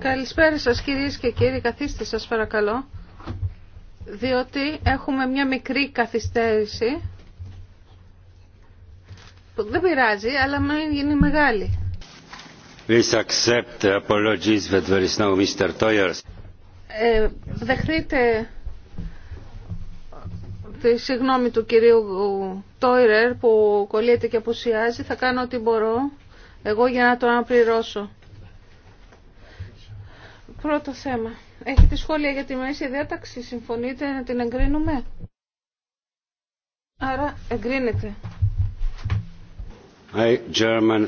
Καλησπέρα σας κυρίες και κύριοι, καθίστε σας παρακαλώ, διότι έχουμε μια μικρή καθυστέρηση που δεν πειράζει, αλλά μην γίνει μεγάλη. Ε, δεχτείτε τη συγγνώμη του κυρίου Τόιρερ που κολλείται και απουσιάζει. Θα κάνω ό,τι μπορώ εγώ για να το αναπληρώσω. Πρώτο θέμα. Έχετε σχόλια για τη μέση διάταξη, συμφωνείτε να την εγκρίνουμε. Άρα εγκρίνεται. German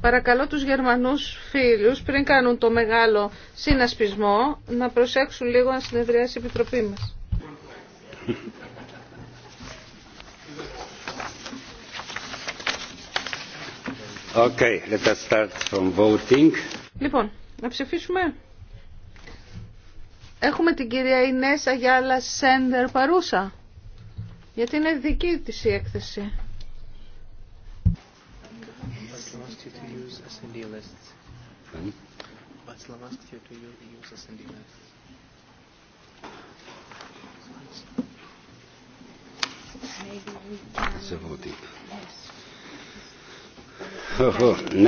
Παρακαλώ τους Γερμανούς φίλους πριν κάνουν το μεγάλο συνασπισμό να προσέξουν λίγο να συνεδριάσει η Επιτροπή μας. Okay, let us start from voting. Λοιπόν, να ψηφίσουμε. Έχουμε την κυρία Ινέσα Γιάλα Σέντερ παρούσα. Γιατί είναι δική της η έκθεση.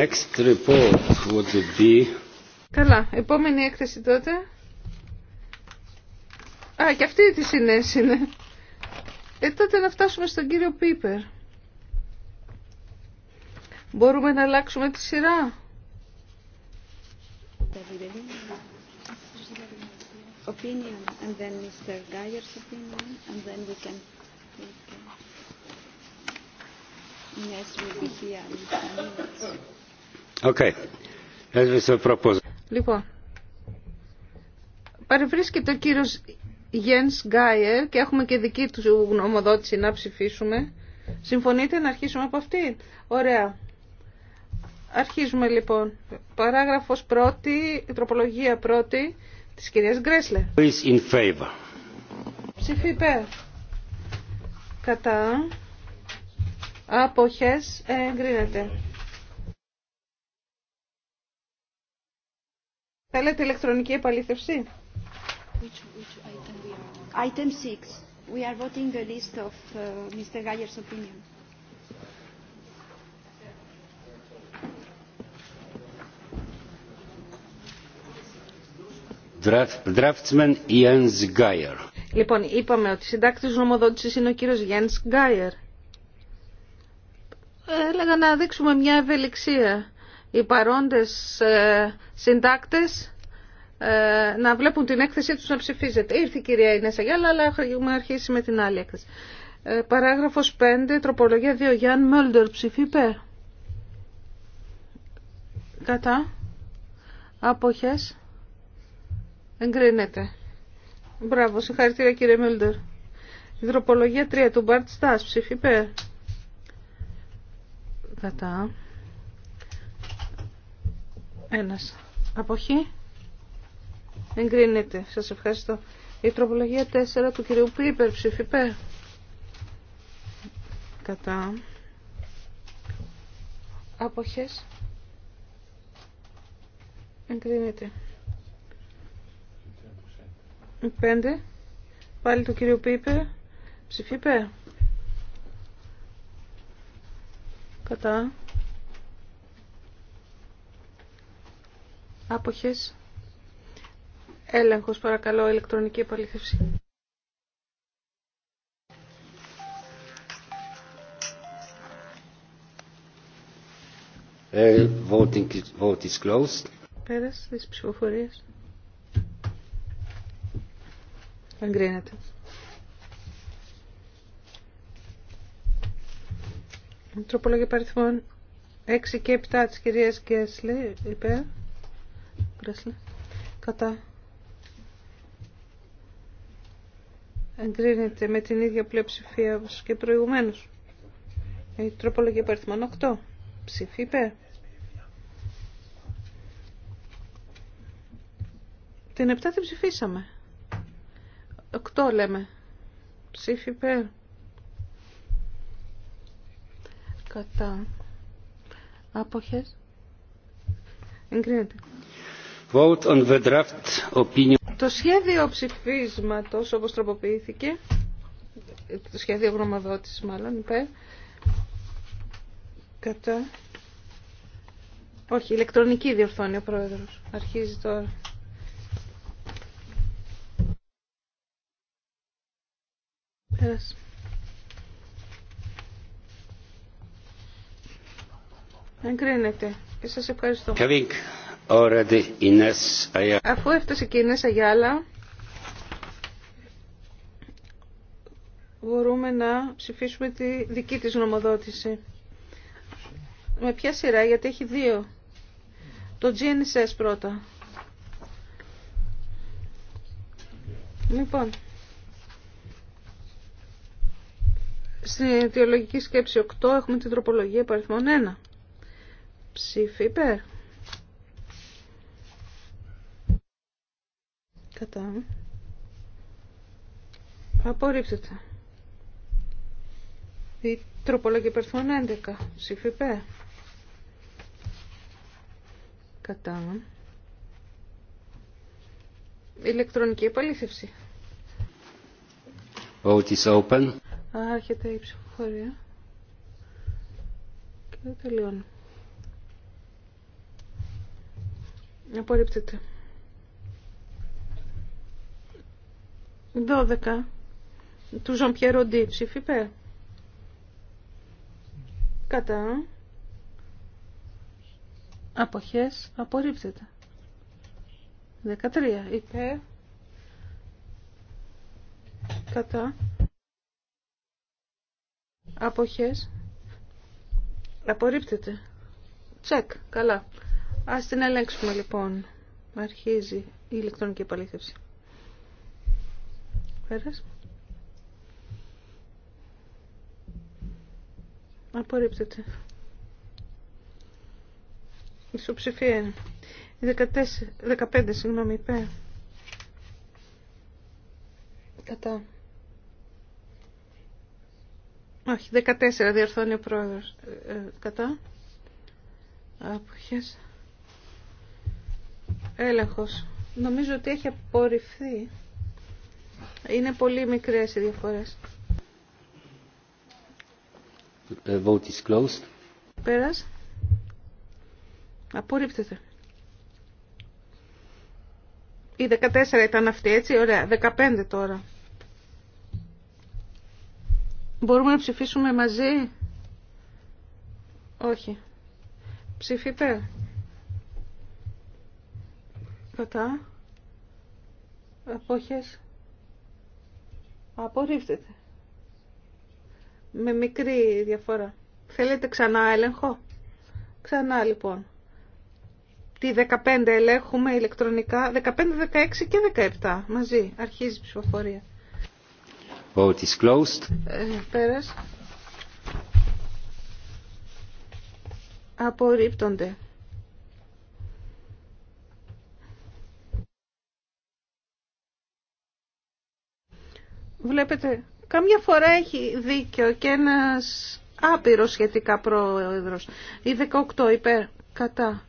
Next report would be... Καλά, επόμενη έκθεση τότε. Α, και αυτή τη συνέση είναι. Ε, τότε να φτάσουμε στον κύριο Πίπερ. Μπορούμε να αλλάξουμε τη σειρά. Opinion, and then Mr. Geyer's opinion, and then we can... We can... Λοιπόν, παρευρίσκεται ο κύριος Γιένς Γκάιερ και έχουμε και δική του γνωμοδότηση να ψηφίσουμε. Συμφωνείτε να αρχίσουμε από αυτή. Ωραία. Αρχίζουμε λοιπόν. Παράγραφος πρώτη, τροπολογία πρώτη της κυρίας Γκρέσλε. Ψηφίπε in Κατά αποχές εγκρίνεται. Θέλετε ηλεκτρονική επαλήθευση. item, 6. We are voting the list of uh, Mr. Geyer's opinion. Draftsman Jens Geyer. Λοιπόν, είπαμε ότι συντάκτης νομοδότησης είναι ο κύριος Jens Geier έλεγα να δείξουμε μια ευελιξία. Οι παρόντες ε, συντάκτες ε, να βλέπουν την έκθεσή τους να ψηφίζεται. Ήρθε η κυρία Ινέσα Γιάλα, αλλά έχουμε αρχίσει με την άλλη έκθεση. Ε, παράγραφος 5, τροπολογία 2, Γιάν Μέλντερ, ψηφί Κατά. Αποχές. Εγκρίνεται. Μπράβο, συγχαρητήρια κύριε Μέλντερ. Η τροπολογία 3 του Μπαρτ Στάς, ψηφί κατά ένας αποχή εγκρίνεται σας ευχαριστώ η τροπολογία 4 του κυρίου Πίπερ ψηφίπε. κατά αποχές εγκρίνεται 5 πάλι του κυρίου Πίπερ ψήφι κατά άποχες έλεγχος παρακαλώ ηλεκτρονική επαλήθευση ε, Voting, vote is closed. Πέρας τις Εγκρίνεται. Τροπολόγια παριθμών 6 και 7 της κυρίας Γκέσλε, Γκέσλη. Κατά. Εγκρίνεται με την ίδια πλειοψηφία όπως και προηγουμένως. Η τροπολογία παριθμών 8. Ψηφί υπέρ. Την 7 την ψηφίσαμε. 8 λέμε. Ψήφι υπέρ. κατά άποχες εγκρίνεται. Vote on the draft opinion. Το σχέδιο ψηφίσματος όπως τροποποιήθηκε, το σχέδιο γνωμοδότησης μάλλον, κατά, όχι, ηλεκτρονική διορθώνει ο πρόεδρος, αρχίζει τώρα. Πέρασε. Εγκρίνεται. Και σας ευχαριστώ. Αφού έφτασε και η Ινές Αγιάλα, μπορούμε να ψηφίσουμε τη δική της νομοδότηση. Με ποια σειρά, γιατί έχει δύο. Το GNSS πρώτα. Λοιπόν, στην αιτιολογική σκέψη 8 έχουμε την τροπολογία παριθμών 1 ψήφι υπέρ. Κατά. Απορρίπτεται. Η τροπολογική υπερθών 11. Ψήφι υπέρ. Κατά. Ηλεκτρονική επαλήθευση. open. Άρχεται η ψηφοφορία. Και τελειώνω. Απορρίπτεται. 12 του Ζων Πιεροντή ψήφι Κατά. Αποχές απορρίπτεται. 13 Υπέ. Κατά. Αποχές. Απορρίπτεται. Τσεκ. Καλά. Ας την ελέγξουμε λοιπόν. Αρχίζει η ηλεκτρονική επαλήθευση. Πέρας. Απορρίπτεται. Ισοψηφία είναι. 15, συγγνώμη, είπε. Κατά. Όχι, 14 διορθώνει ο πρόεδρος. Ε, ε κατά. Αποχές έλεγχος. Νομίζω ότι έχει απορριφθεί. Είναι πολύ μικρές οι διαφορές. The vote is closed. Πέρας. Απορρίπτεται. Η 14 ήταν αυτή, έτσι, ωραία. 15 τώρα. Μπορούμε να ψηφίσουμε μαζί. Όχι. ψηφίτε. Κατά. Απόχες. Απορρίφτεται. Με μικρή διαφορά. Θέλετε ξανά έλεγχο. Ξανά λοιπόν. Τη 15 ελέγχουμε ηλεκτρονικά. 15, 16 και 17 μαζί. Αρχίζει η ψηφοφορία. Vote is closed. Ε, πέρας. Απορρίπτονται. Βλέπετε, καμιά φορά έχει δίκιο και ένας άπειρο σχετικά πρόεδρος. Η 18 υπέρ κατά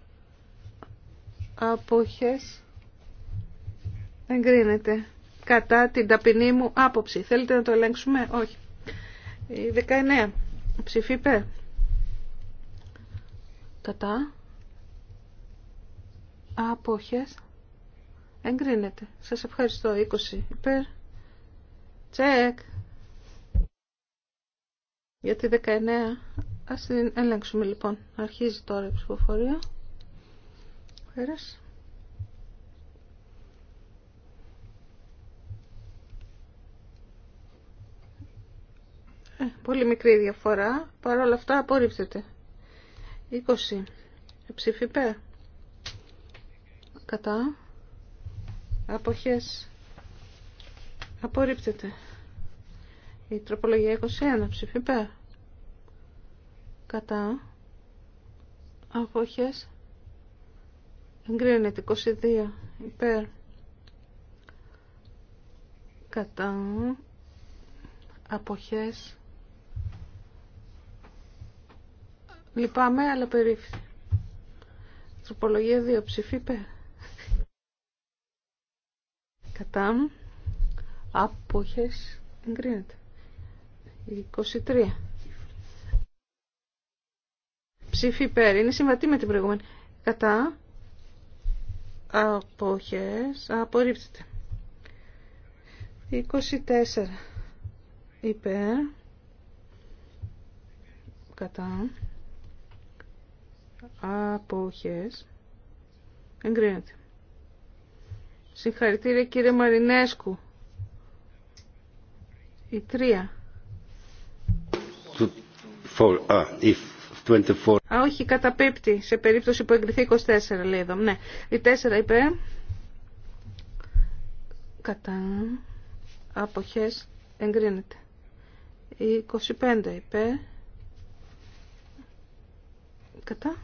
αποχές εγκρίνεται κατά την ταπεινή μου άποψη. Θέλετε να το ελέγξουμε, όχι. Η 19 ψηφί υπέρ κατά αποχές εγκρίνεται. Σας ευχαριστώ. 20 υπέρ Τσεκ. Για τη 19. Ας την ελέγξουμε λοιπόν. Αρχίζει τώρα η ψηφοφορία. Πέρασε. πολύ μικρή διαφορά. Παρ' όλα αυτά απορρίπτεται. 20. Ψήφι Κατά. Αποχές Απορρίπτεται. Η τροπολογία 21 ψηφίπε. Κατά. Απόχες. Εγκρίνεται 22 υπέρ. Κατά. Αποχές. Λυπάμαι, αλλά περίφθη. Τροπολογία 2 ψηφίπε. Κατά. Αποχές εγκρίνεται. 23. Ψήφι υπέρ. Είναι συμβατή με την προηγούμενη. Κατά. Αποχές. Απορρίπτεται. 24. Υπέρ. Κατά. Αποχές. Εγκρίνεται. Συγχαρητήρια κύριε Μαρινέσκου. Η 3. Ah, Α, ah, όχι, καταπίπτει σε περίπτωση που εγκριθεί 24, λέει εδώ. Ναι. Η 4 είπε Κατά. Αποχές εγκρίνεται. Η 25 είπε. Κατά.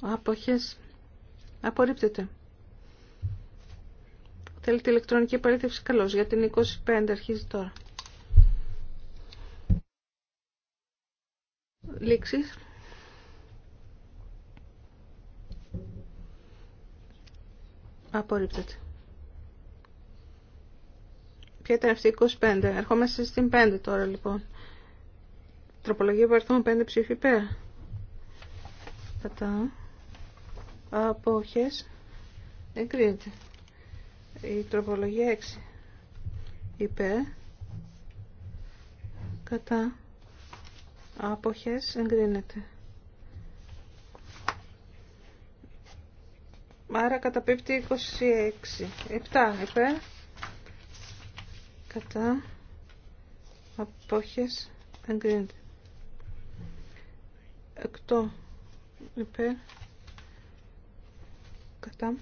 Αποχές απορρίπτεται. Θέλετε ηλεκτρονική παρήθευση καλώς. Για την 25 αρχίζει τώρα. Λήξεις. Απορρίπτεται. Ποια ήταν αυτή η 25. Ερχόμαστε στην 5 τώρα λοιπόν. Τροπολογία έρθουμε, 5 ψήφι πέρα. Κατά. Απόχες. Εγκρίνεται. Η τροπολογία 6 υπέρ κατά άποχες εγκρίνεται. Άρα καταπίπτει 26. 7 υπέρ κατά απόχες εγκρίνεται. 8 υπέρ κατά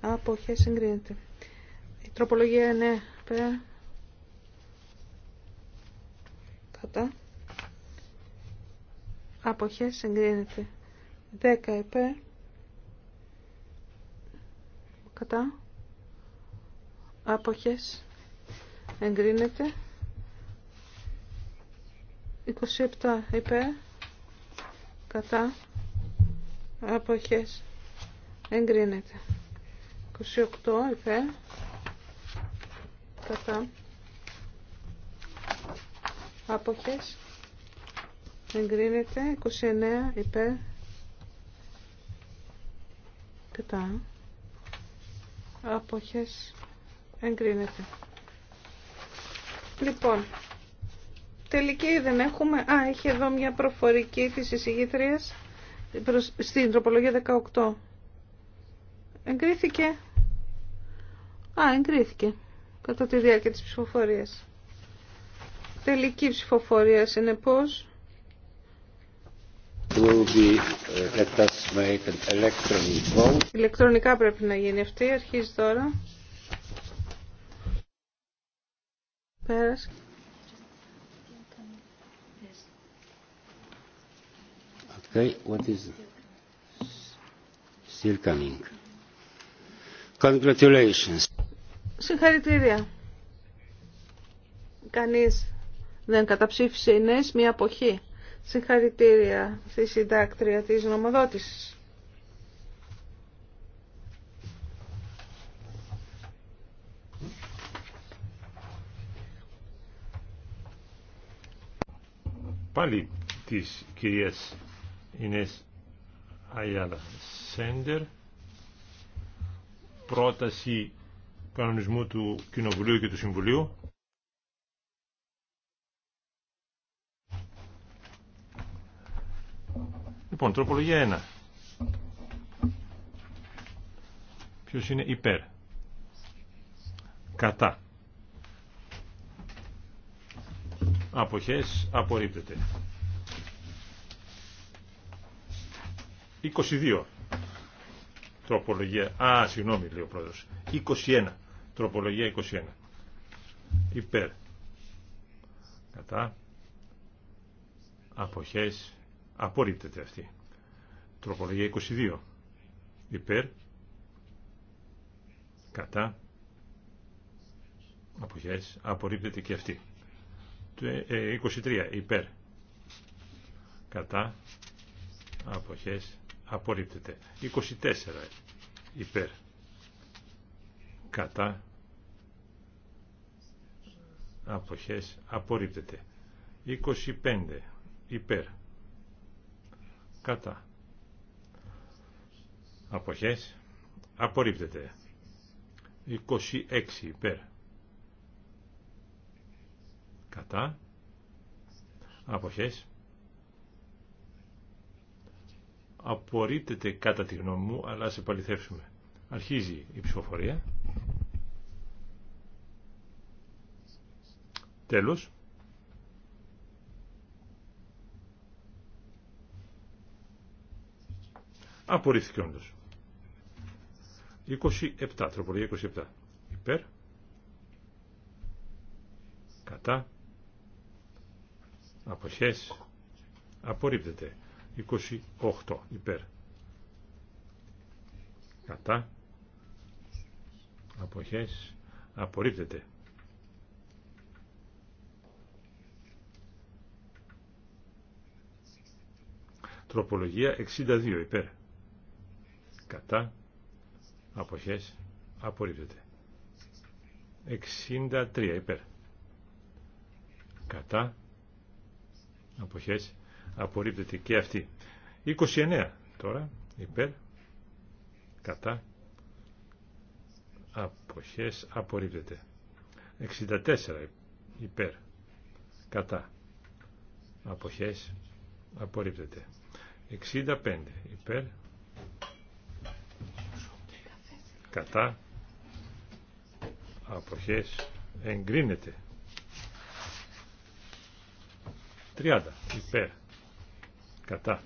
αποχές εγκρίνεται. Η τροπολογία είναι πέρα. κατά αποχές εγκρίνεται. 10 υπέρ κατά άποχες εγκρίνεται 27 υπέρ κατά άποχες εγκρίνεται 28 είπε, κατά άποχες εγκρίνεται 29 είπε, κατά άποχες εγκρίνεται λοιπόν τελική δεν έχουμε α έχει εδώ μια προφορική της εισηγήτριας στην τροπολογία 18 εγκρίθηκε Α, εγκρίθηκε κατά τη διάρκεια της ψηφοφορίας. Τελική ψηφοφορία Will Be, uh, let us make electronic vote. Ηλεκτρονικά πρέπει να γίνει αυτή. Αρχίζει τώρα. Πέρασε. Okay, what is still coming? Congratulations. Συγχαρητήρια. Κανείς δεν καταψήφισε η μία αποχή. Συγχαρητήρια στη συντάκτρια της νομοδότησης. Πάλι της κυρίας Ινές Αγιάλα Σέντερ πρόταση κανονισμού του Κοινοβουλίου και του Συμβουλίου. Λοιπόν, τροπολογία 1. Ποιος είναι υπέρ. Κατά. Αποχές απορρίπτεται. 22. Τροπολογία. Α, συγγνώμη, λέει ο πρόεδρος. 21. Τροπολογία 21. Υπέρ. Κατά. Αποχές. Απορρίπτεται αυτή. Τροπολογία 22. Υπέρ. Κατά. Αποχές. Απορρίπτεται και αυτή. 23. Ε, Υπέρ. Κατά. Αποχές. Απορρίπτεται. 24. Υπέρ. Κατά αποχές απορρίπτεται 25 υπέρ κατά αποχές απορρίπτεται 26 υπέρ κατά αποχές απορρίπτεται κατά τη γνώμη μου αλλά σε παληθεύσουμε αρχίζει η ψηφοφορία Τέλος. Απορρίφθηκε όντως. 27, τροπολογία 27. Υπέρ. Κατά. Αποχές. Απορρίπτεται. 28. Υπέρ. Κατά. Αποχές. Απορρίπτεται. Τροπολογία 62 υπέρ. Κατά. Αποχές. Απορρίπτεται. 63 υπέρ. Κατά. Αποχές. Απορρίπτεται και αυτή. 29 τώρα υπέρ. Κατά. Αποχές. Απορρίπτεται. 64 υπέρ. Κατά. Αποχές. Απορρίπτεται. 65 υπέρ κατά αποχές εγκρίνεται 30 υπέρ κατά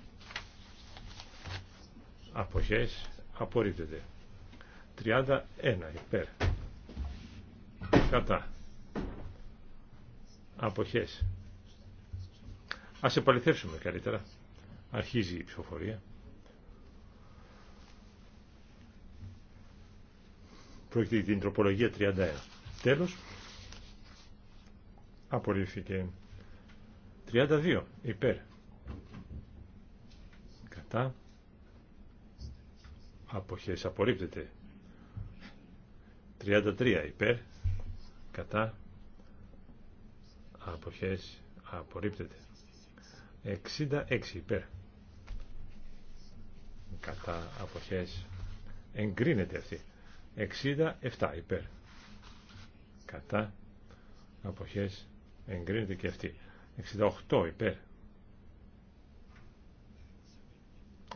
αποχές απορρίπτεται 31 υπέρ κατά αποχές ας επαληθεύσουμε καλύτερα Αρχίζει η ψηφοφορία. Πρόκειται την τροπολογία 31. Τέλος. Απορρίφθηκε. 32. Υπέρ. Κατά. Αποχές. Απορρίπτεται. 33. Υπέρ. Κατά. Αποχές. Απορρίπτεται. 66. Υπέρ κατά αποχές εγκρίνεται αυτή 67 υπέρ κατά αποχές εγκρίνεται και αυτή 68 υπέρ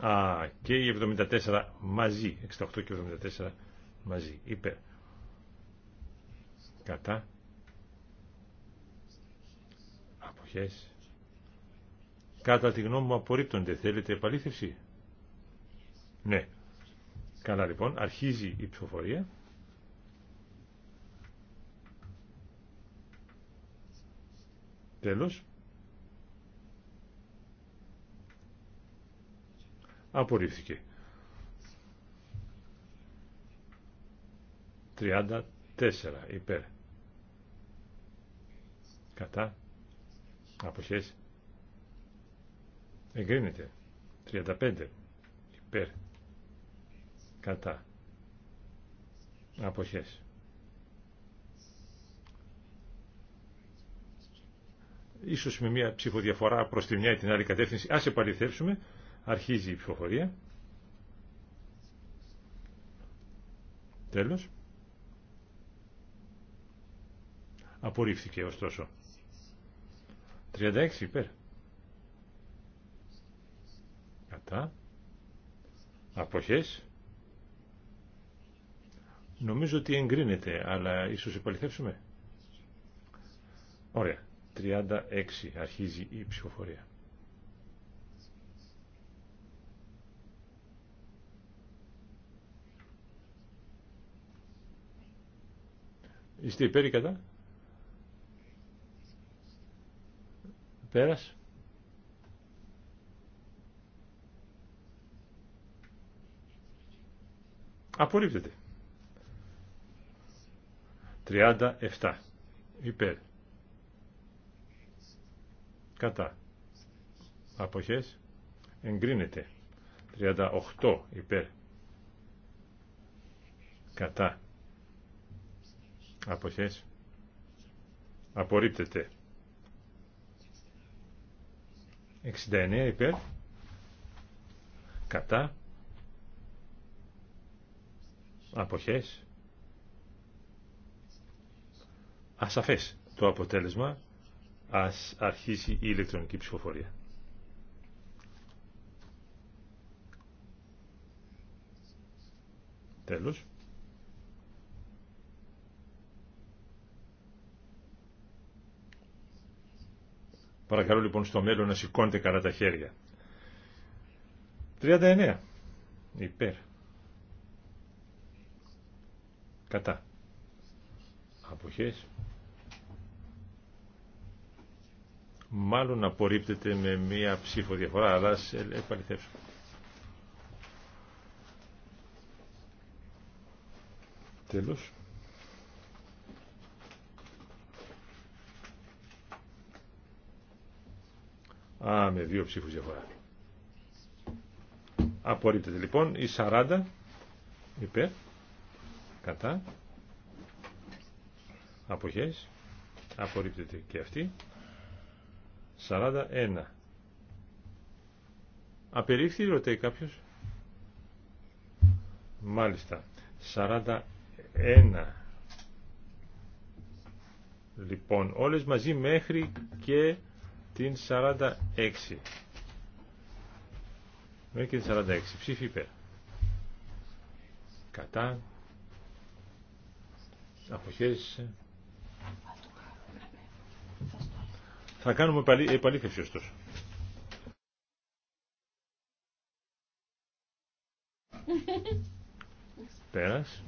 Α, και οι 74 μαζί 68 και 74 μαζί υπέρ κατά αποχές κατά τη γνώμη μου απορρίπτονται θέλετε επαλήθευση ναι. Καλά λοιπόν, αρχίζει η ψηφοφορία. Τέλος. Απορρίφθηκε. 34 υπέρ. Κατά. Αποχές. Εγκρίνεται. 35 υπέρ κατά αποχές. Ίσως με μια ψηφοδιαφορά προς τη μια ή την άλλη κατεύθυνση. Ας επαληθεύσουμε. Αρχίζει η ψηφοφορία. Τέλος. Απορρίφθηκε ωστόσο. 36 υπέρ. Κατά. Αποχές. Νομίζω ότι εγκρίνεται, αλλά ίσως επαληθεύσουμε. Ωραία. 36 αρχίζει η ψηφοφορία. Είστε υπέρ ή κατά. Πέρας. Απορρίπτεται. 37 υπέρ κατά αποχές εγκρίνεται 38 υπέρ κατά αποχές απορρίπτεται 69 υπέρ κατά αποχές ασαφές το αποτέλεσμα ας αρχίσει η ηλεκτρονική ψηφοφορία. Τέλος. Παρακαλώ λοιπόν στο μέλλον να σηκώνετε καλά τα χέρια. 39. Υπέρ. Κατά αποχές μάλλον απορρίπτεται με μία ψήφο διαφορά αλλά ας ε, επαληθεύσω τέλος Α, με δύο ψήφους διαφορά. Απορρίπτεται λοιπόν η 40 υπέρ κατά αποχές απορρίπτεται και αυτή 41 απερίφθη ρωτάει κάποιος μάλιστα 41 λοιπόν όλες μαζί μέχρι και την 46 μέχρι την 46 ψήφι υπέρ κατά αποχές Θα κάνουμε επαλήθευση ωστόσο. Πέρας.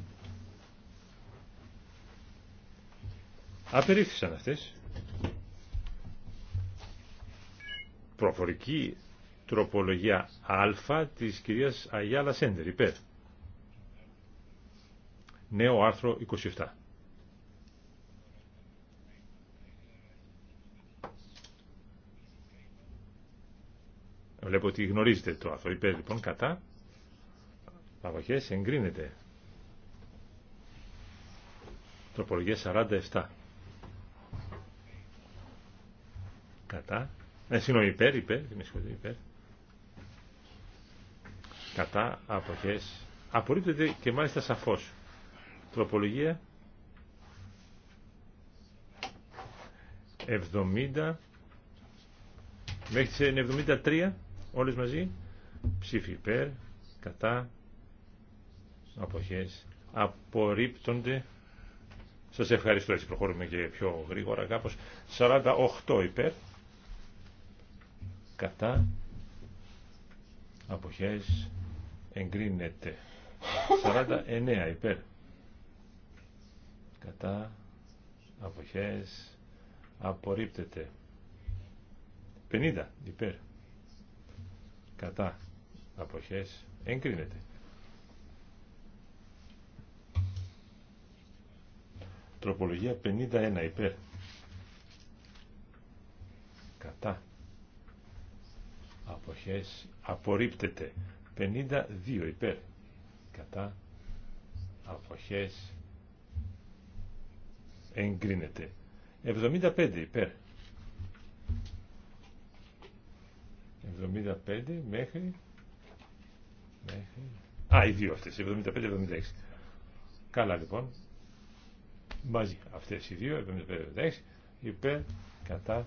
Απερίφθησαν αυτές. Προφορική τροπολογία Α της κυρίας Αγιάλα Σέντερ, υπέρ. Νέο άρθρο 27. Βλέπω ότι γνωρίζετε το αυτό. Υπέρ λοιπόν κατά. Αποχές εγκρίνεται. Τροπολογία 47. Κατά. Ε, συγγνώμη, υπέρ, υπέρ, με συγχωρείτε, υπέρ. Κατά, αποχές. Απορρίπτεται και μάλιστα σαφώ. Τροπολογία 70 μέχρι τι 73 όλες μαζί, ψήφι υπέρ, κατά, αποχές, απορρίπτονται. Σας ευχαριστώ, έτσι προχωρούμε και πιο γρήγορα κάπως. 48 υπέρ, κατά, αποχές, εγκρίνεται. 49 υπέρ, κατά, αποχές, απορρίπτεται. 50 υπέρ κατά αποχές εγκρίνεται. Τροπολογία 51 υπέρ κατά αποχές απορρίπτεται 52 υπέρ κατά αποχές εγκρίνεται 75 υπέρ 75 μέχρι... μέχρι... Α, οι δύο αυτές, 75-76. Καλά λοιπόν. Μαζί αυτές οι δύο, 75-76, υπέρ, κατά,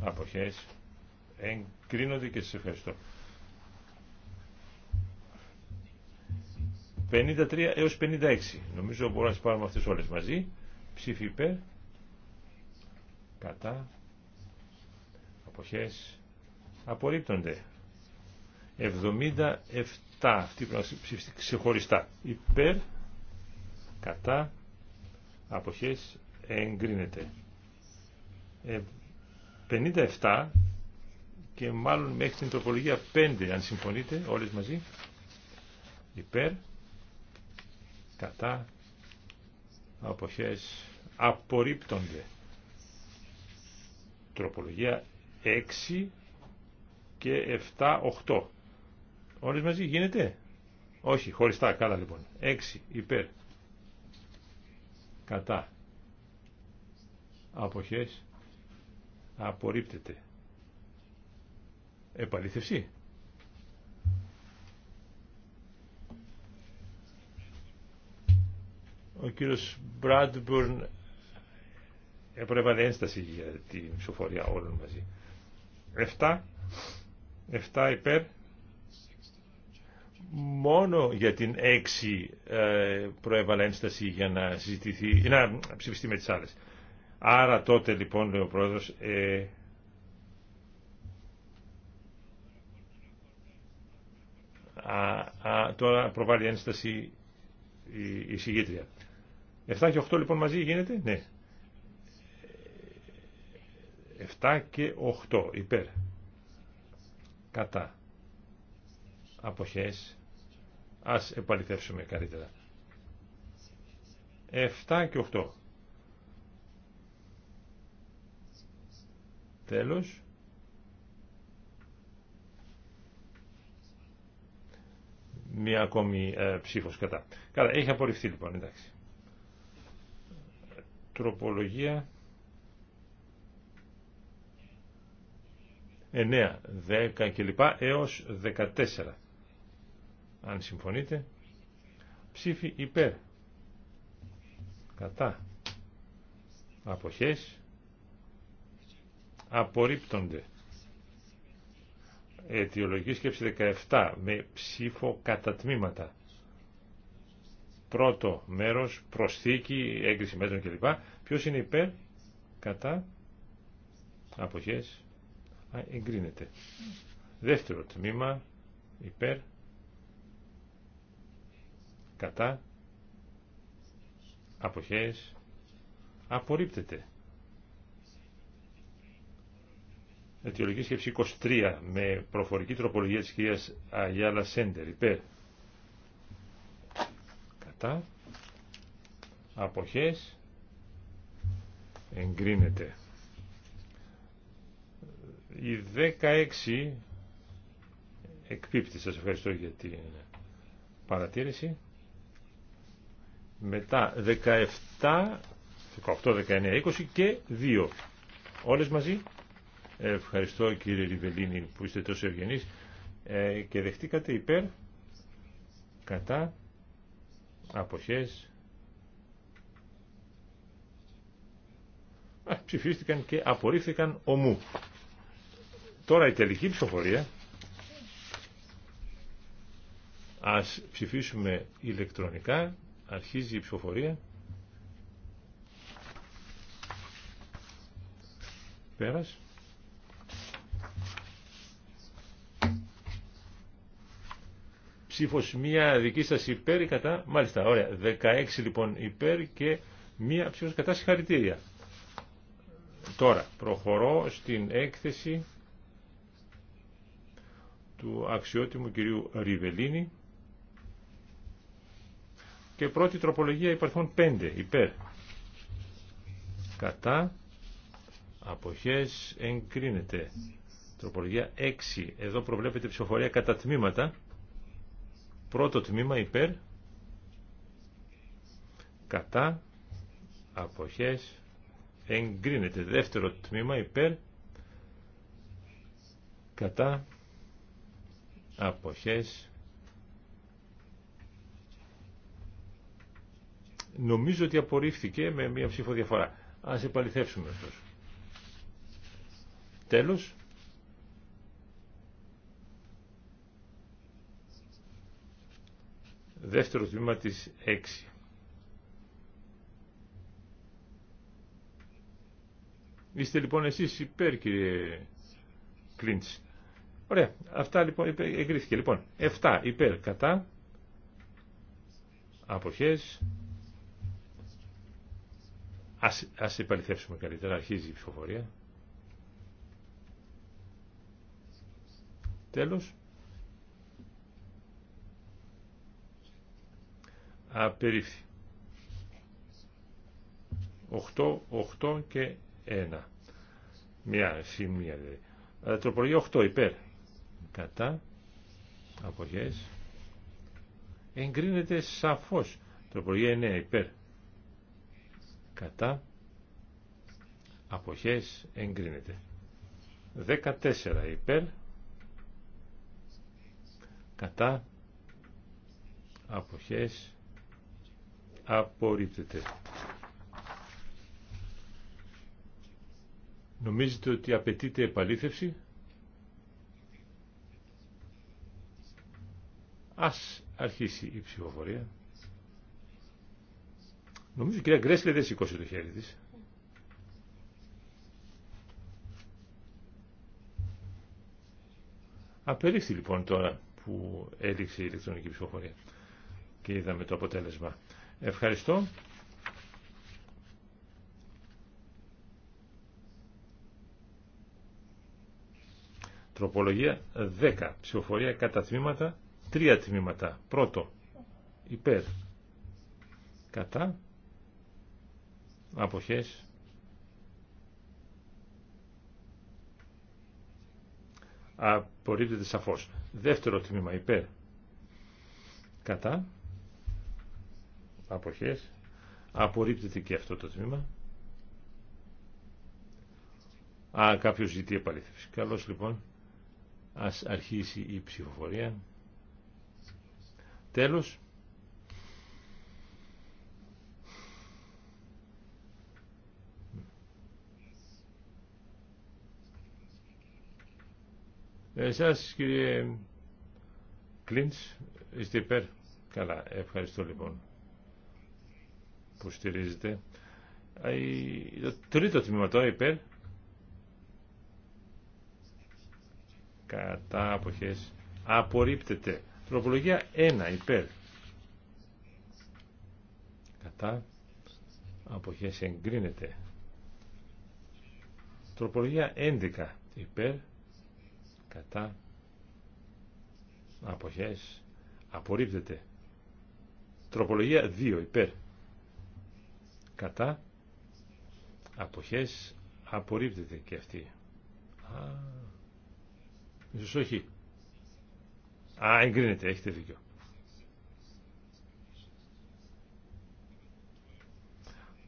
αποχές, εγκρίνονται και σας ευχαριστώ. 53 έως 56. Νομίζω μπορούμε να τις πάρουμε αυτές όλες μαζί. Ψήφι υπέρ, κατά, αποχές, απορρίπτονται. 77 αυτή πρέπει να ξεχωριστά. Υπέρ, κατά, αποχές, εγκρίνεται. 57 και μάλλον μέχρι την τροπολογία 5, αν συμφωνείτε όλες μαζί. Υπέρ, κατά, αποχές, απορρίπτονται. Τροπολογία 6 και 7, 8. Όλες μαζί γίνεται. Όχι, χωριστά, καλά λοιπόν. 6 υπέρ. Κατά. Αποχές. Απορρίπτεται. Επαλήθευση. Ο κύριος Μπράντμπουρν έπρεπε ένσταση για την ψηφοφορία όλων μαζί. 7 7 υπέρ μόνο για την 6 ε, προέβαλα ένσταση για να συζητηθεί, να ψηφιστεί με τις άλλες. Άρα τότε λοιπόν, λέει ο πρόεδρος, ε, α, α, τώρα προβάλλει ένσταση η, η 7 και 8 λοιπόν μαζί γίνεται, ναι. 7 και 8 υπέρ κατά αποχές ας επαληθεύσουμε καλύτερα 7 και 8 τέλος μία ακόμη ε, ψήφος κατά. Καλά, έχει απορριφθεί λοιπόν, εντάξει. Τροπολογία 9, 10 κλπ. έως 14. Αν συμφωνείτε, ψήφι υπέρ, κατά, αποχές, απορρίπτονται. Αιτιολογική σκέψη 17 με ψήφο κατά τμήματα. Πρώτο μέρος, προσθήκη, έγκριση μέτρων κλπ. Ποιος είναι υπέρ, κατά, αποχές, εγκρίνεται. Δεύτερο τμήμα, υπέρ, κατά, αποχές, απορρίπτεται. Αιτιολογική σκέψη 23 με προφορική τροπολογία της κυρίας Αγιάλα Σέντερ, υπέρ, κατά, αποχές, εγκρίνεται. Η 16 εκπίπτει. Σας ευχαριστώ για την παρατήρηση. Μετά 17, 18, 19, 20 και 2. Όλες μαζί. Ευχαριστώ κύριε Ριβελίνη που είστε τόσο ευγενείς ε, και δεχτήκατε υπέρ κατά αποχές ψηφίστηκαν και απορρίφθηκαν ομού. Τώρα η τελική ψηφοφορία. Ας ψηφίσουμε ηλεκτρονικά. Αρχίζει η ψηφοφορία. Πέρας. Ψήφος μία δική σας υπέρ κατά. Μάλιστα, ωραία. 16 λοιπόν υπέρ και μία ψήφος κατά συγχαρητήρια. Τώρα προχωρώ στην έκθεση του αξιότιμου κυρίου Ριβελίνη και πρώτη τροπολογία υπάρχουν 5 υπέρ κατά αποχές εγκρίνεται τροπολογία 6 εδώ προβλέπεται ψηφοφορία κατά τμήματα πρώτο τμήμα υπέρ κατά αποχές εγκρίνεται δεύτερο τμήμα υπέρ κατά αποχές νομίζω ότι απορρίφθηκε με μία ψήφο διαφορά ας επαληθεύσουμε αυτός τέλος δεύτερο τμήμα της 6 Είστε λοιπόν εσείς υπέρ κύριε Κλίντς. Ωραία. Αυτά λοιπόν εγκρίθηκε. Λοιπόν, 7 υπέρ κατά. Αποχές. Ας, ας υπαλληθεύσουμε καλύτερα. Αρχίζει η ψηφοφορία. Τέλος. Απερίφθη. 8, 8 και 1. Μια σημεία δηλαδή. Ε, τροπολογία 8 υπέρ κατά αποχές εγκρίνεται σαφώς τροπολογία 9 υπέρ κατά αποχές εγκρίνεται 14 υπέρ κατά αποχές απορρίπτεται νομίζετε ότι απαιτείται επαλήθευση Ας αρχίσει η ψηφοφορία. Νομίζω η κυρία Γκρέσλε δεν σηκώσει το χέρι της. Απερίφθη λοιπόν τώρα που έληξε η ηλεκτρονική ψηφοφορία και είδαμε το αποτέλεσμα. Ευχαριστώ. Τροπολογία 10. Ψηφοφορία κατά τμήματα. Τρία τμήματα. Πρώτο, υπέρ, κατά, αποχές, απορρίπτεται σαφώς. Δεύτερο τμήμα, υπέρ, κατά, αποχές, απορρίπτεται και αυτό το τμήμα. Α, κάποιος ζητεί επαλήθευση. Καλώς λοιπόν, ας αρχίσει η ψηφοφορία. Τέλος. Εσάς κύριε Κλίντς είστε υπέρ. Καλά, ευχαριστώ λοιπόν που στηρίζετε. Ε, το τρίτο τμήμα τώρα υπέρ. Κατά αποχές απορρίπτεται. Τροπολογία 1 υπέρ. Κατά. Αποχές εγκρίνεται. Τροπολογία 11 υπέρ. Κατά. Αποχές απορρίπτεται. Τροπολογία 2 υπέρ. Κατά. Αποχές απορρίπτεται και αυτή. Α, ίσως όχι. Α, εγκρίνεται, έχετε δίκιο.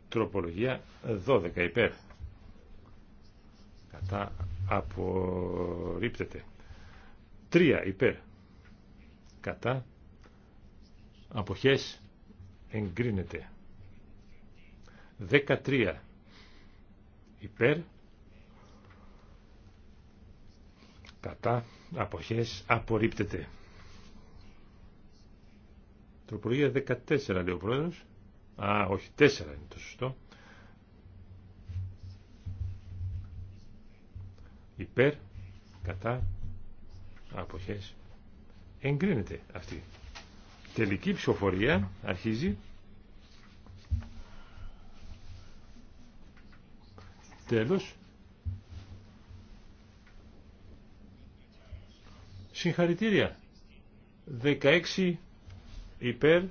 Τροπολογία 12 υπέρ. Κατά απορρίπτεται. 3 υπέρ. Κατά αποχές εγκρίνεται. 13 υπέρ. Κατά αποχές απορρίπτεται. Τροπολογία 14 λέει ο πρόεδρος. Α, όχι, 4 είναι το σωστό. Υπέρ, κατά, αποχές. Εγκρίνεται αυτή. Τελική ψηφοφορία αρχίζει. Τέλος. Συγχαρητήρια. 16 υπέρ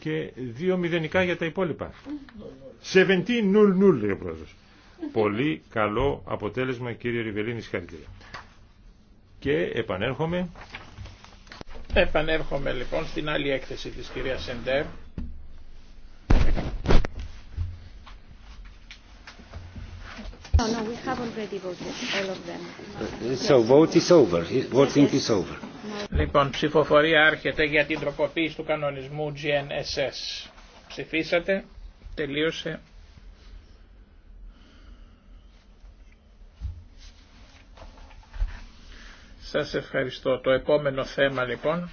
και δύο μηδενικά για τα υπόλοιπα. 17-0-0 λέει ο πρόεδρος. Πολύ καλό αποτέλεσμα κύριε Ριβελίνη Συγχαρητήρια. Και επανέρχομαι. Επανέρχομαι λοιπόν στην άλλη έκθεση της κυρίας Σεντέρ. Λοιπόν, ψηφοφορία άρχεται για την τροποποίηση του κανονισμού GNSS. Ψηφίσατε, τελείωσε. Σας ευχαριστώ. Το επόμενο θέμα λοιπόν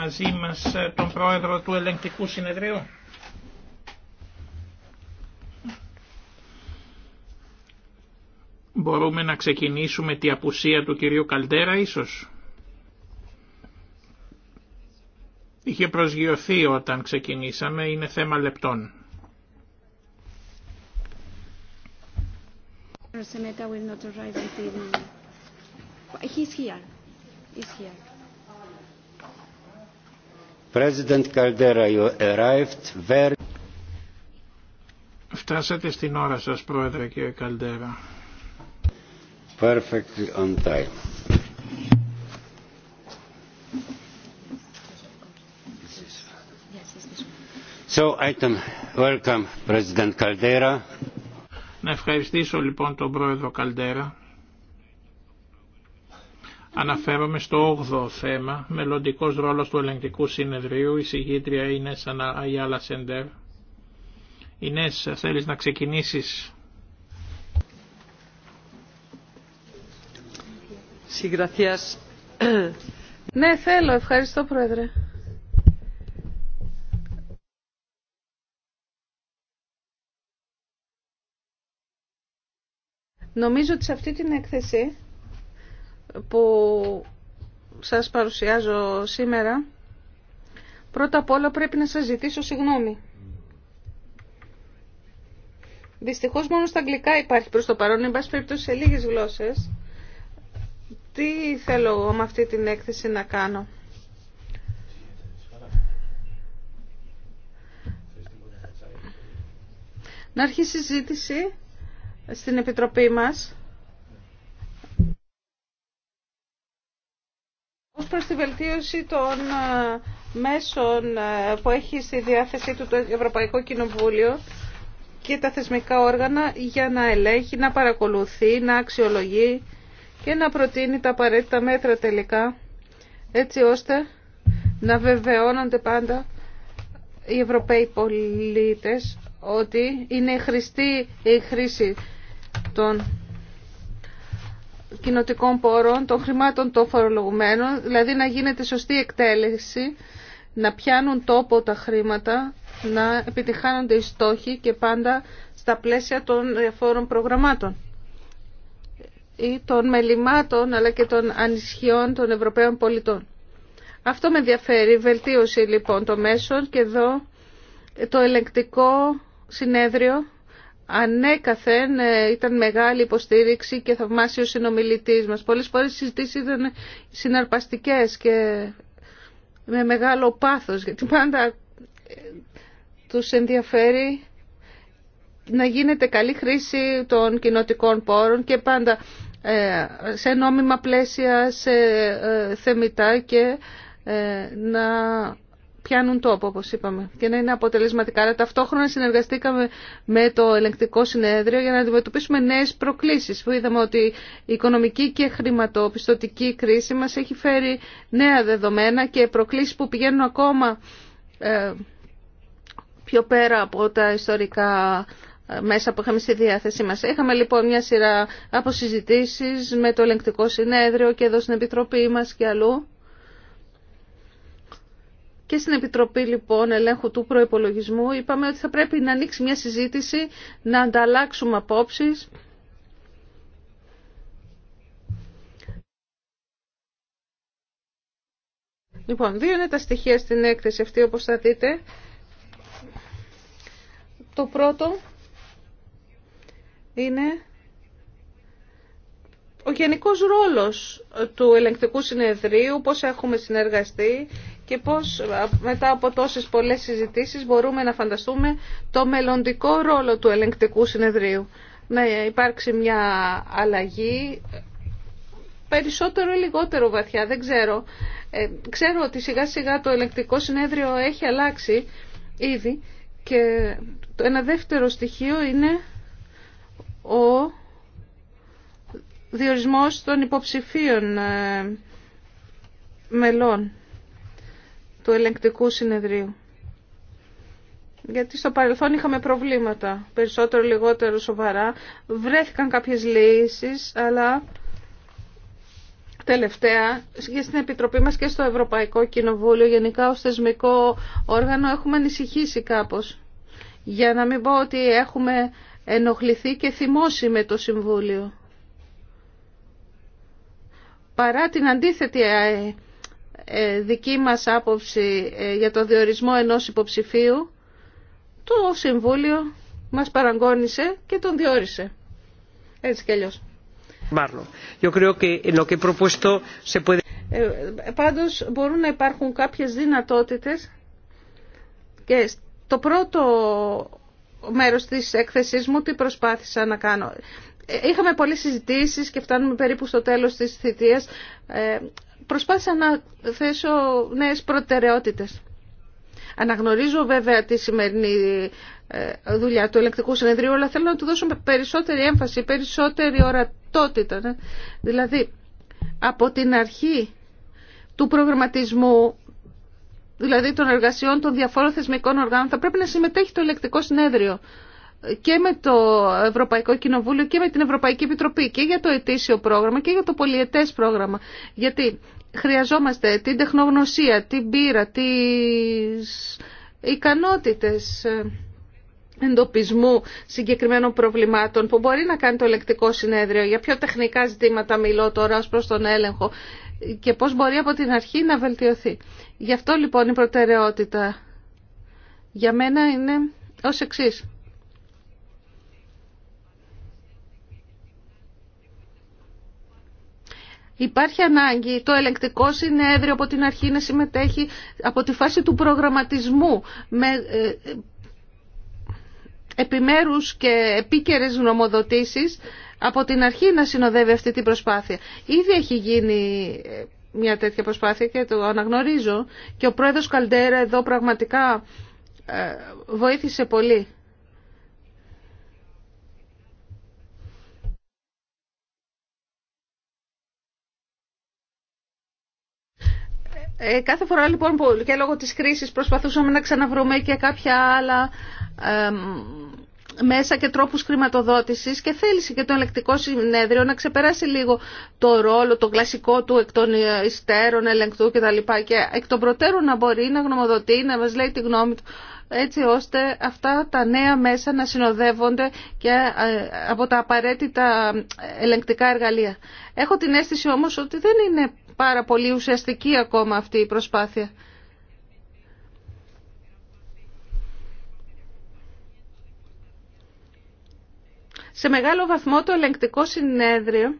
μαζί μας ε, τον πρόεδρο του ελεγκτικού συνεδρίου. Μπορούμε να ξεκινήσουμε τη απουσία του κυρίου Καλτέρα ίσως. Είχε προσγειωθεί όταν ξεκινήσαμε, είναι θέμα λεπτών. will not arrive Φτάσατε στην ώρα σας, Πρόεδρε και Καλδέρα. Perfectly on time. So, item, welcome, President Caldera. Να ευχαριστήσω λοιπόν τον Πρόεδρο Καλδέρα. Αναφέρομαι στο 8ο θέμα, μελλοντικό ρόλο του ελεγκτικού συνεδρίου, η συγγήτρια είναι σαν Αγιάλα Σεντέρ. Ινές, θέλεις να ξεκινήσεις. Ναι, θέλω. Ευχαριστώ, Πρόεδρε. Νομίζω ότι σε αυτή την έκθεση που σας παρουσιάζω σήμερα, πρώτα απ' όλα πρέπει να σας ζητήσω συγγνώμη. Δυστυχώς μόνο στα αγγλικά υπάρχει προς το παρόν, εν πάση περιπτώσει σε λίγες γλώσσες. Τι θέλω εγώ με αυτή την έκθεση να κάνω. Να αρχίσει η συζήτηση στην Επιτροπή μας προς τη βελτίωση των ε, μέσων ε, που έχει στη διάθεσή του το Ευρωπαϊκό Κοινοβούλιο και τα θεσμικά όργανα για να ελέγχει, να παρακολουθεί, να αξιολογεί και να προτείνει τα απαραίτητα μέτρα τελικά έτσι ώστε να βεβαιώνονται πάντα οι Ευρωπαίοι πολίτες ότι είναι χρηστή η χρήση των κοινοτικών πόρων, των χρημάτων των φορολογουμένων, δηλαδή να γίνεται σωστή εκτέλεση, να πιάνουν τόπο τα χρήματα, να επιτυχάνονται οι στόχοι και πάντα στα πλαίσια των διαφόρων προγραμμάτων ή των μελημάτων αλλά και των ανισχυών των Ευρωπαίων πολιτών. Αυτό με ενδιαφέρει, βελτίωση λοιπόν των μέσων και εδώ το ελεγκτικό συνέδριο ανέκαθεν ε, ήταν μεγάλη υποστήριξη και θαυμάσιο συνομιλητή μα. Πολλές φορές οι συζητήσει ήταν συναρπαστικές και με μεγάλο πάθος, γιατί πάντα ε, του ενδιαφέρει να γίνεται καλή χρήση των κοινοτικών πόρων και πάντα ε, σε νόμιμα πλαίσια, σε θεμητά και να πιάνουν τόπο, είπαμε, και να είναι αποτελεσματικά. Αλλά ταυτόχρονα συνεργαστήκαμε με το ελεγκτικό συνέδριο για να αντιμετωπίσουμε νέε προκλήσει Που είδαμε ότι η οικονομική και χρηματοπιστωτική κρίση μα έχει φέρει νέα δεδομένα και προκλήσει που πηγαίνουν ακόμα ε, πιο πέρα από τα ιστορικά ε, μέσα που είχαμε στη διάθεσή μας. Είχαμε λοιπόν μια σειρά από με το ελεγκτικό συνέδριο και εδώ στην Επιτροπή μας και αλλού και στην Επιτροπή λοιπόν Ελέγχου του Προϋπολογισμού είπαμε ότι θα πρέπει να ανοίξει μια συζήτηση, να ανταλλάξουμε απόψεις. Λοιπόν, δύο είναι τα στοιχεία στην έκθεση αυτή όπως θα δείτε. Το πρώτο είναι ο γενικός ρόλος του ελεγκτικού συνεδρίου, πώς έχουμε συνεργαστεί και πώς μετά από τόσες πολλές συζητήσεις μπορούμε να φανταστούμε το μελλοντικό ρόλο του ελεγκτικού συνεδρίου. Να υπάρξει μια αλλαγή περισσότερο ή λιγότερο βαθιά, δεν ξέρω. Ε, ξέρω ότι σιγά σιγά το ελεγκτικό συνέδριο έχει αλλάξει ήδη και το ένα δεύτερο στοιχείο είναι ο διορισμός των υποψηφίων ε, μελών του ελεγκτικού συνεδρίου. Γιατί στο παρελθόν είχαμε προβλήματα, περισσότερο λιγότερο σοβαρά. Βρέθηκαν κάποιες λύσεις, αλλά τελευταία και στην Επιτροπή μας και στο Ευρωπαϊκό Κοινοβούλιο, γενικά ως θεσμικό όργανο, έχουμε ανησυχήσει κάπως. Για να μην πω ότι έχουμε ενοχληθεί και θυμώσει με το Συμβούλιο. Παρά την αντίθετη ε, ε, δική μας άποψη ε, για το διορισμό ενός υποψηφίου, το Συμβούλιο μας παραγκόνησε και τον διόρισε. Έτσι κι αλλιώς. Yo creo que lo que propuesto se ε, πάντως μπορούν να υπάρχουν κάποιες δυνατότητες και το πρώτο μέρος της έκθεσής μου τι προσπάθησα να κάνω. Είχαμε πολλές συζητήσεις και φτάνουμε περίπου στο τέλος της θητείας προσπάθησα να θέσω νέες προτεραιότητες. Αναγνωρίζω βέβαια τη σημερινή ε, δουλειά του ελεκτικού συνεδρίου, αλλά θέλω να του δώσω περισσότερη έμφαση, περισσότερη ορατότητα. Ναι. Δηλαδή, από την αρχή του προγραμματισμού, δηλαδή των εργασιών των διαφόρων θεσμικών οργάνων, θα πρέπει να συμμετέχει το ελεκτικό συνέδριο και με το Ευρωπαϊκό Κοινοβούλιο και με την Ευρωπαϊκή Επιτροπή και για το ετήσιο πρόγραμμα και για το πολιετές πρόγραμμα. Γιατί χρειαζόμαστε την τεχνογνωσία, την πείρα, τις ικανότητες εντοπισμού συγκεκριμένων προβλημάτων που μπορεί να κάνει το ελεκτικό συνέδριο. Για ποιο τεχνικά ζητήματα μιλώ τώρα ως προς τον έλεγχο και πώς μπορεί από την αρχή να βελτιωθεί. Γι' αυτό λοιπόν η προτεραιότητα για μένα είναι ως εξής. Υπάρχει ανάγκη το ελεγκτικό συνέδριο από την αρχή να συμμετέχει από τη φάση του προγραμματισμού με ε, επιμέρους και επίκαιρες νομοδοτήσεις από την αρχή να συνοδεύει αυτή την προσπάθεια. Ήδη έχει γίνει ε, μια τέτοια προσπάθεια και το αναγνωρίζω και ο πρόεδρος Καλντέρα εδώ πραγματικά ε, βοήθησε πολύ. Ε, κάθε φορά λοιπόν που και λόγω της κρίσης προσπαθούσαμε να ξαναβρούμε και κάποια άλλα μέσα και τρόπους χρηματοδότησης και θέλησε και το ελεκτικό συνέδριο να ξεπεράσει λίγο το ρόλο, το κλασικό του εκ των υστέρων ελεγκτού τα λοιπά και εκ των προτέρων να μπορεί να γνωμοδοτεί, να μας λέει τη γνώμη του έτσι ώστε αυτά τα νέα μέσα να συνοδεύονται και ε, από τα απαραίτητα ελεγκτικά εργαλεία. Έχω την αίσθηση όμως ότι δεν είναι πάρα πολύ ουσιαστική ακόμα αυτή η προσπάθεια. Σε μεγάλο βαθμό το ελεγκτικό συνέδριο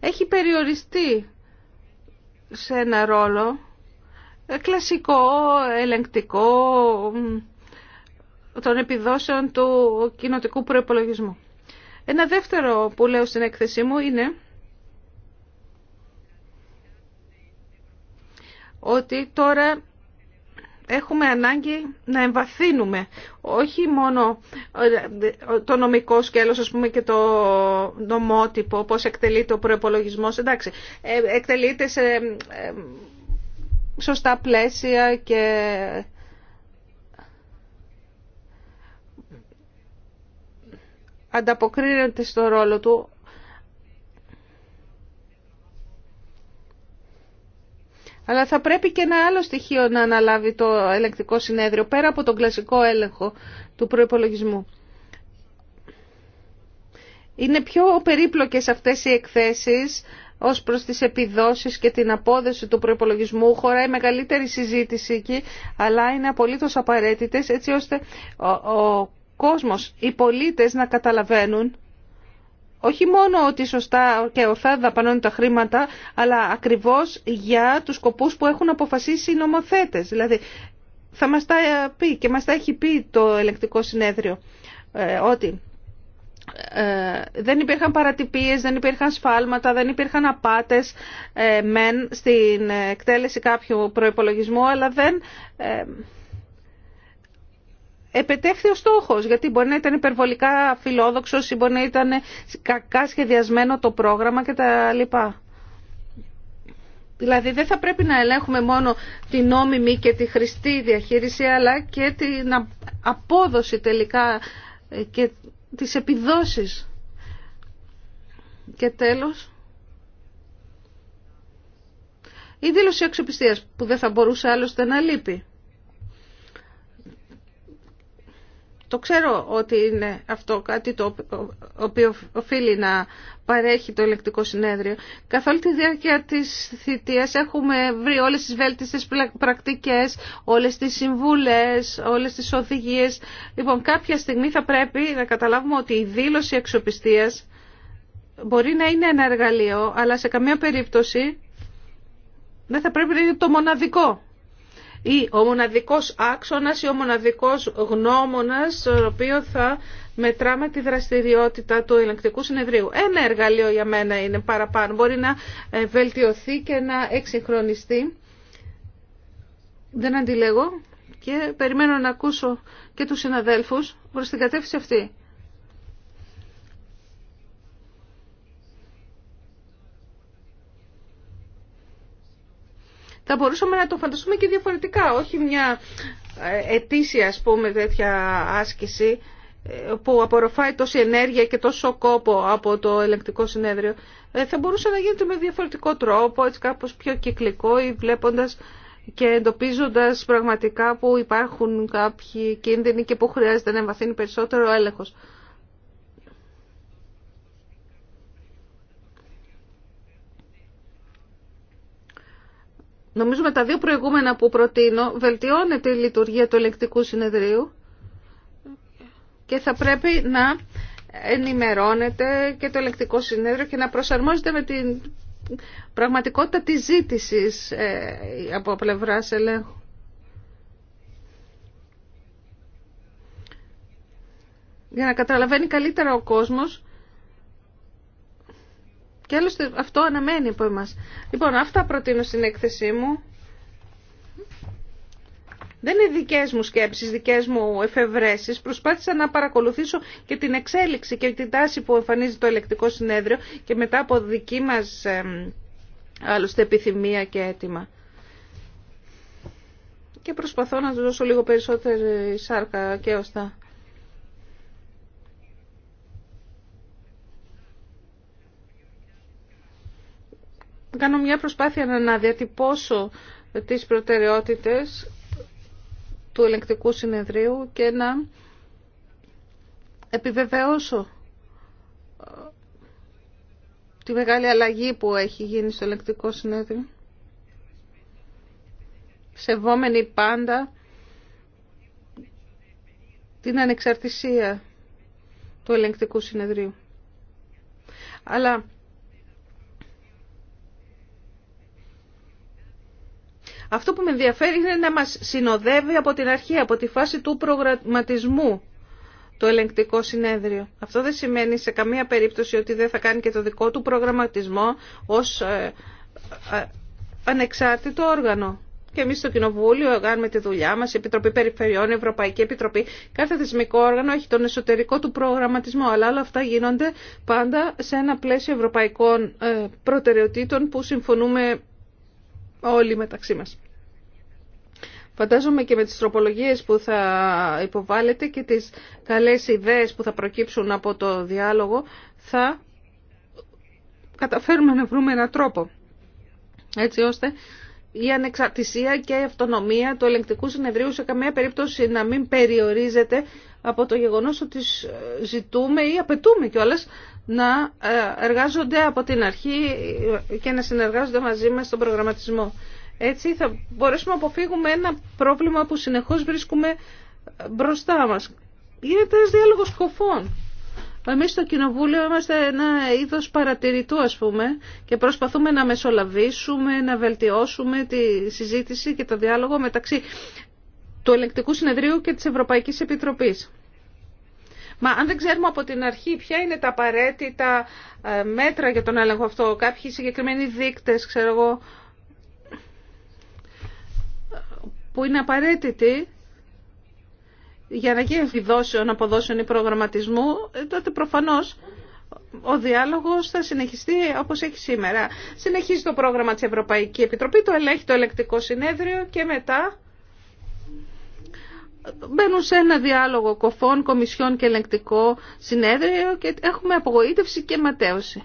έχει περιοριστεί σε ένα ρόλο ε, κλασικό, ελεγκτικό των επιδόσεων του κοινοτικού προϋπολογισμού. Ένα δεύτερο που λέω στην έκθεσή μου είναι ότι τώρα έχουμε ανάγκη να εμβαθύνουμε όχι μόνο ε, το νομικό σκέλος ας πούμε και το νομότυπο πώς εκτελείται ο προεπολογισμός εντάξει ε, εκτελείται σε ε, σωστά πλαίσια και ανταποκρίνεται στο ρόλο του Αλλά θα πρέπει και ένα άλλο στοιχείο να αναλάβει το ελεκτικό συνέδριο, πέρα από τον κλασικό έλεγχο του προϋπολογισμού. Είναι πιο περίπλοκες αυτές οι εκθέσεις ως προς τις επιδόσεις και την απόδοση του προϋπολογισμού. Χωράει μεγαλύτερη συζήτηση εκεί, αλλά είναι απολύτως απαραίτητες έτσι ώστε ο, ο κόσμος, οι πολίτες να καταλαβαίνουν όχι μόνο ότι σωστά και ορθά δαπανώνει τα χρήματα, αλλά ακριβώς για τους σκοπούς που έχουν αποφασίσει οι νομοθέτες. Δηλαδή, θα μας τα ε, πει και μας τα έχει πει το ελεκτικό συνέδριο ε, ότι ε, δεν υπήρχαν παρατυπίες, δεν υπήρχαν σφάλματα, δεν υπήρχαν απάτες μεν στην εκτέλεση κάποιου προϋπολογισμού, αλλά δεν επετέχθη ο στόχος, γιατί μπορεί να ήταν υπερβολικά φιλόδοξο ή μπορεί να ήταν κακά σχεδιασμένο το πρόγραμμα κτλ. Δηλαδή δεν θα πρέπει να ελέγχουμε μόνο την νόμιμη και τη χρηστή διαχείριση, αλλά και την απόδοση τελικά ε, και τις επιδόσεις. Και τέλος, η δήλωση αξιοπιστίας που δεν θα μπορούσε άλλωστε να λείπει. Το ξέρω ότι είναι αυτό κάτι το οποίο οφείλει να παρέχει το ελεκτικό συνέδριο. Καθ' όλη τη διάρκεια της θητείας έχουμε βρει όλες τις βέλτιστες πρακτικές, όλες τις συμβούλες, όλες τις οδηγίες. Λοιπόν, κάποια στιγμή θα πρέπει να καταλάβουμε ότι η δήλωση αξιοπιστίας μπορεί να είναι ένα εργαλείο, αλλά σε καμία περίπτωση δεν θα πρέπει να είναι το μοναδικό ή ο μοναδικός άξονας ή ο μοναδικός γνώμονας ο οποίο θα μετράμε τη δραστηριότητα του ελεγκτικού συνεδρίου. Ένα εργαλείο για μένα είναι παραπάνω. Μπορεί να ε, βελτιωθεί και να εξυγχρονιστεί. Δεν αντιλέγω και περιμένω να ακούσω και τους συναδέλφους προς την κατεύθυνση αυτή. Θα μπορούσαμε να το φανταστούμε και διαφορετικά, όχι μια ε, ετήσια ας πούμε τέτοια άσκηση ε, που απορροφάει τόση ενέργεια και τόσο κόπο από το ελεγκτικό συνέδριο ε, θα μπορούσε να γίνεται με διαφορετικό τρόπο, έτσι κάπως πιο κυκλικό ή βλέποντας και εντοπίζοντας πραγματικά που υπάρχουν κάποιοι κίνδυνοι και που χρειάζεται να εμβαθύνει περισσότερο ο έλεγχος. Νομίζω με τα δύο προηγούμενα που προτείνω βελτιώνεται η λειτουργία του ελεκτικού συνεδρίου και θα πρέπει να ενημερώνεται και το ελεκτικό συνέδριο και να προσαρμόζεται με την πραγματικότητα της ζήτησης ε, από πλευρά ελέγχου. Για να καταλαβαίνει καλύτερα ο κόσμος και άλλωστε αυτό αναμένει από εμάς. Λοιπόν, αυτά προτείνω στην έκθεσή μου. Δεν είναι δικές μου σκέψεις, δικές μου εφευρέσεις. Προσπάθησα να παρακολουθήσω και την εξέλιξη και την τάση που εμφανίζει το ελεκτικό συνέδριο και μετά από δική μας άλλωστε επιθυμία και αίτημα. Και προσπαθώ να του δώσω λίγο περισσότερη σάρκα και τα... κάνω μια προσπάθεια να αναδιατυπώσω τις προτεραιότητες του ελεγκτικού συνεδρίου και να επιβεβαιώσω ε, τη μεγάλη αλλαγή που έχει γίνει στο ελεγκτικό συνέδριο. Σεβόμενοι πάντα την ανεξαρτησία του ελεγκτικού συνεδρίου. Αλλά Αυτό που με ενδιαφέρει είναι να μας συνοδεύει από την αρχή, από τη φάση του προγραμματισμού το ελεγκτικό συνέδριο. Αυτό δεν σημαίνει σε καμία περίπτωση ότι δεν θα κάνει και το δικό του προγραμματισμό ως ε, ε, ανεξάρτητο όργανο. Και εμεί στο Κοινοβούλιο κάνουμε τη δουλειά μα, η Επιτροπή Περιφερειών, η Ευρωπαϊκή Επιτροπή. Κάθε θεσμικό όργανο έχει τον εσωτερικό του προγραμματισμό, αλλά όλα αυτά γίνονται πάντα σε ένα πλαίσιο ευρωπαϊκών ε, προτεραιοτήτων που συμφωνούμε όλοι μεταξύ μας. Φαντάζομαι και με τις τροπολογίες που θα υποβάλλετε και τις καλές ιδέες που θα προκύψουν από το διάλογο θα καταφέρουμε να βρούμε έναν τρόπο έτσι ώστε η ανεξαρτησία και η αυτονομία του ελεγκτικού συνεδρίου σε καμία περίπτωση να μην περιορίζεται από το γεγονός ότι ζητούμε ή απαιτούμε κιόλας να ε, εργάζονται από την αρχή και να συνεργάζονται μαζί μας στον προγραμματισμό. Έτσι θα μπορέσουμε να αποφύγουμε ένα πρόβλημα που συνεχώς βρίσκουμε ε, μπροστά μας. Γίνεται ένας διάλογος κοφών. Εμείς στο Κοινοβούλιο είμαστε ένα είδος παρατηρητού ας πούμε και προσπαθούμε να μεσολαβήσουμε, να βελτιώσουμε τη συζήτηση και το διάλογο μεταξύ του Ελεκτικού Συνεδρίου και της Ευρωπαϊκής Επιτροπής. Μα αν δεν ξέρουμε από την αρχή ποια είναι τα απαραίτητα ε, μέτρα για τον έλεγχο αυτό, κάποιοι συγκεκριμένοι δείκτες, ξέρω εγώ, που είναι απαραίτητη για να γίνει επιδόσεων αποδόσεων ή προγραμματισμού, τότε προφανώς ο διάλογος θα συνεχιστεί όπως έχει σήμερα. Συνεχίζει το πρόγραμμα της Ευρωπαϊκή Επιτροπή, το ελέγχει το ελεκτικό συνέδριο και μετά μπαίνουν σε ένα διάλογο κοφών, κομισιών και ελεκτικό συνέδριο και έχουμε απογοήτευση και ματέωση.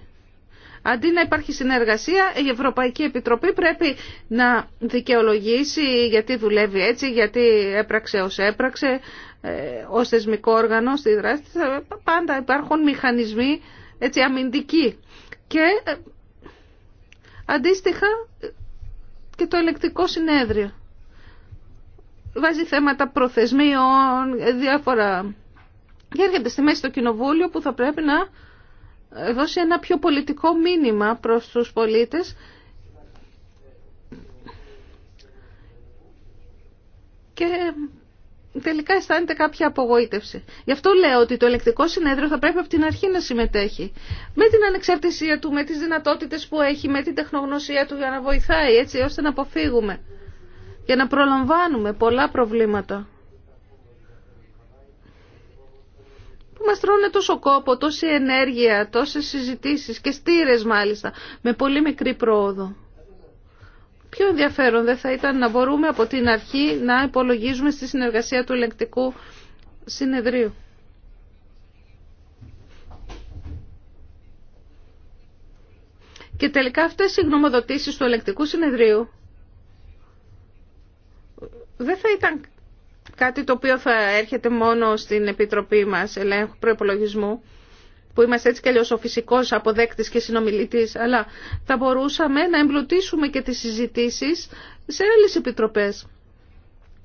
Αντί να υπάρχει συνεργασία, η Ευρωπαϊκή Επιτροπή πρέπει να δικαιολογήσει γιατί δουλεύει έτσι, γιατί έπραξε ως έπραξε, ε, ως θεσμικό όργανο στη δράση. Πάντα υπάρχουν μηχανισμοί έτσι, αμυντικοί. Και ε, αντίστοιχα και το ελεκτικό συνέδριο. Βάζει θέματα προθεσμίων, ε, διάφορα. Και έρχεται στη μέση το κοινοβούλιο που θα πρέπει να δώσει ένα πιο πολιτικό μήνυμα προς τους πολίτες και τελικά αισθάνεται κάποια απογοήτευση. Γι' αυτό λέω ότι το ελεκτικό συνέδριο θα πρέπει από την αρχή να συμμετέχει. Με την ανεξαρτησία του, με τις δυνατότητες που έχει, με την τεχνογνωσία του για να βοηθάει έτσι ώστε να αποφύγουμε και να προλαμβάνουμε πολλά προβλήματα. που μας τρώνε τόσο κόπο, τόση ενέργεια, τόσες συζητήσεις και στήρες μάλιστα, με πολύ μικρή πρόοδο. Πιο ενδιαφέρον δεν θα ήταν να μπορούμε από την αρχή να υπολογίζουμε στη συνεργασία του ελεγκτικού συνεδρίου. Και τελικά αυτές οι γνωμοδοτήσεις του ελεκτικού συνεδρίου δεν θα ήταν κάτι το οποίο θα έρχεται μόνο στην Επιτροπή μας Ελέγχου Προϋπολογισμού, που είμαστε έτσι κι αλλιώς ο φυσικός αποδέκτης και συνομιλητής, αλλά θα μπορούσαμε να εμπλουτίσουμε και τις συζητήσεις σε άλλες επιτροπές,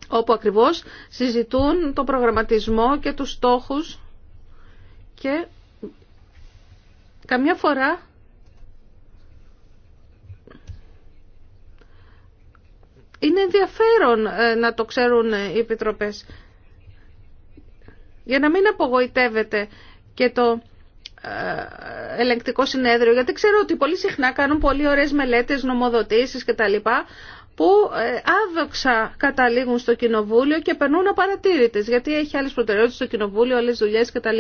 όπου ακριβώς συζητούν το προγραμματισμό και τους στόχους και καμιά φορά Είναι ενδιαφέρον ε, να το ξέρουν ε, οι επιτροπές. Για να μην απογοητεύεται και το ε, ελεγκτικό συνέδριο, γιατί ξέρω ότι πολύ συχνά κάνουν πολύ ωραίες μελέτες, νομοδοτήσεις κτλ που ε, άδοξα καταλήγουν στο κοινοβούλιο και περνούν απαρατήρητε, γιατί έχει άλλε προτεραιότητε στο κοινοβούλιο, άλλε δουλειέ κτλ.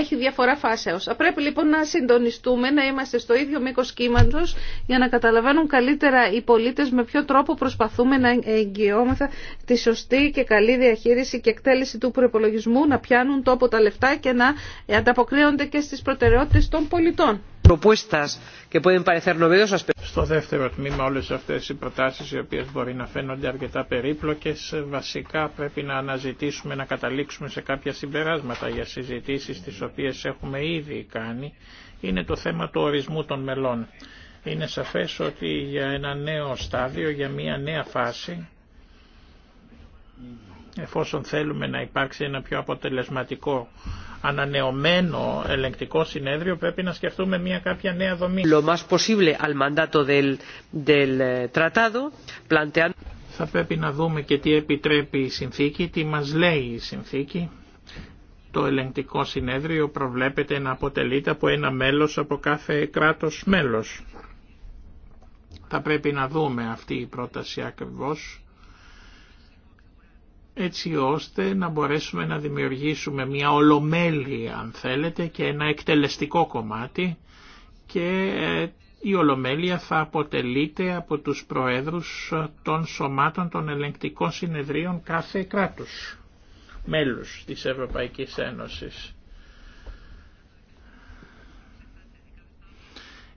Έχει διαφορά φάσεω. Πρέπει λοιπόν να συντονιστούμε, να είμαστε στο ίδιο μήκο κύματο για να καταλαβαίνουν καλύτερα οι πολίτε με ποιο τρόπο προσπαθούμε να εγγυόμεθα τη σωστή και καλή διαχείριση και εκτέλεση του προπολογισμού, να πιάνουν τόπο τα λεφτά και να ανταποκρίνονται και στι προτεραιότητε των πολιτών. Στο δεύτερο τμήμα όλες αυτές οι προτάσεις οι οποίες μπορεί να φαίνονται αρκετά περίπλοκες βασικά πρέπει να αναζητήσουμε να καταλήξουμε σε κάποια συμπεράσματα για συζητήσεις τις οποίες έχουμε ήδη κάνει είναι το θέμα του ορισμού των μελών. Είναι σαφές ότι για ένα νέο στάδιο, για μια νέα φάση εφόσον θέλουμε να υπάρξει ένα πιο αποτελεσματικό ανανεωμένο ελεγκτικό συνέδριο πρέπει να σκεφτούμε μια κάποια νέα δομή. Θα πρέπει να δούμε και τι επιτρέπει η συνθήκη, τι μας λέει η συνθήκη. Το ελεγκτικό συνέδριο προβλέπεται να αποτελείται από ένα μέλος από κάθε κράτος μέλος. Θα πρέπει να δούμε αυτή η πρόταση ακριβώς έτσι ώστε να μπορέσουμε να δημιουργήσουμε μια ολομέλεια αν θέλετε και ένα εκτελεστικό κομμάτι και ε, η Ολομέλεια θα αποτελείται από τους προέδρους των σωμάτων των ελεγκτικών συνεδρίων κάθε κράτους, μέλους της Ευρωπαϊκής Ένωσης.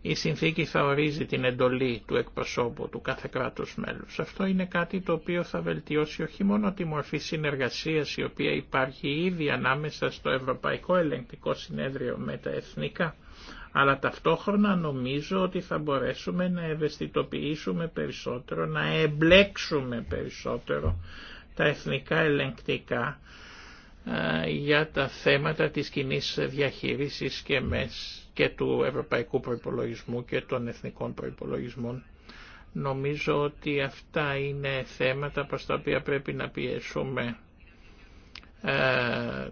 Η συνθήκη θα ορίζει την εντολή του εκπροσώπου του κάθε κράτους μέλους. Αυτό είναι κάτι το οποίο θα βελτιώσει όχι μόνο τη μορφή συνεργασίας η οποία υπάρχει ήδη ανάμεσα στο Ευρωπαϊκό Ελεγκτικό Συνέδριο με τα εθνικά, αλλά ταυτόχρονα νομίζω ότι θα μπορέσουμε να ευαισθητοποιήσουμε περισσότερο, να εμπλέξουμε περισσότερο τα εθνικά ελεγκτικά ε, για τα θέματα της κοινή διαχείρισης και μέσα και του ευρωπαϊκού προϋπολογισμού και των εθνικών προϋπολογισμών. Νομίζω ότι αυτά είναι θέματα προς τα οποία πρέπει να πιέσουμε ε,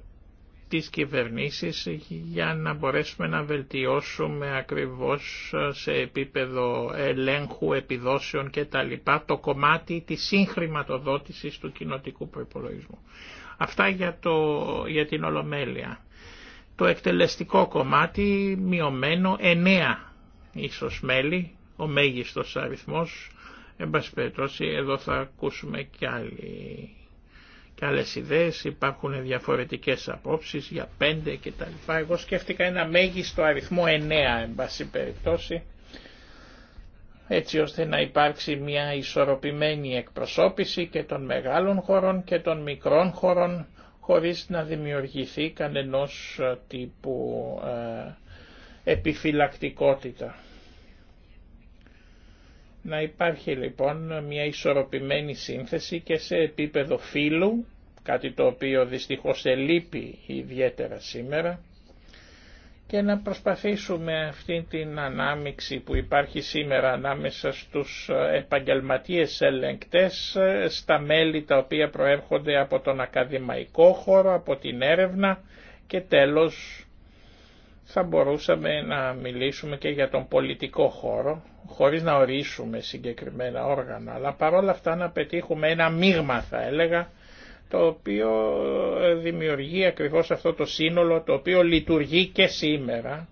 τις κυβερνήσεις για να μπορέσουμε να βελτιώσουμε ακριβώς ε, σε επίπεδο ελέγχου, επιδόσεων και τα λοιπά το κομμάτι της σύγχρηματοδότησης του κοινοτικού προϋπολογισμού. Αυτά για, το, για την Ολομέλεια το εκτελεστικό κομμάτι μειωμένο 9 ίσως μέλη, ο μέγιστος αριθμός. Εν πάση περιπτώσει εδώ θα ακούσουμε και, άλλοι, και άλλες ιδέες, υπάρχουν διαφορετικές απόψεις για 5 λοιπά Εγώ σκέφτηκα ένα μέγιστο αριθμό 9 εν πάση περιπτώσει έτσι ώστε να υπάρξει μια ισορροπημένη εκπροσώπηση και των μεγάλων χωρών και των μικρών χωρών χωρίς να δημιουργηθεί κανενός ε, τύπου ε, επιφυλακτικότητα. Να υπάρχει λοιπόν μια ισορροπημένη σύνθεση και σε επίπεδο φύλου, κάτι το οποίο δυστυχώς ελείπει ιδιαίτερα σήμερα, και να προσπαθήσουμε αυτή την ανάμιξη που υπάρχει σήμερα ανάμεσα στους επαγγελματίες ελεγκτές, στα μέλη τα οποία προέρχονται από τον ακαδημαϊκό χώρο, από την έρευνα και τέλος θα μπορούσαμε να μιλήσουμε και για τον πολιτικό χώρο, χωρίς να ορίσουμε συγκεκριμένα όργανα, αλλά παρόλα αυτά να πετύχουμε ένα μείγμα θα έλεγα, το οποίο ε, δημιουργεί ακριβώς αυτό το σύνολο το οποίο λειτουργεί και σήμερα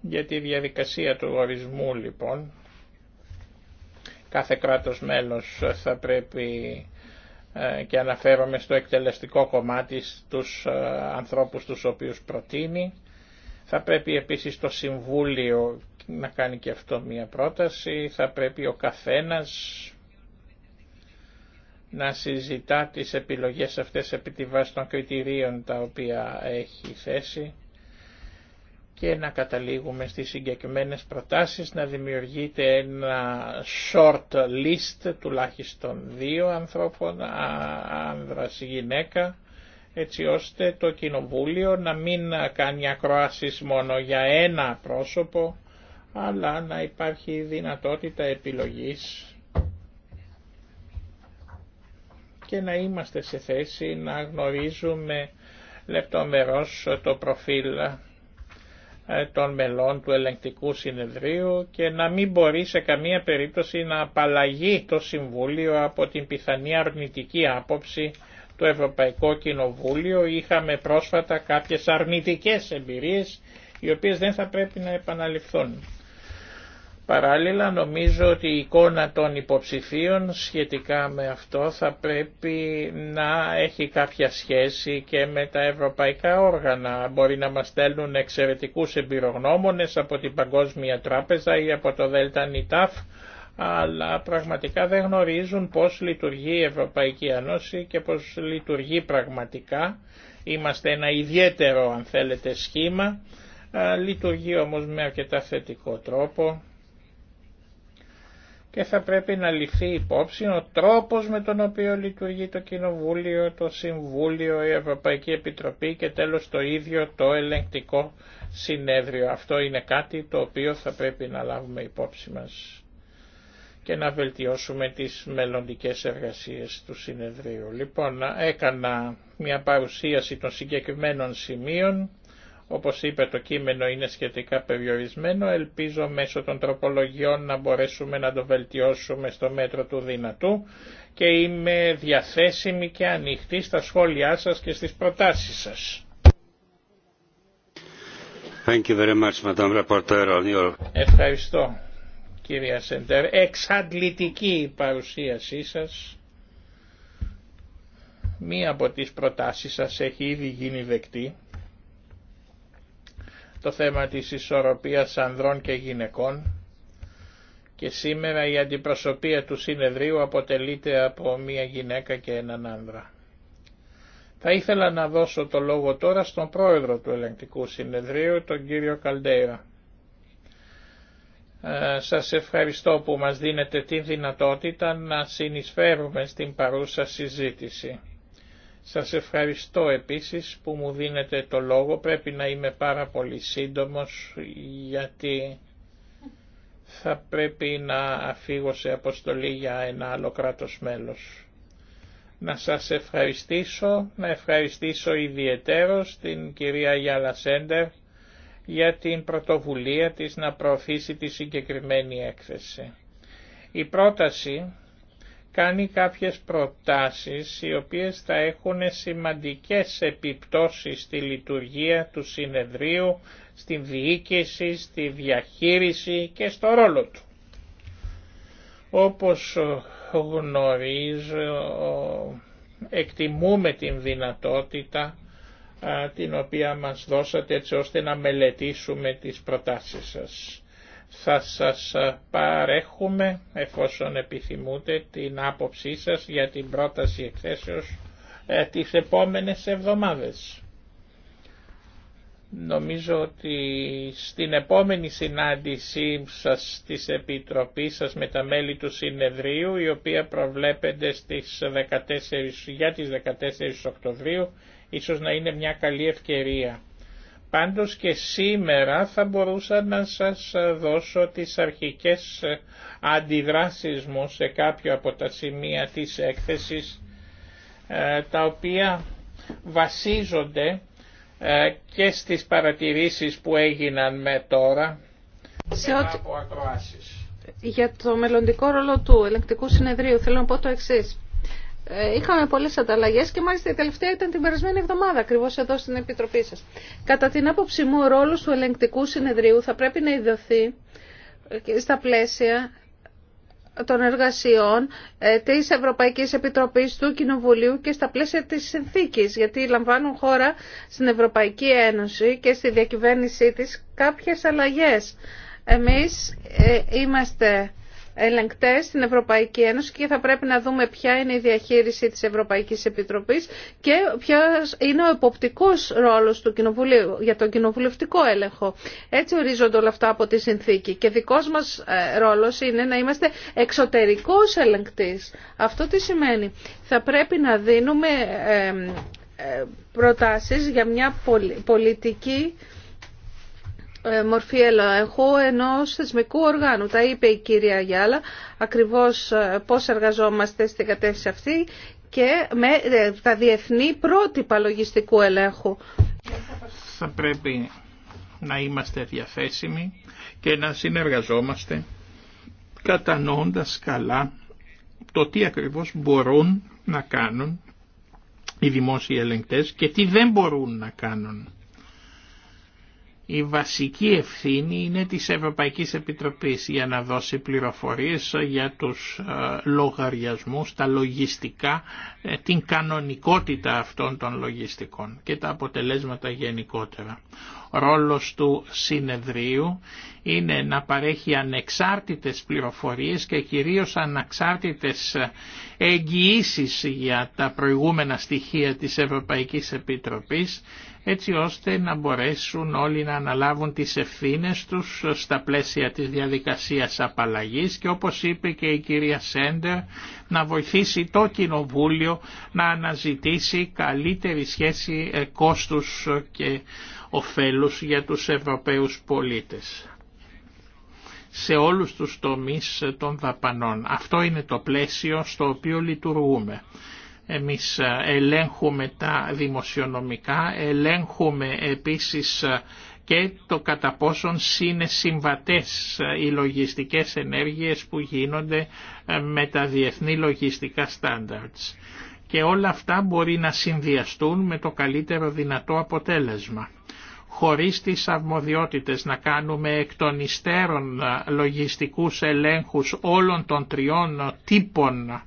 γιατί τη διαδικασία του ορισμού λοιπόν κάθε κράτος μέλος θα πρέπει ε, και αναφέρομαι στο εκτελεστικό κομμάτι τους ε, ανθρώπους τους οποίους προτείνει. Θα πρέπει επίσης το Συμβούλιο να κάνει και αυτό μία πρόταση, θα πρέπει ο καθένας να συζητά τις επιλογές αυτές επί τη βάση των κριτηρίων τα οποία έχει θέσει και να καταλήγουμε στις συγκεκριμένες προτάσεις, να δημιουργείται ένα short list τουλάχιστον δύο ανθρώπων, άνδρας γυναίκα, έτσι ώστε το Κοινοβούλιο να μην κάνει ακροάσεις μόνο για ένα πρόσωπο, αλλά να υπάρχει δυνατότητα επιλογής και να είμαστε σε θέση να γνωρίζουμε λεπτομερώς το προφίλ ε, των μελών του ελεγκτικού συνεδρίου και να μην μπορεί σε καμία περίπτωση να απαλλαγεί το Συμβούλιο από την πιθανή αρνητική άποψη του Ευρωπαϊκό Κοινοβούλιο. Είχαμε πρόσφατα κάποιες αρνητικές εμπειρίες οι οποίες δεν θα πρέπει να επαναληφθούν. Παράλληλα νομίζω ότι η εικόνα των υποψηφίων σχετικά με αυτό θα πρέπει να έχει κάποια σχέση και με τα ευρωπαϊκά όργανα. Μπορεί να μας στέλνουν εξαιρετικούς εμπειρογνώμονες από την Παγκόσμια Τράπεζα ή από το νιταφ αλλά πραγματικά δεν γνωρίζουν πώς λειτουργεί η Ευρωπαϊκή ανωση και πώς λειτουργεί πραγματικά. Είμαστε ένα ιδιαίτερο αν θέλετε σχήμα, λειτουργεί όμως με αρκετά θετικό τρόπο και θα πρέπει να ληφθεί υπόψη ο τρόπος με τον οποίο λειτουργεί το Κοινοβούλιο, το Συμβούλιο, η Ευρωπαϊκή Επιτροπή και τέλος το ίδιο το ελεγκτικό συνέδριο. Αυτό είναι κάτι το οποίο θα πρέπει να λάβουμε υπόψη μας και να βελτιώσουμε τις μελλοντικές εργασίες του συνεδρίου. Λοιπόν, έκανα μια παρουσίαση των συγκεκριμένων σημείων όπως είπε το κείμενο είναι σχετικά περιορισμένο, ελπίζω μέσω των τροπολογιών να μπορέσουμε να το βελτιώσουμε στο μέτρο του δυνατού και είμαι διαθέσιμη και ανοιχτή στα σχόλιά σας και στις προτάσεις σας. Thank you very much, Ευχαριστώ κυρία Σεντέρ. Εξαντλητική η παρουσίασή σας. Μία από τις προτάσεις σας έχει ήδη γίνει δεκτή το θέμα της ισορροπίας ανδρών και γυναικών και σήμερα η αντιπροσωπεία του συνεδρίου αποτελείται από μία γυναίκα και έναν άνδρα. Θα ήθελα να δώσω το λόγο τώρα στον πρόεδρο του ελεγκτικού συνεδρίου, τον κύριο Καλντέιρα. Ε, σας ευχαριστώ που μας δίνετε την δυνατότητα να συνεισφέρουμε στην παρούσα συζήτηση. Σας ευχαριστώ επίσης που μου δίνετε το λόγο. Πρέπει να είμαι πάρα πολύ σύντομος γιατί θα πρέπει να φύγω σε αποστολή για ένα άλλο κράτος μέλος. Να σας ευχαριστήσω, να ευχαριστήσω ιδιαιτέρως την κυρία Γιάλα Σέντερ για την πρωτοβουλία της να προωθήσει τη συγκεκριμένη έκθεση. Η πρόταση κάνει κάποιες προτάσεις οι οποίες θα έχουν σημαντικές επιπτώσεις στη λειτουργία του συνεδρίου, στη διοίκηση, στη διαχείριση και στο ρόλο του. Όπως γνωρίζω, εκτιμούμε την δυνατότητα την οποία μας δώσατε έτσι ώστε να μελετήσουμε τις προτάσεις σας θα σας ε, παρέχουμε, εφόσον επιθυμούτε, την άποψή σας για την πρόταση εκθέσεως ε, τις επόμενες εβδομάδες. Νομίζω ότι στην επόμενη συνάντησή σας της Επιτροπής σας με τα μέλη του Συνεδρίου, η οποία προβλέπεται στις 14, για τις 14 Οκτωβρίου, ίσως να είναι μια καλή ευκαιρία Πάντως και σήμερα θα μπορούσα να σας δώσω τις αρχικές αντιδράσεις μου σε κάποιο από τα σημεία της έκθεσης ε, τα οποία βασίζονται ε, και στις παρατηρήσεις που έγιναν με τώρα σε ό,τι... Για το μελλοντικό ρόλο του ελεκτικού συνεδρίου θέλω να πω το εξής. Ε, είχαμε πολλές ανταλλαγέ και μάλιστα η τελευταία ήταν την περασμένη εβδομάδα ακριβώ εδώ στην Επιτροπή σας. Κατά την άποψή μου ο ρόλο του ελεγκτικού συνεδρίου θα πρέπει να ιδωθεί ε, στα πλαίσια των εργασιών ε, της Ευρωπαϊκής Επιτροπής του Κοινοβουλίου και στα πλαίσια της συνθήκης, γιατί λαμβάνουν χώρα στην Ευρωπαϊκή Ένωση και στη διακυβέρνησή της κάποιες αλλαγές. Εμείς είμαστε ελεγκτέ στην Ευρωπαϊκή Ένωση και θα πρέπει να δούμε ποια είναι η διαχείριση της Ευρωπαϊκής Επιτροπής και ποιο είναι ο εποπτικός ρόλος του Κοινοβουλίου για τον κοινοβουλευτικό έλεγχο. Έτσι ορίζονται όλα αυτά από τη συνθήκη και δικός μας ε, ρόλος είναι να είμαστε εξωτερικός ελεγκτής. Αυτό τι σημαίνει. Θα πρέπει να δίνουμε ε, ε, προτάσεις για μια πολιτική ε, μορφή ελέγχου ενός θεσμικού οργάνου. Τα είπε η κυρία Γιάλα ακριβώς ε, πώς εργαζόμαστε στην κατεύθυνση αυτή και με ε, τα διεθνή πρότυπα λογιστικού ελέγχου. Θα πρέπει να είμαστε διαθέσιμοι και να συνεργαζόμαστε κατανοώντας καλά το τι ακριβώς μπορούν να κάνουν οι δημόσιοι ελεγκτές και τι δεν μπορούν να κάνουν η βασική ευθύνη είναι της Ευρωπαϊκής Επιτροπής για να δώσει πληροφορίες για τους ε, λογαριασμούς, τα λογιστικά, ε, την κανονικότητα αυτών των λογιστικών και τα αποτελέσματα γενικότερα ρόλος του συνεδρίου είναι να παρέχει ανεξάρτητες πληροφορίες και κυρίως ανεξάρτητες εγγυήσει για τα προηγούμενα στοιχεία της Ευρωπαϊκής Επιτροπής έτσι ώστε να μπορέσουν όλοι να αναλάβουν τις ευθύνες τους στα πλαίσια της διαδικασίας απαλλαγής και όπως είπε και η κυρία Σέντερ να βοηθήσει το Κοινοβούλιο να αναζητήσει καλύτερη σχέση ε, κόστους και ωφέλους για τους Ευρωπαίους πολίτες σε όλους τους τομείς των δαπανών. Αυτό είναι το πλαίσιο στο οποίο λειτουργούμε. Εμείς ελέγχουμε τα δημοσιονομικά, ελέγχουμε επίσης και το κατά πόσον είναι συμβατές οι λογιστικές ενέργειες που γίνονται με τα διεθνή λογιστικά standards. Και όλα αυτά μπορεί να συνδυαστούν με το καλύτερο δυνατό αποτέλεσμα χωρίς τις αρμοδιότητες να κάνουμε εκ των υστέρων ε, λογιστικούς ελέγχους όλων των τριών ε, τύπων ε,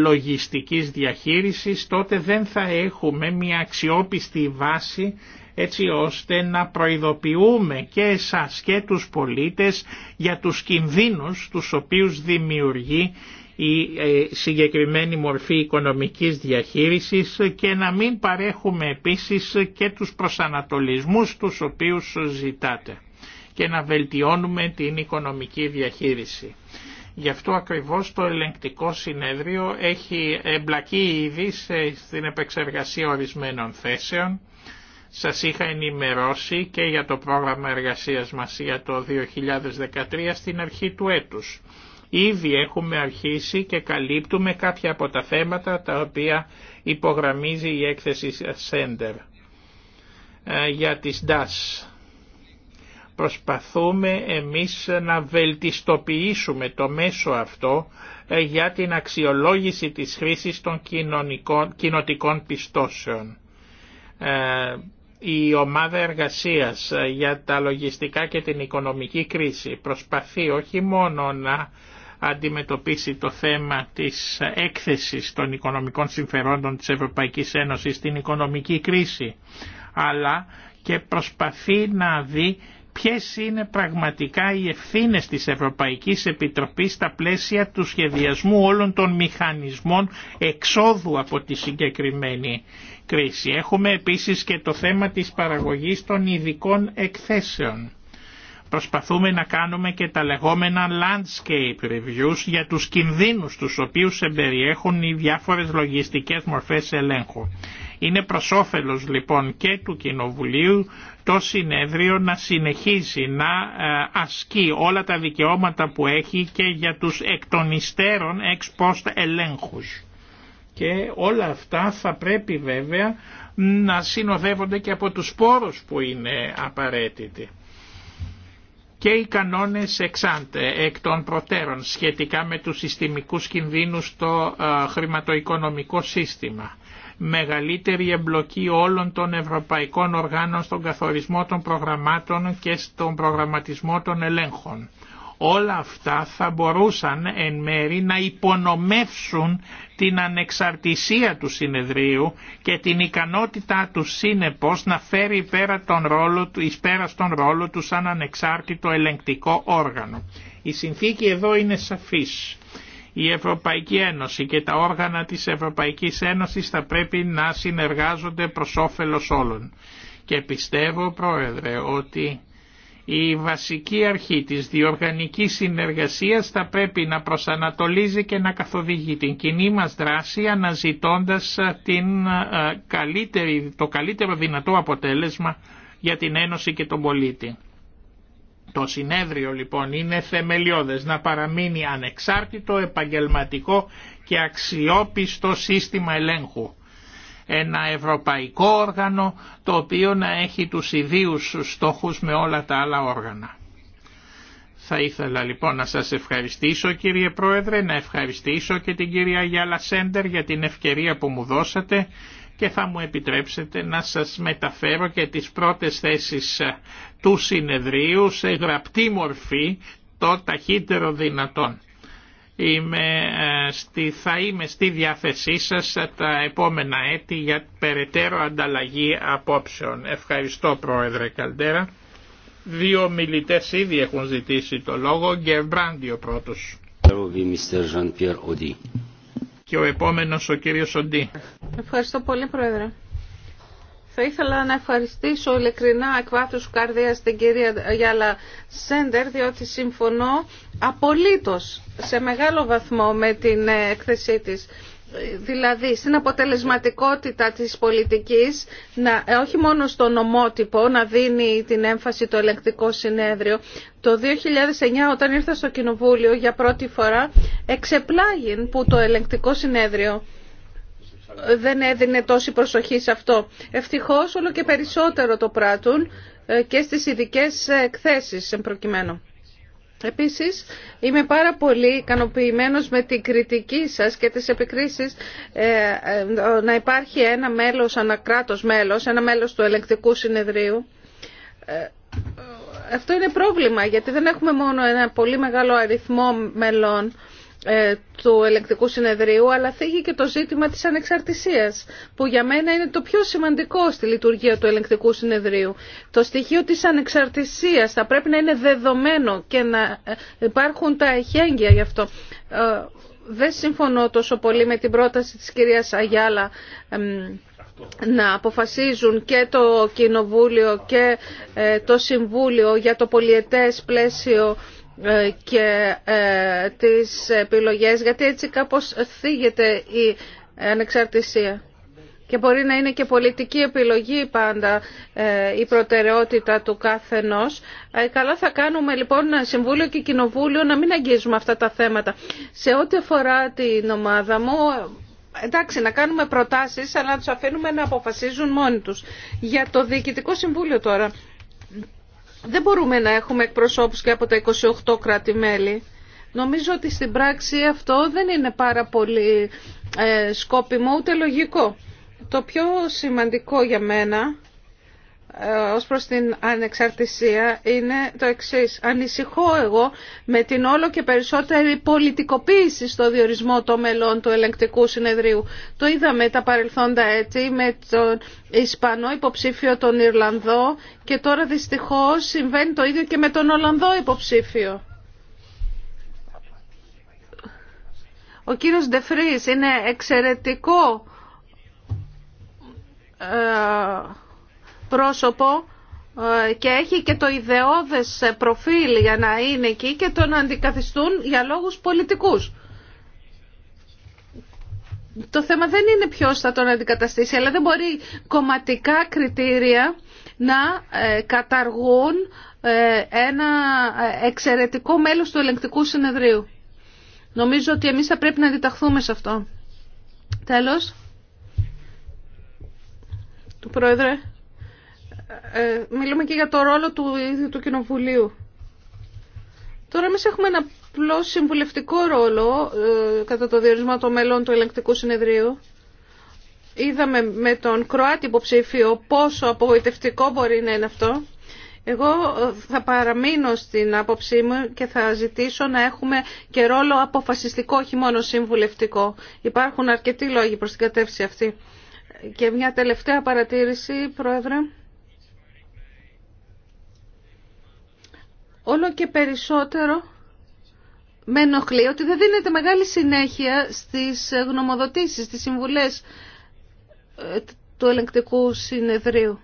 λογιστικής διαχείρισης, τότε δεν θα έχουμε μια αξιόπιστη βάση έτσι ώστε να προειδοποιούμε και εσάς και τους πολίτες για τους κινδύνους τους οποίους δημιουργεί η ε, συγκεκριμένη μορφή οικονομικής διαχείρισης και να μην παρέχουμε επίσης και τους προσανατολισμούς τους οποίους ζητάτε και να βελτιώνουμε την οικονομική διαχείριση. Γι' αυτό ακριβώς το ελεγκτικό συνέδριο έχει εμπλακεί ήδη στην επεξεργασία ορισμένων θέσεων. Σας είχα ενημερώσει και για το πρόγραμμα εργασίας μας για το 2013 στην αρχή του έτους. Ήδη έχουμε αρχίσει και καλύπτουμε κάποια από τα θέματα τα οποία υπογραμμίζει η έκθεση Σέντερ ε, για τις DAS. Προσπαθούμε εμείς να βελτιστοποιήσουμε το μέσο αυτό ε, για την αξιολόγηση της χρήσης των κοινωνικών, κοινοτικών πιστώσεων. Ε, η ομάδα εργασίας για τα λογιστικά και την οικονομική κρίση προσπαθεί όχι μόνο να αντιμετωπίσει το θέμα της έκθεσης των οικονομικών συμφερόντων της Ευρωπαϊκής Ένωσης στην οικονομική κρίση, αλλά και προσπαθεί να δει ποιες είναι πραγματικά οι ευθύνες της Ευρωπαϊκής Επιτροπής στα πλαίσια του σχεδιασμού όλων των μηχανισμών εξόδου από τη συγκεκριμένη κρίση. Έχουμε επίσης και το θέμα της παραγωγής των ειδικών εκθέσεων προσπαθούμε να κάνουμε και τα λεγόμενα landscape reviews για τους κινδύνους τους οποίους εμπεριέχουν οι διάφορες λογιστικές μορφές ελέγχου. Είναι προς όφελος λοιπόν και του Κοινοβουλίου το συνέδριο να συνεχίσει να ε, ασκεί όλα τα δικαιώματα που έχει και για τους εκ των υστέρων εξ ελέγχους. Και όλα αυτά θα πρέπει βέβαια να συνοδεύονται και από τους πόρους που είναι απαραίτητοι και οι κανόνες εξάντε, εκ των προτέρων, σχετικά με τους συστημικούς κινδύνους στο ε, χρηματοοικονομικό σύστημα. Μεγαλύτερη εμπλοκή όλων των ευρωπαϊκών οργάνων στον καθορισμό των προγραμμάτων και στον προγραμματισμό των ελέγχων όλα αυτά θα μπορούσαν εν μέρη να υπονομεύσουν την ανεξαρτησία του συνεδρίου και την ικανότητά του σύνεπως να φέρει πέρα τον ρόλο, εις πέρα στον ρόλο του σαν ανεξάρτητο ελεγκτικό όργανο. Η συνθήκη εδώ είναι σαφής. Η Ευρωπαϊκή Ένωση και τα όργανα της Ευρωπαϊκής Ένωσης θα πρέπει να συνεργάζονται προς όφελος όλων. Και πιστεύω, Πρόεδρε, ότι η βασική αρχή της διοργανικής συνεργασίας θα πρέπει να προσανατολίζει και να καθοδηγεί την κοινή μας δράση αναζητώντας ε, την ε, καλύτερη, το καλύτερο δυνατό αποτέλεσμα για την Ένωση και τον πολίτη. Το συνέδριο λοιπόν είναι θεμελιώδες να παραμείνει ανεξάρτητο, επαγγελματικό και αξιόπιστο σύστημα ελέγχου ένα ευρωπαϊκό όργανο το οποίο να έχει τους ιδίους στόχους με όλα τα άλλα όργανα. Θα ήθελα λοιπόν να σας ευχαριστήσω κύριε Πρόεδρε, να ευχαριστήσω και την κυρία Γιάλα Σέντερ για την ευκαιρία που μου δώσατε και θα μου επιτρέψετε να σας μεταφέρω και τις πρώτες θέσεις του συνεδρίου σε γραπτή μορφή το ταχύτερο δυνατόν είμαι, ε, στη, θα είμαι στη διάθεσή σας τα επόμενα έτη για περαιτέρω ανταλλαγή απόψεων. Ευχαριστώ Πρόεδρε Καλτέρα. Δύο μιλητές ήδη έχουν ζητήσει το λόγο. Γκερμπράντι ο πρώτος. Και ο επόμενος ο κύριος Οντί. Ευχαριστώ πολύ Πρόεδρε. Θα ήθελα να ευχαριστήσω ειλικρινά εκ βάθους καρδίας την κυρία Γιάλα Σέντερ, διότι συμφωνώ απολύτως σε μεγάλο βαθμό με την έκθεσή ε, της. Δηλαδή, στην αποτελεσματικότητα της πολιτικής, να, ε, όχι μόνο στο νομότυπο, να δίνει την έμφαση το ελεκτικό συνέδριο. Το 2009, όταν ήρθα στο Κοινοβούλιο για πρώτη φορά, εξεπλάγει που το ελεκτικό συνέδριο δεν έδινε τόση προσοχή σε αυτό. Ευτυχώς όλο και περισσότερο το πράττουν ε, και στις ειδικέ εκθέσεις προκειμένου. Επίσης, είμαι πάρα πολύ ικανοποιημένο με την κριτική σας και τις επικρίσεις ε, ε, να υπάρχει ένα μέλος, ένα κράτος μέλος, ένα μέλος του ελεγκτικού συνεδρίου. Αυτό είναι πρόβλημα, γιατί δεν έχουμε μόνο ένα πολύ μεγάλο αριθμό μελών ε, του ελεκτικού συνεδρίου, αλλά θίγει και το ζήτημα της ανεξαρτησίας, που για μένα είναι το πιο σημαντικό στη λειτουργία του ελεκτικού συνεδρίου. Το στοιχείο της ανεξαρτησίας θα πρέπει να είναι δεδομένο και να ε, υπάρχουν τα εχέγγυα γι' αυτό. Ε, δεν συμφωνώ τόσο πολύ με την πρόταση της κυρίας Αγιάλα να αποφασίζουν και το Κοινοβούλιο και το Συμβούλιο για το πολιετές πλαίσιο ε, και ε, τις επιλογές γιατί έτσι κάπως θίγεται η ανεξαρτησία. Και μπορεί να είναι και πολιτική επιλογή πάντα ε, η προτεραιότητα του καθενός. Καλά θα κάνουμε λοιπόν Συμβούλιο και Κοινοβούλιο να μην αγγίζουμε αυτά τα θέματα. Σε ό,τι αφορά την ομάδα μου, εντάξει να κάνουμε προτάσεις αλλά να τους αφήνουμε να αποφασίζουν μόνοι τους. Για το Διοικητικό Συμβούλιο τώρα δεν μπορούμε να έχουμε εκπροσώπους και από τα 28 κράτη-μέλη. Νομίζω ότι στην πράξη αυτό δεν είναι πάρα πολύ ε, σκόπιμο ούτε λογικό. Το πιο σημαντικό για μένα ε, ως προς την ανεξαρτησία είναι το εξής. Ανησυχώ εγώ με την όλο και περισσότερη πολιτικοποίηση στο διορισμό των μελών του ελεγκτικού συνεδρίου. Το είδαμε τα παρελθόντα έτσι με τον Ισπανό υποψήφιο, τον Ιρλανδό και τώρα δυστυχώς συμβαίνει το ίδιο και με τον Ολλανδό υποψήφιο. Ο κύριος Ντεφρίς είναι εξαιρετικό ε, πρόσωπο ε, και έχει και το ιδεώδες προφίλ για να είναι εκεί και τον αντικαθιστούν για λόγους πολιτικούς. Το θέμα δεν είναι ποιος θα τον αντικαταστήσει, αλλά δεν μπορεί κομματικά κριτήρια να ε, καταργούν ε, ένα εξαιρετικό μέλος του ελεγκτικού συνεδρίου. Νομίζω ότι εμείς θα πρέπει να αντιταχθούμε σε αυτό. Τέλος. Του Πρόεδρε. Ε, μιλούμε και για το ρόλο του ίδιου του Κοινοβουλίου. Τώρα εμεί έχουμε ένα απλό συμβουλευτικό ρόλο ε, κατά το διορισμό των μελών του ελεγκτικού συνεδρίου. Είδαμε με τον Κροάτι υποψήφιο πόσο απογοητευτικό μπορεί να είναι αυτό. Εγώ ε, θα παραμείνω στην άποψή μου και θα ζητήσω να έχουμε και ρόλο αποφασιστικό, όχι μόνο συμβουλευτικό. Υπάρχουν αρκετοί λόγοι προς την κατεύθυνση αυτή. Και μια τελευταία παρατήρηση, Πρόεδρε. όλο και περισσότερο με ενοχλεί ότι δεν δίνεται μεγάλη συνέχεια στις γνωμοδοτήσεις, στις συμβουλές ε, του ελεγκτικού συνεδρίου.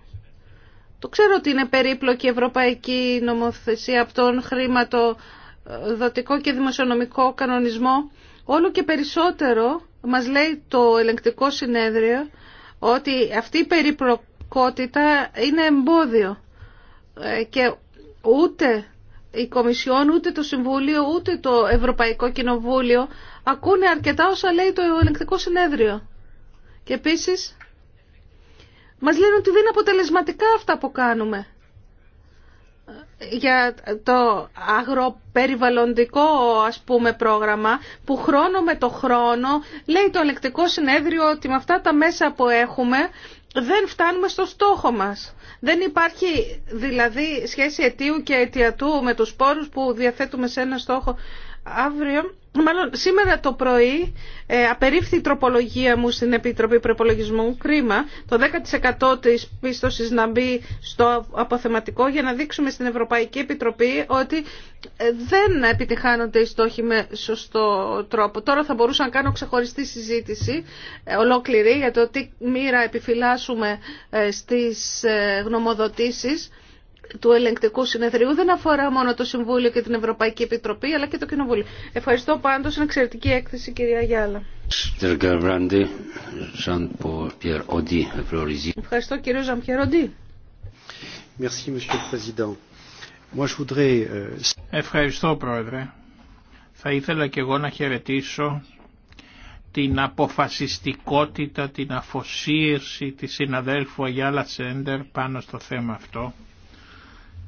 Το ξέρω ότι είναι περίπλοκη ευρωπαϊκή νομοθεσία από τον χρηματοδοτικό και δημοσιονομικό κανονισμό. Όλο και περισσότερο μας λέει το ελεγκτικό συνέδριο ότι αυτή η περιπλοκότητα είναι εμπόδιο ε, και ούτε η Κομισιόν, ούτε το Συμβούλιο, ούτε το Ευρωπαϊκό Κοινοβούλιο ακούνε αρκετά όσα λέει το ελεγκτικό συνέδριο. Και επίσης μας λένε ότι δεν είναι αποτελεσματικά αυτά που κάνουμε. Για το αγροπεριβαλλοντικό ας πούμε πρόγραμμα που χρόνο με το χρόνο λέει το ελεκτικό συνέδριο ότι με αυτά τα μέσα που έχουμε δεν φτάνουμε στο στόχο μας. Δεν υπάρχει δηλαδή σχέση αιτίου και αιτιατού με τους πόρους που διαθέτουμε σε ένα στόχο αύριο, μάλλον σήμερα το πρωί, ε, απερίφθη η τροπολογία μου στην Επιτροπή Προπολογισμού. Κρίμα το 10% της πίστοσης να μπει στο αποθεματικό για να δείξουμε στην Ευρωπαϊκή Επιτροπή ότι ε, δεν επιτυχάνονται οι στόχοι με σωστό τρόπο. Τώρα θα μπορούσα να κάνω ξεχωριστή συζήτηση ε, ολόκληρη για το τι μοίρα επιφυλάσσουμε ε, στις γνωμοδοτήσεις του ελεγκτικού συνεδρίου δεν αφορά μόνο το Συμβούλιο και την Ευρωπαϊκή Επιτροπή αλλά και το Κοινοβούλιο. Ευχαριστώ πάντως, είναι εξαιρετική έκθεση κυρία Γιάλα. Ευχαριστώ κύριο Ζαμπιεροντή. Euh, Ευχαριστώ πρόεδρε. Θα ήθελα και εγώ να χαιρετήσω την αποφασιστικότητα, την αφοσίευση της συναδέλφου Αγιάλα Σέντερ πάνω στο θέμα αυτό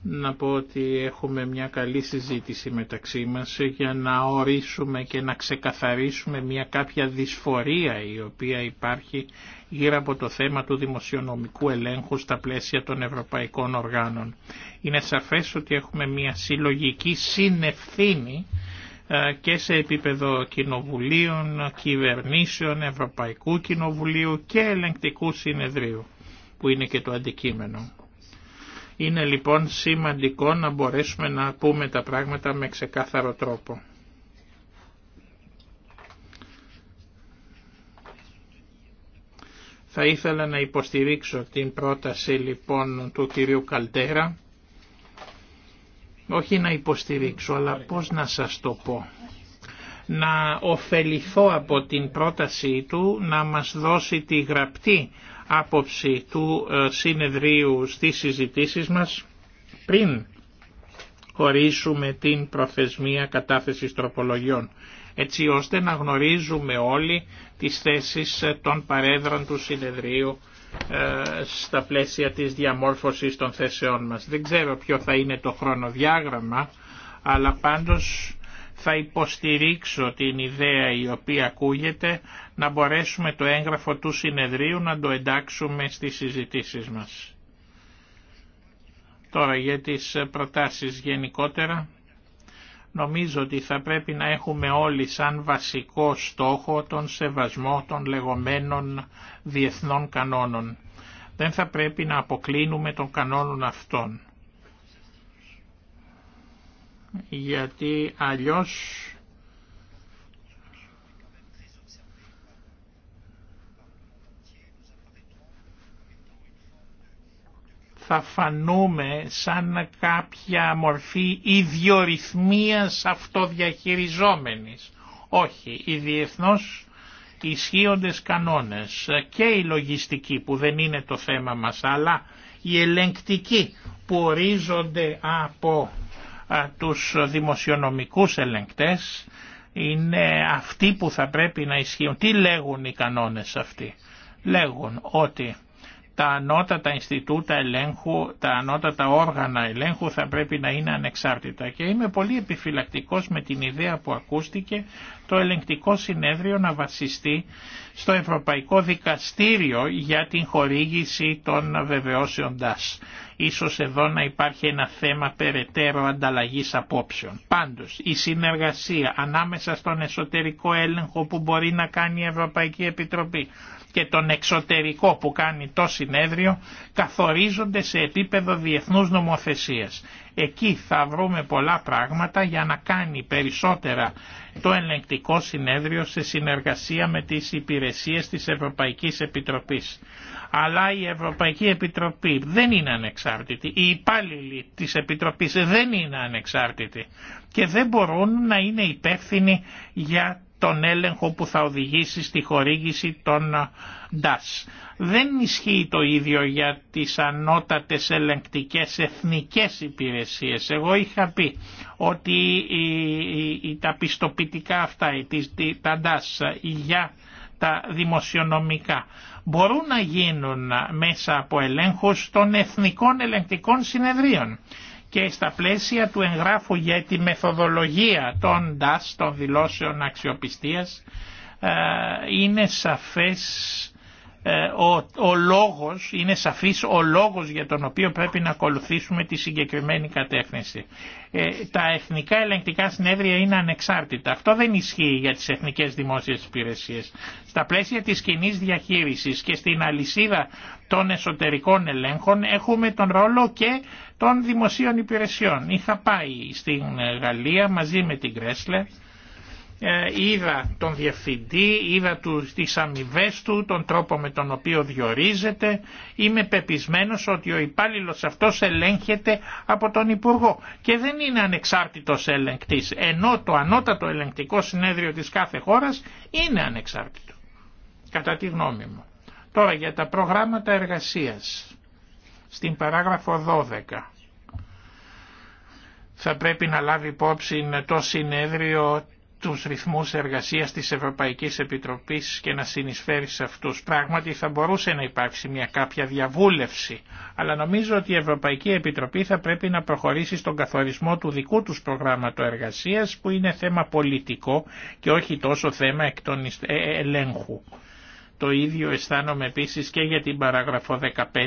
να πω ότι έχουμε μια καλή συζήτηση μεταξύ μας για να ορίσουμε και να ξεκαθαρίσουμε μια κάποια δυσφορία η οποία υπάρχει γύρω από το θέμα του δημοσιονομικού ελέγχου στα πλαίσια των ευρωπαϊκών οργάνων. Είναι σαφές ότι έχουμε μια συλλογική συνευθύνη ε, και σε επίπεδο κοινοβουλίων, κυβερνήσεων, Ευρωπαϊκού Κοινοβουλίου και Ελεγκτικού Συνεδρίου που είναι και το αντικείμενο. Είναι λοιπόν σημαντικό να μπορέσουμε να πούμε τα πράγματα με ξεκάθαρο τρόπο. Θα ήθελα να υποστηρίξω την πρόταση λοιπόν του κυρίου Καλτέρα. Όχι να υποστηρίξω, αλλά πώς να σας το πω. Να ωφεληθώ από την πρόταση του να μας δώσει τη γραπτή άποψη του ε, συνεδρίου στις συζητήσεις μας πριν χωρίσουμε την προθεσμία κατάθεσης τροπολογιών, έτσι ώστε να γνωρίζουμε όλοι τις θέσεις ε, των παρέδρων του συνεδρίου ε, στα πλαίσια της διαμόρφωσης των θέσεών μας. Δεν ξέρω ποιο θα είναι το χρονοδιάγραμμα, αλλά πάντως θα υποστηρίξω την ιδέα η οποία ακούγεται να μπορέσουμε το έγγραφο του συνεδρίου να το εντάξουμε στις συζητήσεις μας. Τώρα για τις προτάσεις γενικότερα, νομίζω ότι θα πρέπει να έχουμε όλοι σαν βασικό στόχο τον σεβασμό των λεγόμενων διεθνών κανόνων. Δεν θα πρέπει να αποκλίνουμε τον κανόνων αυτών. Γιατί αλλιώς θα φανούμε σαν κάποια μορφή ιδιορυθμίας αυτοδιαχειριζόμενης. Όχι, οι διεθνώς ισχύοντες κανόνες και η λογιστική που δεν είναι το θέμα μας αλλά η ελεγκτική που ορίζονται από τους δημοσιονομικούς ελεγκτές είναι αυτοί που θα πρέπει να ισχύουν. Τι λέγουν οι κανόνες αυτοί. Λέγουν ότι τα ανώτατα Ινστιτούτα ελέγχου, τα ανώτατα όργανα ελέγχου θα πρέπει να είναι ανεξάρτητα και είμαι πολύ επιφυλακτικός με την ιδέα που ακούστηκε το ελεγκτικό συνέδριο να βασιστεί στο Ευρωπαϊκό Δικαστήριο για την χορήγηση των βεβαιώσεων DAS. Ίσως εδώ να υπάρχει ένα θέμα περαιτέρω ανταλλαγής απόψεων. Πάντως, η συνεργασία ανάμεσα στον εσωτερικό έλεγχο που μπορεί να κάνει η Ευρωπαϊκή Επιτροπή και τον εξωτερικό που κάνει το συνέδριο καθορίζονται σε επίπεδο διεθνούς νομοθεσίας. Εκεί θα βρούμε πολλά πράγματα για να κάνει περισσότερα το ελεγκτικό συνέδριο σε συνεργασία με τις υπηρεσίες της Ευρωπαϊκής Επιτροπής. Αλλά η Ευρωπαϊκή Επιτροπή δεν είναι ανεξάρτητη. Οι υπάλληλοι της Επιτροπής δεν είναι ανεξάρτητοι και δεν μπορούν να είναι υπεύθυνοι για τον έλεγχο που θα οδηγήσει στη χορήγηση των DAS. Δεν ισχύει το ίδιο για τις ανώτατες ελεγκτικές εθνικές υπηρεσίες. Εγώ είχα πει ότι τα πιστοποιητικά αυτά, τα DAS για τα δημοσιονομικά μπορούν να γίνουν μέσα από ελέγχους των εθνικών ελεγκτικών συνεδρίων και στα πλαίσια του εγγράφου για τη μεθοδολογία των DAS, των δηλώσεων αξιοπιστίας, ε, είναι σαφές ε, ο, ο λόγος, είναι σαφής ο λόγος για τον οποίο πρέπει να ακολουθήσουμε τη συγκεκριμένη κατεύθυνση. Ε, τα εθνικά ελεγκτικά συνέδρια είναι ανεξάρτητα. Αυτό δεν ισχύει για τις εθνικές δημόσιες υπηρεσίες. Στα πλαίσια της κοινή διαχείρισης και στην αλυσίδα των εσωτερικών ελέγχων έχουμε τον ρόλο και των δημοσίων υπηρεσιών. Είχα πάει στην Γαλλία μαζί με την Κρέσλε ε, είδα τον διευθυντή, είδα τους, τις αμοιβέ του, τον τρόπο με τον οποίο διορίζεται. Είμαι πεπισμένος ότι ο υπάλληλος αυτός ελέγχεται από τον Υπουργό και δεν είναι ανεξάρτητος ελεγκτής, ενώ το ανώτατο ελεγκτικό συνέδριο της κάθε χώρας είναι ανεξάρτητο, κατά τη γνώμη μου. Τώρα για τα προγράμματα εργασίας, στην παράγραφο 12 θα πρέπει να λάβει υπόψη το συνέδριο τους ρυθμούς εργασίας της Ευρωπαϊκής Επιτροπής και να συνεισφέρει σε αυτούς. Πράγματι θα μπορούσε να υπάρξει μια κάποια διαβούλευση, αλλά νομίζω ότι η Ευρωπαϊκή Επιτροπή θα πρέπει να προχωρήσει στον καθορισμό του δικού του προγράμματο εργασίας που είναι θέμα πολιτικό και όχι τόσο θέμα εκ ε, ε, ελέγχου. Το ίδιο αισθάνομαι επίσης και για την παράγραφο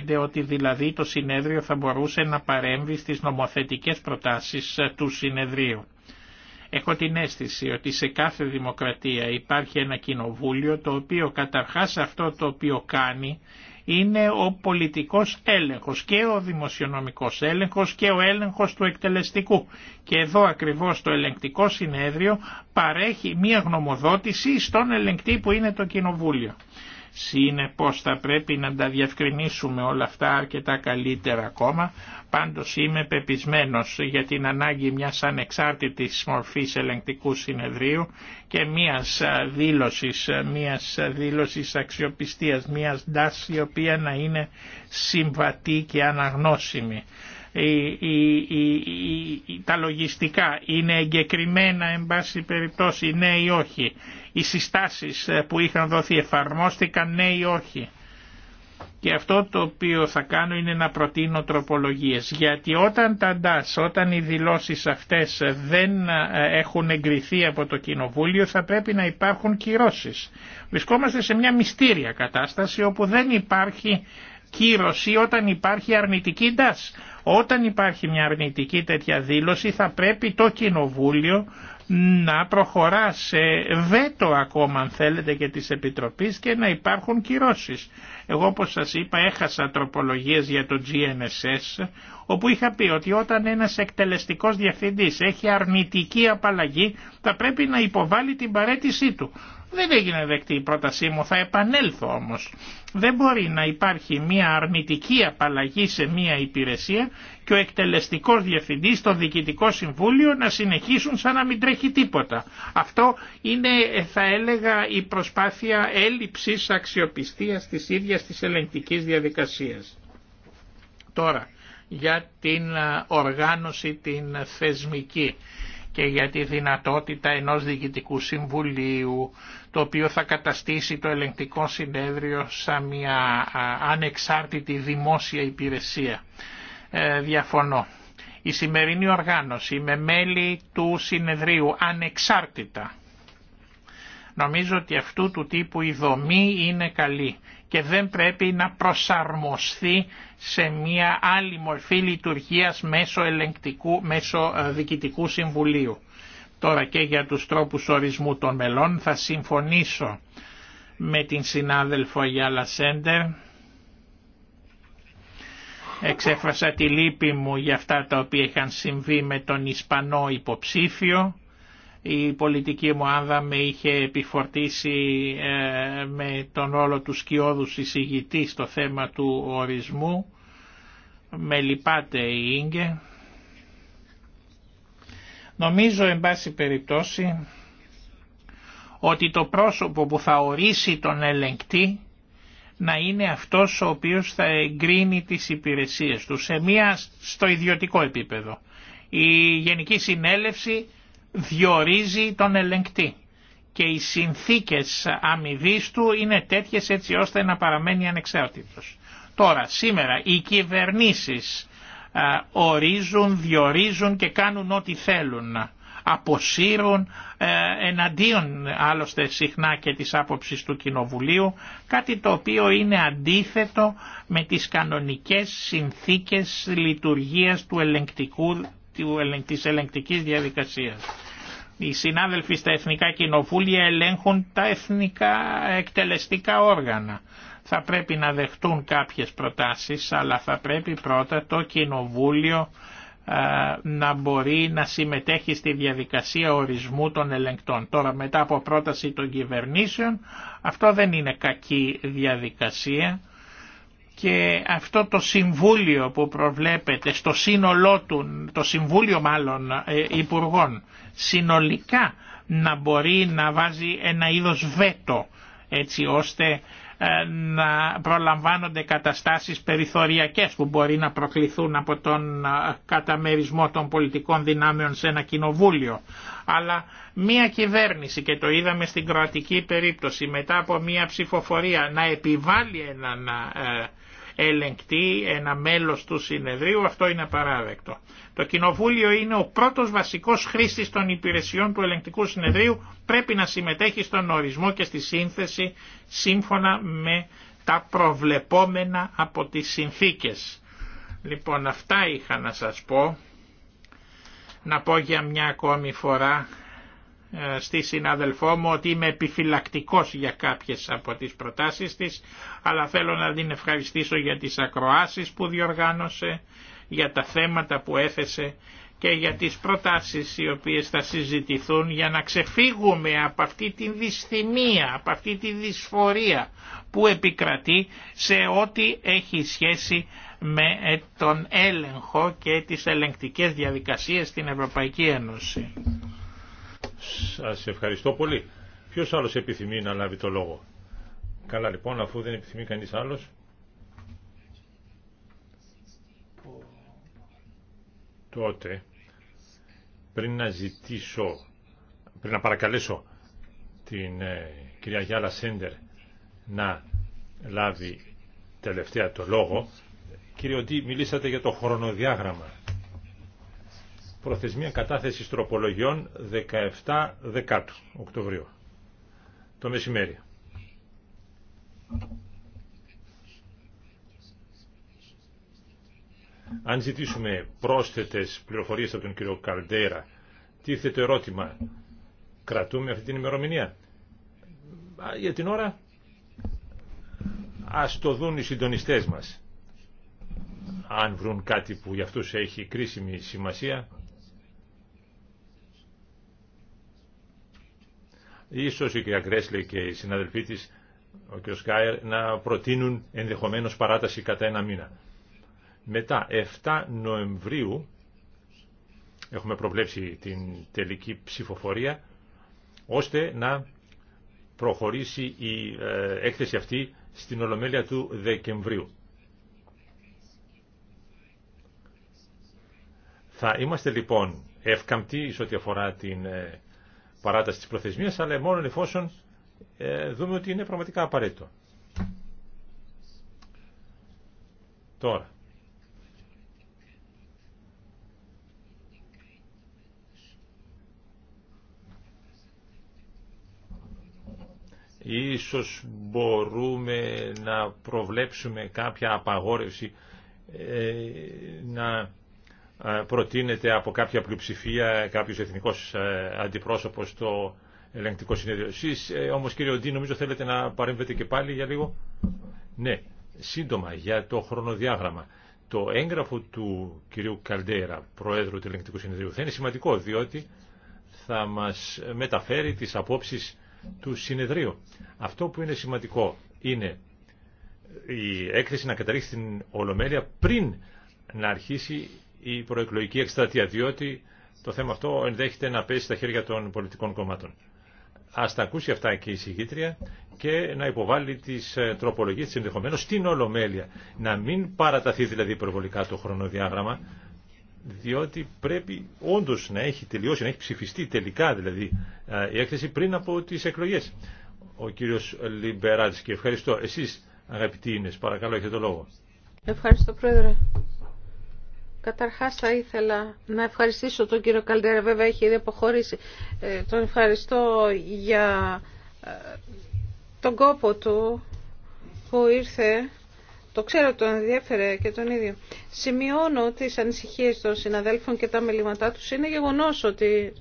15 ότι δηλαδή το συνέδριο θα μπορούσε να παρέμβει στις νομοθετικές προτάσεις ε, του συνεδρίου. Έχω την αίσθηση ότι σε κάθε δημοκρατία υπάρχει ένα κοινοβούλιο το οποίο καταρχάς αυτό το οποίο κάνει είναι ο πολιτικός έλεγχος και ο δημοσιονομικός έλεγχος και ο έλεγχος του εκτελεστικού. Και εδώ ακριβώς το ελεγκτικό συνέδριο παρέχει μία γνωμοδότηση στον ελεγκτή που είναι το κοινοβούλιο. Συνεπώς θα πρέπει να τα διευκρινίσουμε όλα αυτά αρκετά καλύτερα ακόμα Πάντως είμαι πεπισμένος για την ανάγκη μιας ανεξάρτητης μορφής ελεγκτικού συνεδρίου και μιας δήλωσης, μιας δήλωσης αξιοπιστίας, μιας ντάσης η οποία να είναι συμβατή και αναγνώσιμη. Η, τα λογιστικά είναι εγκεκριμένα εν πάση περιπτώσει ναι ή όχι. Οι συστάσεις που είχαν δοθεί εφαρμόστηκαν ναι ή όχι και αυτό το οποίο θα κάνω είναι να προτείνω τροπολογίες γιατί όταν τα ντάς, όταν οι δηλώσεις αυτές δεν ε, έχουν εγκριθεί από το Κοινοβούλιο θα πρέπει να υπάρχουν κυρώσεις. Βρισκόμαστε σε μια μυστήρια κατάσταση όπου δεν υπάρχει κύρωση όταν υπάρχει αρνητική ντάς. Όταν υπάρχει μια αρνητική τέτοια δήλωση θα πρέπει το Κοινοβούλιο να προχωρά σε βέτο ακόμα αν θέλετε και της Επιτροπής και να υπάρχουν κυρώσεις. Εγώ όπως σας είπα έχασα τροπολογίες για το GNSS όπου είχα πει ότι όταν ένας εκτελεστικός διευθυντής έχει αρνητική απαλλαγή θα πρέπει να υποβάλει την παρέτησή του. Δεν έγινε δεκτή η πρότασή μου, θα επανέλθω όμως. Δεν μπορεί να υπάρχει μια αρνητική απαλλαγή σε μια υπηρεσία και ο εκτελεστικός διευθυντής στο διοικητικό συμβούλιο να συνεχίσουν σαν να μην τρέχει τίποτα. Αυτό είναι θα έλεγα η προσπάθεια έλλειψης αξιοπιστίας της ίδιας της ελεγκτικής διαδικασίας. Τώρα, για την οργάνωση την θεσμική και για τη δυνατότητα ενός διοικητικού συμβουλίου το οποίο θα καταστήσει το ελεγκτικό συνέδριο σαν μια ανεξάρτητη δημόσια υπηρεσία. Ε, διαφωνώ. Η σημερινή οργάνωση με μέλη του συνεδρίου ανεξάρτητα. Νομίζω ότι αυτού του τύπου η δομή είναι καλή και δεν πρέπει να προσαρμοστεί σε μια άλλη μορφή λειτουργίας μέσω, ελεγκτικού, μέσω ε, διοικητικού συμβουλίου. Τώρα και για τους τρόπους ορισμού των μελών θα συμφωνήσω με την συνάδελφο Γιάλα Σέντερ. Εξέφρασα τη λύπη μου για αυτά τα οποία είχαν συμβεί με τον Ισπανό υποψήφιο. Η πολιτική μου άδα με είχε επιφορτήσει ε, με τον ρόλο του σκιώδου εισηγητή στο θέμα του ορισμού. Με λυπάται η Νομίζω εν πάση περιπτώσει ότι το πρόσωπο που θα ορίσει τον ελεγκτή να είναι αυτός ο οποίος θα εγκρίνει τις υπηρεσίες του σε μία, στο ιδιωτικό επίπεδο. Η Γενική Συνέλευση διορίζει τον ελεγκτή και οι συνθήκες αμοιβή του είναι τέτοιες έτσι ώστε να παραμένει ανεξάρτητος. Τώρα, σήμερα, οι κυβερνήσεις ε, ορίζουν, διορίζουν και κάνουν ό,τι θέλουν. Αποσύρουν ε, εναντίον άλλωστε συχνά και της άποψης του Κοινοβουλίου κάτι το οποίο είναι αντίθετο με τις κανονικές συνθήκες λειτουργίας του ελεγκτικού, της ελεγκτικής διαδικασίας. Οι συνάδελφοι στα Εθνικά Κοινοβούλια ελέγχουν τα εθνικά εκτελεστικά όργανα θα πρέπει να δεχτούν κάποιες προτάσεις, αλλά θα πρέπει πρώτα το Κοινοβούλιο ε, να μπορεί να συμμετέχει στη διαδικασία ορισμού των ελεγκτών. Τώρα μετά από πρόταση των κυβερνήσεων αυτό δεν είναι κακή διαδικασία και αυτό το συμβούλιο που προβλέπεται στο σύνολό του, το συμβούλιο μάλλον ε, υπουργών συνολικά να μπορεί να βάζει ένα είδος βέτο έτσι ώστε ε, να προλαμβάνονται καταστάσεις περιθωριακές που μπορεί να προκληθούν από τον ε, καταμερισμό των πολιτικών δυνάμεων σε ένα κοινοβούλιο. Αλλά μία κυβέρνηση και το είδαμε στην κροατική περίπτωση μετά από μία ψηφοφορία να επιβάλλει έναν ε, ελεγκτή, ένα μέλος του συνεδρίου, αυτό είναι απαράδεκτο. Το Κοινοβούλιο είναι ο πρώτος βασικός χρήστης των υπηρεσιών του ελεγκτικού συνεδρίου, πρέπει να συμμετέχει στον ορισμό και στη σύνθεση σύμφωνα με τα προβλεπόμενα από τις συνθήκες. Λοιπόν αυτά είχα να σας πω. Να πω για μια ακόμη φορά ε, στη συνάδελφό μου ότι είμαι επιφυλακτικός για κάποιες από τις προτάσεις της, αλλά θέλω να την ευχαριστήσω για τις ακροάσεις που διοργάνωσε, για τα θέματα που έθεσε και για τις προτάσεις οι οποίες θα συζητηθούν για να ξεφύγουμε από αυτή τη δυσθυμία, από αυτή τη δυσφορία που επικρατεί σε ό,τι έχει σχέση με ε, τον έλεγχο και τις ελεγκτικές διαδικασίες στην Ευρωπαϊκή Ένωση. Σας ευχαριστώ πολύ. Ποιος άλλος επιθυμεί να λάβει το λόγο. Καλά λοιπόν, αφού δεν επιθυμεί κανείς άλλος. Τότε, πριν να ζητήσω, πριν να παρακαλέσω την ε, κυρία Γιάλα Σέντερ να λάβει τελευταία το λόγο, κύριε Οντή, μιλήσατε για το χρονοδιάγραμμα. Προθεσμία κατάθεση τροπολογιών 17 Δεκάτου Οκτωβρίου. Το μεσημέρι. Αν ζητήσουμε πρόσθετες πληροφορίες από τον κύριο Καλντέρα, τίθεται ερώτημα, κρατούμε αυτή την ημερομηνία. Για την ώρα, ας το δουν οι συντονιστές μας. Αν βρουν κάτι που για αυτούς έχει κρίσιμη σημασία, Ίσως η κυρία Γκρέσλε και οι συναδελφοί της, ο κ. Σκάιερ, να προτείνουν ενδεχομένως παράταση κατά ένα μήνα. Μετά, 7 Νοεμβρίου, έχουμε προβλέψει την τελική ψηφοφορία, ώστε να προχωρήσει η ε, έκθεση αυτή στην Ολομέλεια του Δεκεμβρίου. Θα είμαστε λοιπόν εύκαμπτοι σε ό,τι αφορά την ε, παράταση της προθεσμίας, αλλά μόνο εφόσον ε, δούμε ότι είναι πραγματικά απαραίτητο. Τώρα. Ίσως μπορούμε να προβλέψουμε κάποια απαγόρευση ε, να ε, προτείνεται από κάποια πλειοψηφία, κάποιος εθνικός ε, αντιπρόσωπος στο ελεγκτικό συνέδριο. Εσείς ε, όμως κύριε Οντή νομίζω θέλετε να παρέμβετε και πάλι για λίγο. Ναι, σύντομα για το χρονοδιάγραμμα. Το έγγραφο του κυρίου Καλντέρα, Προέδρου του Ελεγκτικού Συνεδρίου, θα είναι σημαντικό διότι θα μας μεταφέρει τις απόψεις του συνεδρίου. Αυτό που είναι σημαντικό είναι η έκθεση να καταλήξει την Ολομέλεια πριν να αρχίσει η προεκλογική εκστρατεία, διότι το θέμα αυτό ενδέχεται να πέσει στα χέρια των πολιτικών κομμάτων. Α τα ακούσει αυτά και η συγκήτρια και να υποβάλει τι ε, τροπολογίε τη ενδεχομένω στην Ολομέλεια. Να μην παραταθεί δηλαδή υπερβολικά το χρονοδιάγραμμα, διότι πρέπει όντω να έχει τελειώσει, να έχει ψηφιστεί τελικά δηλαδή ε, η έκθεση πριν από τι εκλογέ. Ο κύριο και ευχαριστώ. Εσεί αγαπητοί παρακαλώ έχετε το λόγο. Ευχαριστώ πρόεδρε. Καταρχάς θα ήθελα να ευχαριστήσω τον κύριο Καλτέρα, βέβαια έχει ήδη αποχωρήσει. Ε, τον ευχαριστώ για ε, τον κόπο του που ήρθε. Το ξέρω, τον ενδιαφέρε και τον ίδιο. Σημειώνω τις ανησυχίες των συναδέλφων και τα μελήματά τους. Είναι γεγονός ότι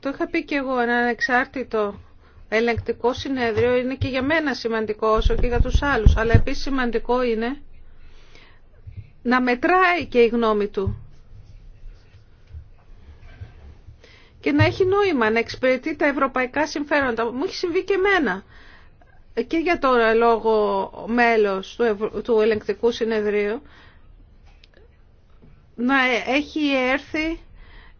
το είχα πει και εγώ, ένα ανεξάρτητο ελεγκτικό συνέδριο είναι και για μένα σημαντικό όσο και για τους άλλους. Αλλά επίσης σημαντικό είναι να μετράει και η γνώμη του. Και να έχει νόημα να εξυπηρετεί τα ευρωπαϊκά συμφέροντα. Μου έχει συμβεί και εμένα. Και για τώρα λόγο μέλος του, του ελεγκτικού συνεδρίου να έχει έρθει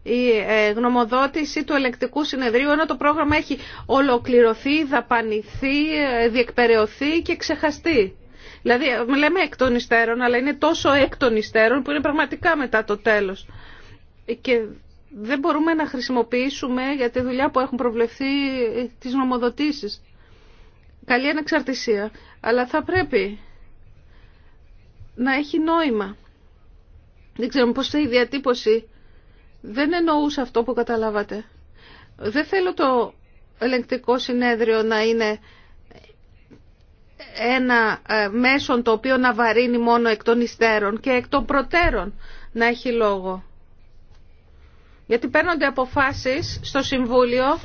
η ε, γνωμοδότηση του ελεγκτικού συνεδρίου ενώ το πρόγραμμα έχει ολοκληρωθεί, δαπανηθεί, ε, διεκπαιρεωθεί και ξεχαστεί. Δηλαδή, λέμε εκ των υστέρων, αλλά είναι τόσο εκ των υστέρων που είναι πραγματικά μετά το τέλος. Και δεν μπορούμε να χρησιμοποιήσουμε για τη δουλειά που έχουν προβλεφθεί ε, τι νομοδοτήσει. Καλή ανεξαρτησία. Αλλά θα πρέπει να έχει νόημα. Δεν ξέρω πώς θα η διατύπωση. Δεν εννοούσα αυτό που καταλάβατε. Δεν θέλω το ελεγκτικό συνέδριο να είναι ένα ε, μέσον το οποίο να βαρύνει μόνο εκ των υστέρων και εκ των προτέρων να έχει λόγο. Γιατί παίρνονται αποφάσεις στο Συμβούλιο,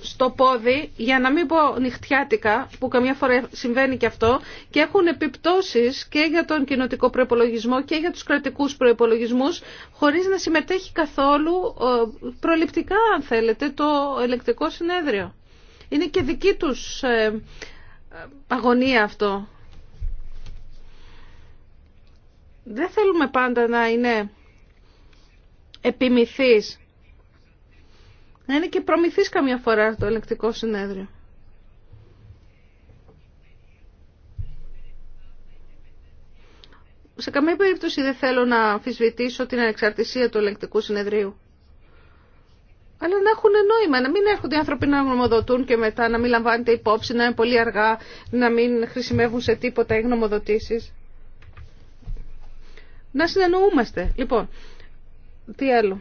στο πόδι, για να μην πω νυχτιάτικα, που καμιά φορά συμβαίνει και αυτό, και έχουν επιπτώσεις και για τον κοινοτικό προπολογισμό και για τους κρατικούς προϋπολογισμούς χωρίς να συμμετέχει καθόλου ε, προληπτικά, αν θέλετε, το ελεκτικό συνέδριο. Είναι και δική τους ε, αγωνία αυτό. Δεν θέλουμε πάντα να είναι επιμηθείς. Να είναι και προμηθείς καμιά φορά το ελεκτικό συνέδριο. Σε καμία περίπτωση δεν θέλω να αμφισβητήσω την ανεξαρτησία του ελεκτικού συνεδρίου αλλά να έχουν νόημα, να μην έρχονται οι άνθρωποι να γνωμοδοτούν και μετά να μην λαμβάνεται υπόψη, να είναι πολύ αργά, να μην χρησιμεύουν σε τίποτα οι γνωμοδοτήσει. Να συνεννοούμαστε. Λοιπόν, τι άλλο.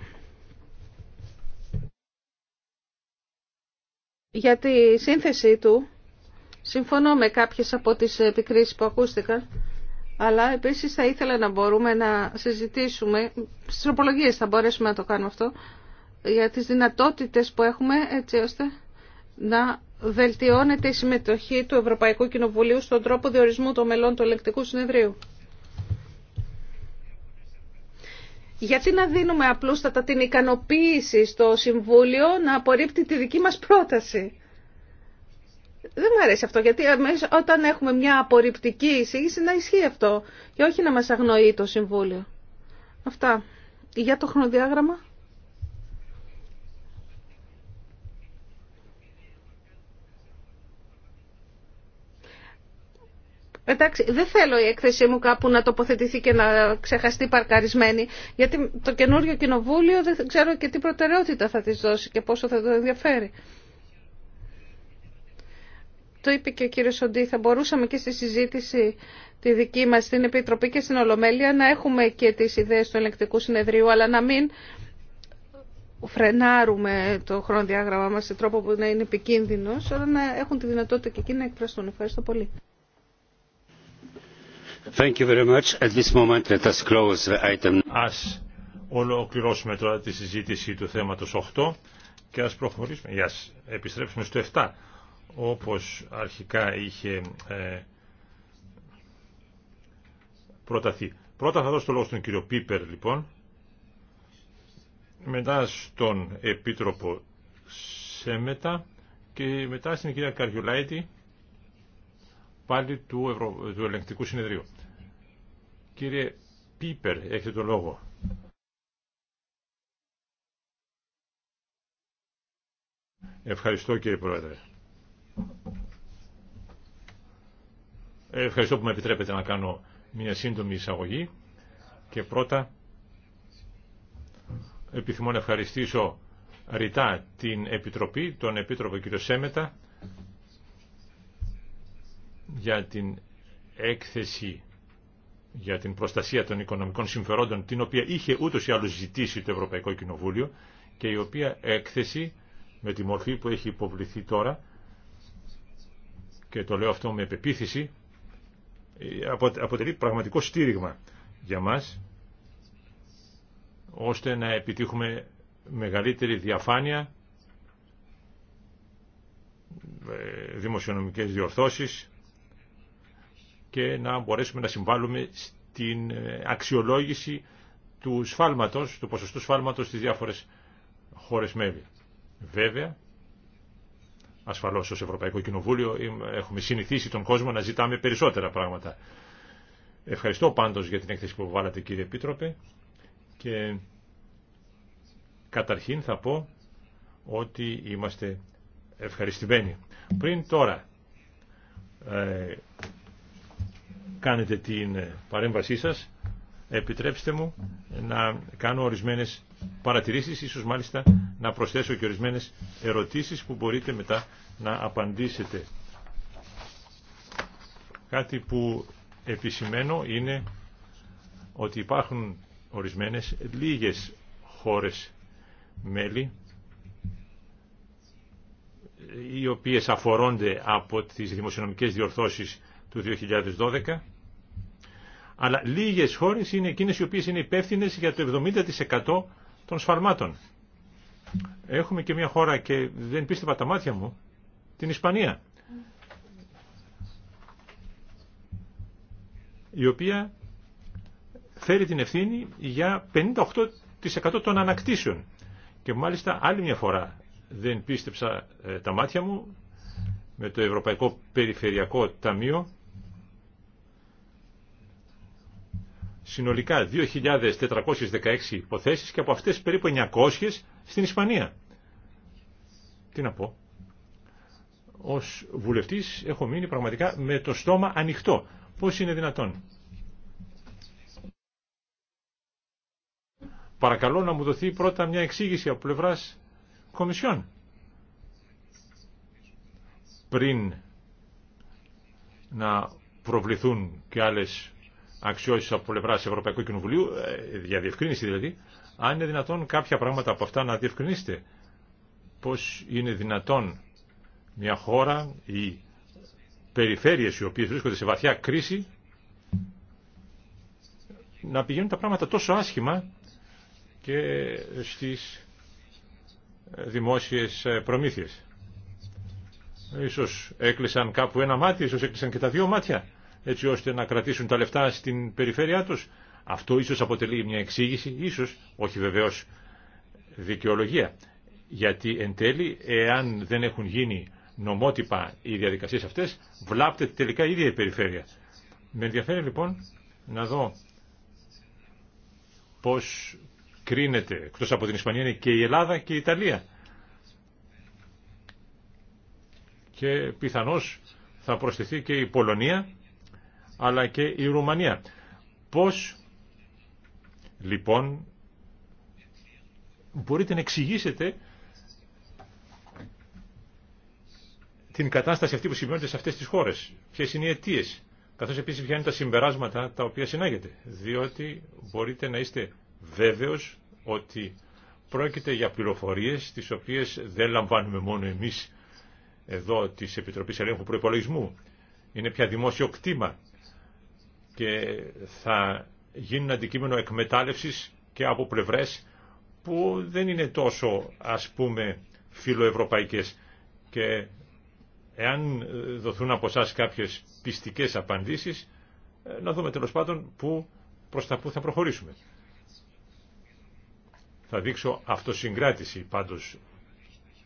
Για τη σύνθεση του, συμφωνώ με κάποιες από τις επικρίσεις που ακούστηκαν, αλλά επίσης θα ήθελα να μπορούμε να συζητήσουμε, στις τροπολογίες θα μπορέσουμε να το κάνουμε αυτό, για τις δυνατότητες που έχουμε έτσι ώστε να βελτιώνεται η συμμετοχή του Ευρωπαϊκού Κοινοβουλίου στον τρόπο διορισμού των μελών του ελεκτικού συνεδρίου. Γιατί να δίνουμε απλούστατα την ικανοποίηση στο Συμβούλιο να απορρίπτει τη δική μας πρόταση. Δεν μου αρέσει αυτό, γιατί εμείς όταν έχουμε μια απορριπτική εισήγηση να ισχύει αυτό και όχι να μας αγνοεί το Συμβούλιο. Αυτά. Για το χρονοδιάγραμμα. Εντάξει, δεν θέλω η έκθεσή μου κάπου να τοποθετηθεί και να ξεχαστεί παρκαρισμένη, γιατί το καινούριο κοινοβούλιο δεν ξέρω και τι προτεραιότητα θα της δώσει και πόσο θα το ενδιαφέρει. Το είπε και ο κύριος Σοντή, θα μπορούσαμε και στη συζήτηση τη δική μας στην Επιτροπή και στην Ολομέλεια να έχουμε και τις ιδέες του ελεκτικού συνεδρίου, αλλά να μην φρενάρουμε το χρονοδιάγραμμα μας σε τρόπο που να είναι επικίνδυνος, αλλά να έχουν τη δυνατότητα και εκεί να εκφραστούν. Ευχαριστώ πολύ. Thank you very much. At this moment, let us close the item. Ας ολοκληρώσουμε τώρα τη συζήτηση του θέματος 8 και ας προχωρήσουμε, ας επιστρέψουμε στο 7, όπως αρχικά είχε ε, προταθεί. Πρώτα θα δώσω το λόγο στον κύριο Πίπερ, λοιπόν, μετά στον Επίτροπο Σέμετα και μετά στην κυρία Καριουλάιτη πάλι του, του Ελεγκτικού Συνεδρίου. Κύριε Πίπερ, έχετε το λόγο. Ευχαριστώ κύριε Πρόεδρε. Ευχαριστώ που με επιτρέπετε να κάνω μια σύντομη εισαγωγή και πρώτα επιθυμώ να ευχαριστήσω ρητά την Επιτροπή, τον Επίτροπο κύριο Σέμετα για την έκθεση για την προστασία των οικονομικών συμφερόντων, την οποία είχε ούτως ή άλλως ζητήσει το Ευρωπαϊκό Κοινοβούλιο και η οποία έκθεση με τη μορφή που έχει υποβληθεί τώρα και το λέω αυτό με πεποίθηση αποτελεί πραγματικό στήριγμα για μας ώστε να επιτύχουμε μεγαλύτερη διαφάνεια ε, δημοσιονομικές διορθώσεις και να μπορέσουμε να συμβάλλουμε στην ε, αξιολόγηση του σφάλματος, του ποσοστού σφάλματος στις διάφορες χώρες μέλη. Βέβαια, ασφαλώς ως Ευρωπαϊκό Κοινοβούλιο έχουμε συνηθίσει τον κόσμο να ζητάμε περισσότερα πράγματα. Ευχαριστώ πάντως για την έκθεση που βάλατε κύριε Επίτροπε και καταρχήν θα πω ότι είμαστε ευχαριστημένοι. Πριν τώρα ε, κάνετε την παρέμβασή σας, επιτρέψτε μου να κάνω ορισμένες παρατηρήσεις, ίσως μάλιστα να προσθέσω και ορισμένες ερωτήσεις που μπορείτε μετά να απαντήσετε. Κάτι που επισημαίνω είναι ότι υπάρχουν ορισμένες λίγες χώρες μέλη οι οποίες αφορώνται από τις δημοσιονομικές διορθώσεις του 2012 αλλά λίγε χώρες είναι εκείνες οι οποίες είναι υπεύθυνε για το 70% των σφαλμάτων. Έχουμε και μια χώρα και δεν πίστευα τα μάτια μου, την Ισπανία, η οποία φέρει την ευθύνη για 58% των ανακτήσεων. Και μάλιστα άλλη μια φορά δεν πίστεψα ε, τα μάτια μου με το Ευρωπαϊκό Περιφερειακό Ταμείο συνολικά 2.416 υποθέσεις και από αυτές περίπου 900 στην Ισπανία. Τι να πω. Ως βουλευτής έχω μείνει πραγματικά με το στόμα ανοιχτό. Πώς είναι δυνατόν. Παρακαλώ να μου δοθεί πρώτα μια εξήγηση από πλευράς Κομισιόν. Πριν να προβληθούν και άλλες αξιώσει από πλευρά Ευρωπαϊκού Κοινοβουλίου, ε, για διευκρίνηση δηλαδή, αν είναι δυνατόν κάποια πράγματα από αυτά να διευκρινίσετε. Πώς είναι δυνατόν μια χώρα ή περιφέρειες οι οποίε βρίσκονται σε βαθιά κρίση να πηγαίνουν τα πράγματα τόσο άσχημα και στις δημόσιες ε, προμήθειες. Ίσως έκλεισαν κάπου ένα μάτι, ίσως έκλεισαν και τα δύο μάτια έτσι ώστε να κρατήσουν τα λεφτά στην περιφέρειά τους. Αυτό ίσως αποτελεί μια εξήγηση, ίσως, όχι βεβαίως δικαιολογία. Γιατί εν τέλει, εάν δεν έχουν γίνει νομότυπα οι διαδικασίες αυτές, βλάπτεται τελικά η ίδια η περιφέρεια. Με ενδιαφέρει λοιπόν να δω πώς κρίνεται, εκτός από την Ισπανία είναι και η Ελλάδα και η Ιταλία. Και πιθανώς θα προσθεθεί και η Πολωνία αλλά και η Ρουμανία. Πώς λοιπόν μπορείτε να εξηγήσετε την κατάσταση αυτή που συμβαίνεται σε αυτές τις χώρες. Ποιες είναι οι αιτίες, καθώς επίσης ποια είναι τα συμπεράσματα τα οποία συνάγεται. Διότι μπορείτε να είστε βέβαιος ότι πρόκειται για πληροφορίες τις οποίες δεν λαμβάνουμε μόνο εμείς εδώ της Επιτροπής Ελέγχου Προϋπολογισμού. Είναι πια δημόσιο κτήμα και θα γίνουν αντικείμενο εκμετάλλευσης και από πλευρές που δεν είναι τόσο ας πούμε φιλοευρωπαϊκές και εάν δοθούν από εσά κάποιες πιστικές απαντήσεις να δούμε τέλος πάντων που, προς τα που θα προχωρήσουμε. Θα δείξω αυτοσυγκράτηση πάντως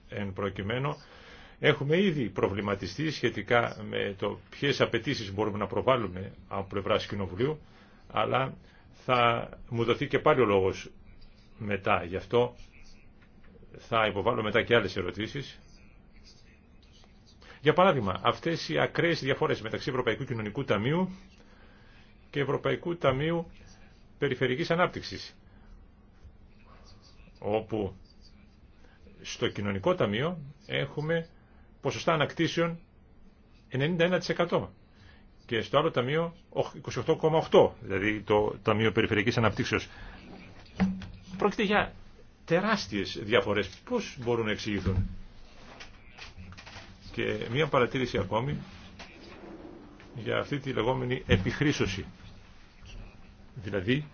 εν προκειμένου Έχουμε ήδη προβληματιστεί σχετικά με το ποιε απαιτήσει μπορούμε να προβάλλουμε από πλευρά Κοινοβουλίου, αλλά θα μου δοθεί και πάλι ο λόγο μετά. Γι' αυτό θα υποβάλω μετά και άλλε ερωτήσει. Για παράδειγμα, αυτέ οι ακραίε διαφορέ μεταξύ Ευρωπαϊκού Κοινωνικού Ταμείου και Ευρωπαϊκού Ταμείου Περιφερική Ανάπτυξης, όπου στο Κοινωνικό Ταμείο έχουμε ποσοστά ανακτήσεων 91% και στο άλλο ταμείο 28,8% δηλαδή το Ταμείο Περιφερειακής Αναπτύξεως. Πρόκειται για τεράστιες διαφορές. Πώς μπορούν να εξηγηθούν. Και μία παρατήρηση ακόμη για αυτή τη λεγόμενη επιχρήσωση. Δηλαδή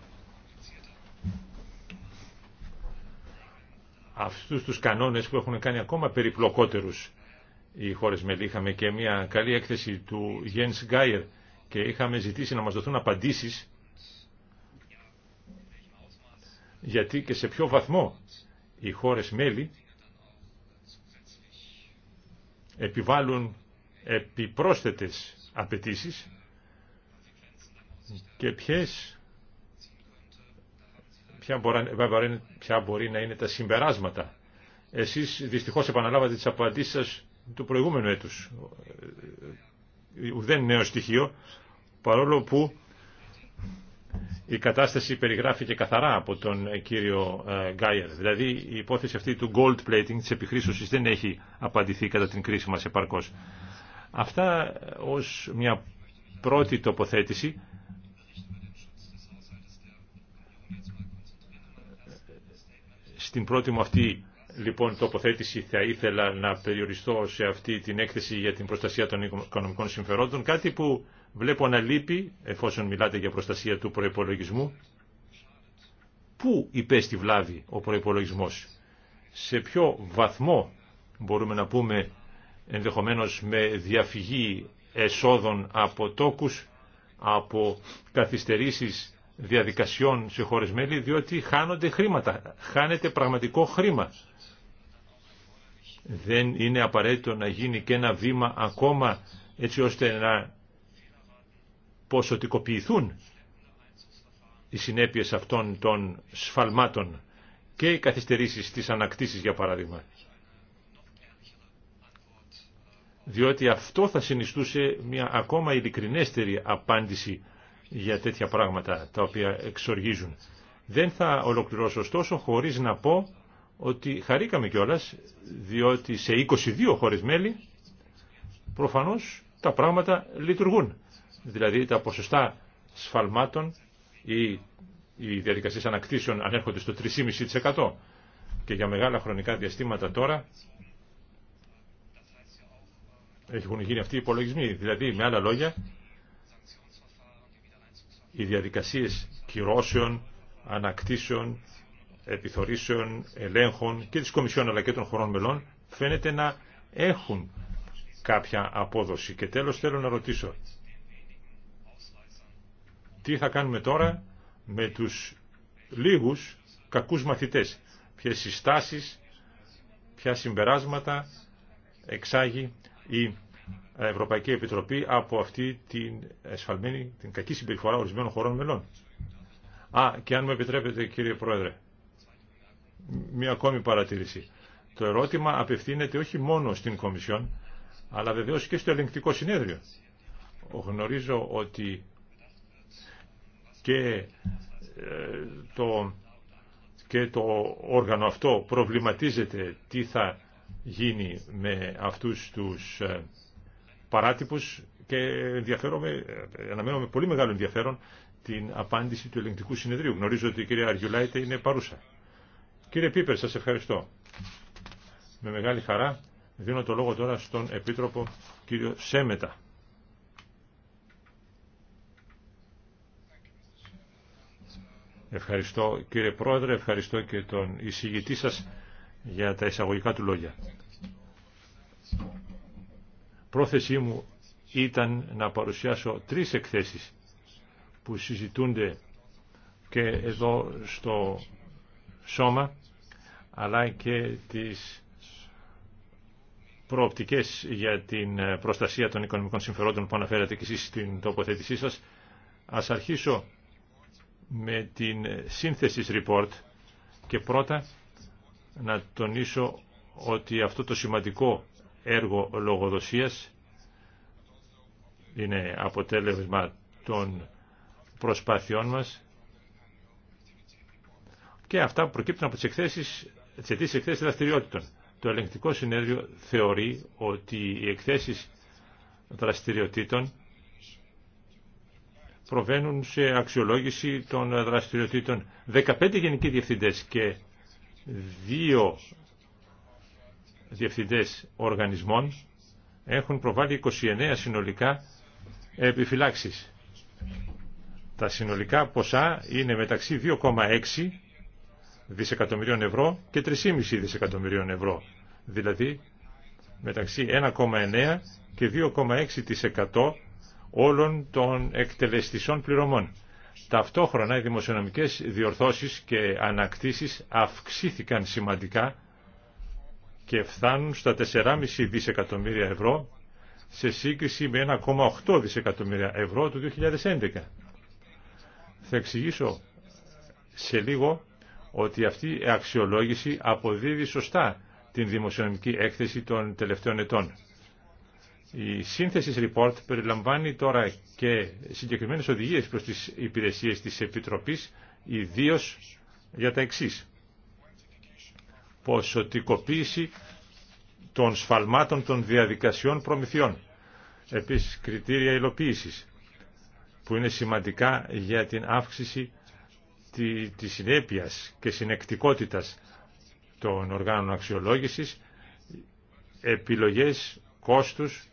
αυτούς τους κανόνες που έχουν κάνει ακόμα περιπλοκότερους οι χώρες μέλη. Είχαμε και μια καλή έκθεση του Γιένς Γκάιερ και είχαμε ζητήσει να μας δοθούν απαντήσεις γιατί και σε ποιο βαθμό οι χώρες μέλη επιβάλλουν επιπρόσθετες απαιτήσεις και ποιες ποια μπορεί, ποια μπορεί να είναι τα συμπεράσματα. Εσείς δυστυχώς επαναλάβατε τις απαντήσεις σας του προηγούμενου έτους. Ουδέν νέο στοιχείο, παρόλο που η κατάσταση περιγράφηκε καθαρά από τον κύριο ε, Γκάιερ. Δηλαδή η υπόθεση αυτή του gold plating της επιχρήσωσης δεν έχει απαντηθεί κατά την κρίση μας επαρκώς. Αυτά ως μια πρώτη τοποθέτηση. Στην πρώτη μου αυτή λοιπόν τοποθέτηση θα ήθελα να περιοριστώ σε αυτή την έκθεση για την προστασία των οικονομικών συμφερόντων, κάτι που βλέπω να λείπει, εφόσον μιλάτε για προστασία του προϋπολογισμού, πού υπέστη βλάβη ο προϋπολογισμός, σε ποιο βαθμό μπορούμε να πούμε ενδεχομένως με διαφυγή εσόδων από τόκους, από καθυστερήσεις διαδικασιών σε χώρες μέλη διότι χάνονται χρήματα, χάνεται πραγματικό χρήμα. Δεν είναι απαραίτητο να γίνει και ένα βήμα ακόμα έτσι ώστε να ποσοτικοποιηθούν οι συνέπειες αυτών των σφαλμάτων και οι καθυστερήσεις της ανακτήσεις για παράδειγμα. Διότι αυτό θα συνιστούσε μια ακόμα ειλικρινέστερη απάντηση για τέτοια πράγματα τα οποία εξοργίζουν. Δεν θα ολοκληρώσω ωστόσο χωρίς να πω ότι χαρήκαμε κιόλας διότι σε 22 χώρες μέλη προφανώς τα πράγματα λειτουργούν. Δηλαδή τα ποσοστά σφαλμάτων ή οι διαδικασίες ανακτήσεων ανέρχονται στο 3,5% και για μεγάλα χρονικά διαστήματα τώρα έχουν γίνει αυτοί οι υπολογισμοί. Δηλαδή, με άλλα λόγια, οι διαδικασίες κυρώσεων, ανακτήσεων, επιθωρήσεων, ελέγχων και της Κομισιόν αλλά και των χωρών μελών φαίνεται να έχουν κάποια απόδοση. Και τέλος θέλω να ρωτήσω, τι θα κάνουμε τώρα με τους λίγους κακούς μαθητές, ποιες συστάσεις, ποια συμπεράσματα εξάγει η Ευρωπαϊκή Επιτροπή από αυτή την εσφαλμένη, την κακή συμπεριφορά ορισμένων χωρών μελών. Α, και αν μου επιτρέπετε κύριε Πρόεδρε, μία ακόμη παρατήρηση. Το ερώτημα απευθύνεται όχι μόνο στην Κομισιόν, αλλά βεβαίως και στο ελεγκτικό συνέδριο. Γνωρίζω ότι και ε, το, και το όργανο αυτό προβληματίζεται τι θα γίνει με αυτούς τους ε, παράτυπους και ενδιαφέρομαι, αναμένω με πολύ μεγάλο ενδιαφέρον την απάντηση του ελεγκτικού συνεδρίου. Γνωρίζω ότι η κυρία Αργιουλάιτε είναι παρούσα. Κύριε Πίπερ, σας ευχαριστώ. Με μεγάλη χαρά δίνω το λόγο τώρα στον Επίτροπο κύριο Σέμετα. Ευχαριστώ κύριε Πρόεδρε, ευχαριστώ και τον εισηγητή σας για τα εισαγωγικά του λόγια. Πρόθεσή μου ήταν να παρουσιάσω τρεις εκθέσεις που συζητούνται και εδώ στο σώμα αλλά και τις προοπτικές για την ε, προστασία των οικονομικών συμφερόντων που αναφέρατε και εσείς στην τοποθέτησή σας. Ας αρχίσω με την σύνθεση report και πρώτα να τονίσω ότι αυτό το σημαντικό έργο λογοδοσίας είναι αποτέλεσμα των προσπάθειών μας και αυτά προκύπτουν από τις εκθέσεις, τις εκθέσεις δραστηριότητων. Το ελεγκτικό συνέδριο θεωρεί ότι οι εκθέσεις δραστηριοτήτων προβαίνουν σε αξιολόγηση των δραστηριοτήτων 15 γενικοί διευθυντές και δύο διευθυντές οργανισμών έχουν προβάλει 29 συνολικά επιφυλάξεις. Τα συνολικά ποσά είναι μεταξύ 2,6 δισεκατομμυρίων ευρώ και 3,5 δισεκατομμυρίων ευρώ, δηλαδή μεταξύ 1,9 και 2,6% όλων των εκτελεστισών πληρωμών. Ταυτόχρονα οι δημοσιονομικές διορθώσεις και ανακτήσεις αυξήθηκαν σημαντικά και φτάνουν στα 4,5 δισεκατομμύρια ευρώ σε σύγκριση με 1,8 δισεκατομμύρια ευρώ του 2011. Θα εξηγήσω σε λίγο ότι αυτή η αξιολόγηση αποδίδει σωστά την δημοσιονομική έκθεση των τελευταίων ετών. Η σύνθεση report περιλαμβάνει τώρα και συγκεκριμένες οδηγίες προς τις υπηρεσίες της Επιτροπής, ιδίως για τα εξής ποσοτικοποίηση των σφαλμάτων των διαδικασιών προμηθειών. Επίσης, κριτήρια υλοποίησης που είναι σημαντικά για την αύξηση της συνέπειας και συνεκτικότητας των οργάνων αξιολόγησης, επιλογές, κόστους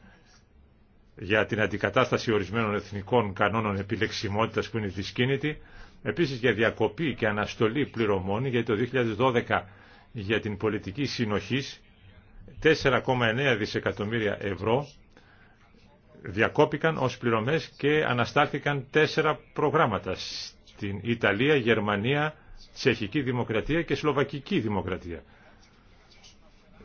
για την αντικατάσταση ορισμένων εθνικών κανόνων επιλεξιμότητας που είναι δυσκίνητη, επίσης για διακοπή και αναστολή πληρωμών, για το 2012 για την πολιτική συνοχής 4,9 δισεκατομμύρια ευρώ διακόπηκαν ως πληρωμές και αναστάθηκαν τέσσερα προγράμματα στην Ιταλία, Γερμανία, Τσεχική Δημοκρατία και Σλοβακική Δημοκρατία.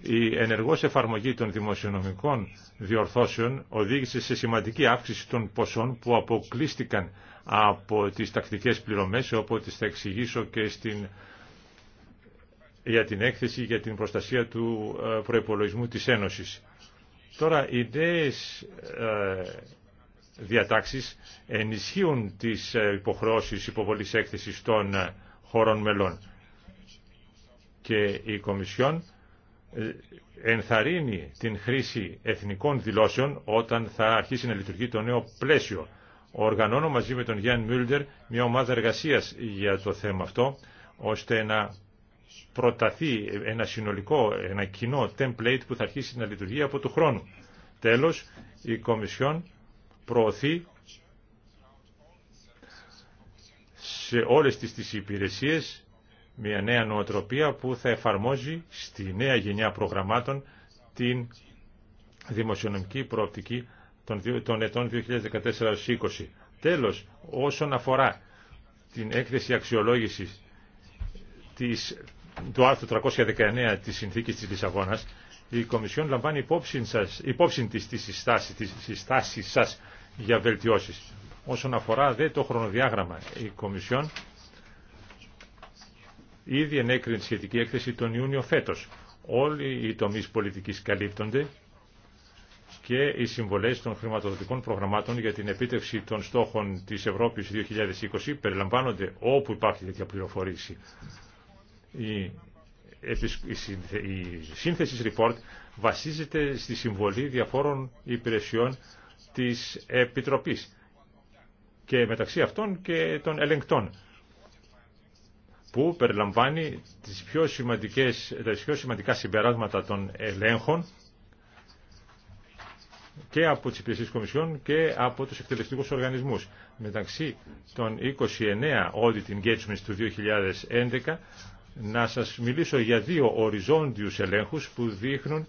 Η ενεργός εφαρμογή των δημοσιονομικών διορθώσεων οδήγησε σε σημαντική αύξηση των ποσών που αποκλείστηκαν από τις τακτικές πληρωμές, όπως θα εξηγήσω και στην για την έκθεση για την προστασία του ε, προϋπολογισμού της Ένωσης. Τώρα, οι νέες ε, διατάξεις ενισχύουν τις ε, υποχρεώσεις υποβολής έκθεσης των χωρών μελών και η Κομισιόν ενθαρρύνει την χρήση εθνικών δηλώσεων όταν θα αρχίσει να λειτουργεί το νέο πλαίσιο. Οργανώνω μαζί με τον Γιάνν Μιούλντερ μια ομάδα εργασίας για το θέμα αυτό, ώστε να προταθεί ένα συνολικό, ένα κοινό template που θα αρχίσει να λειτουργεί από του χρόνου. Τέλος, η Κομισιόν προωθεί σε όλες τις, τις υπηρεσίες μια νέα νοοτροπία που θα εφαρμόζει στη νέα γενιά προγραμμάτων την δημοσιονομική προοπτική των ετών 2014-2020. Τέλος, όσον αφορά την έκθεση αξιολόγησης της του άρθρου 319 της Συνθήκης της Λισαβόνας, η Κομισιόν λαμβάνει υπόψη, σας, υπόψη της τις τις σας για βελτιώσεις. Όσον αφορά δε το χρονοδιάγραμμα, η Κομισιόν ήδη ενέκρινε σχετική έκθεση τον Ιούνιο φέτος. Όλοι οι τομείς πολιτικής καλύπτονται και οι συμβολές των χρηματοδοτικών προγραμμάτων για την επίτευξη των στόχων της Ευρώπης 2020 περιλαμβάνονται όπου υπάρχει τέτοια πληροφορήση. Η, η σύνθεση report βασίζεται στη συμβολή διαφόρων υπηρεσιών της Επιτροπής και μεταξύ αυτών και των ελεγκτών που περιλαμβάνει τις πιο, σημαντικές, τα πιο σημαντικά συμπεράσματα των ελέγχων και από τις υπηρεσίες κομισιών και από τους εκτελεστικούς οργανισμούς. Μεταξύ των 29 auditing engagements του 2011 να σας μιλήσω για δύο οριζόντιους ελέγχους που δείχνουν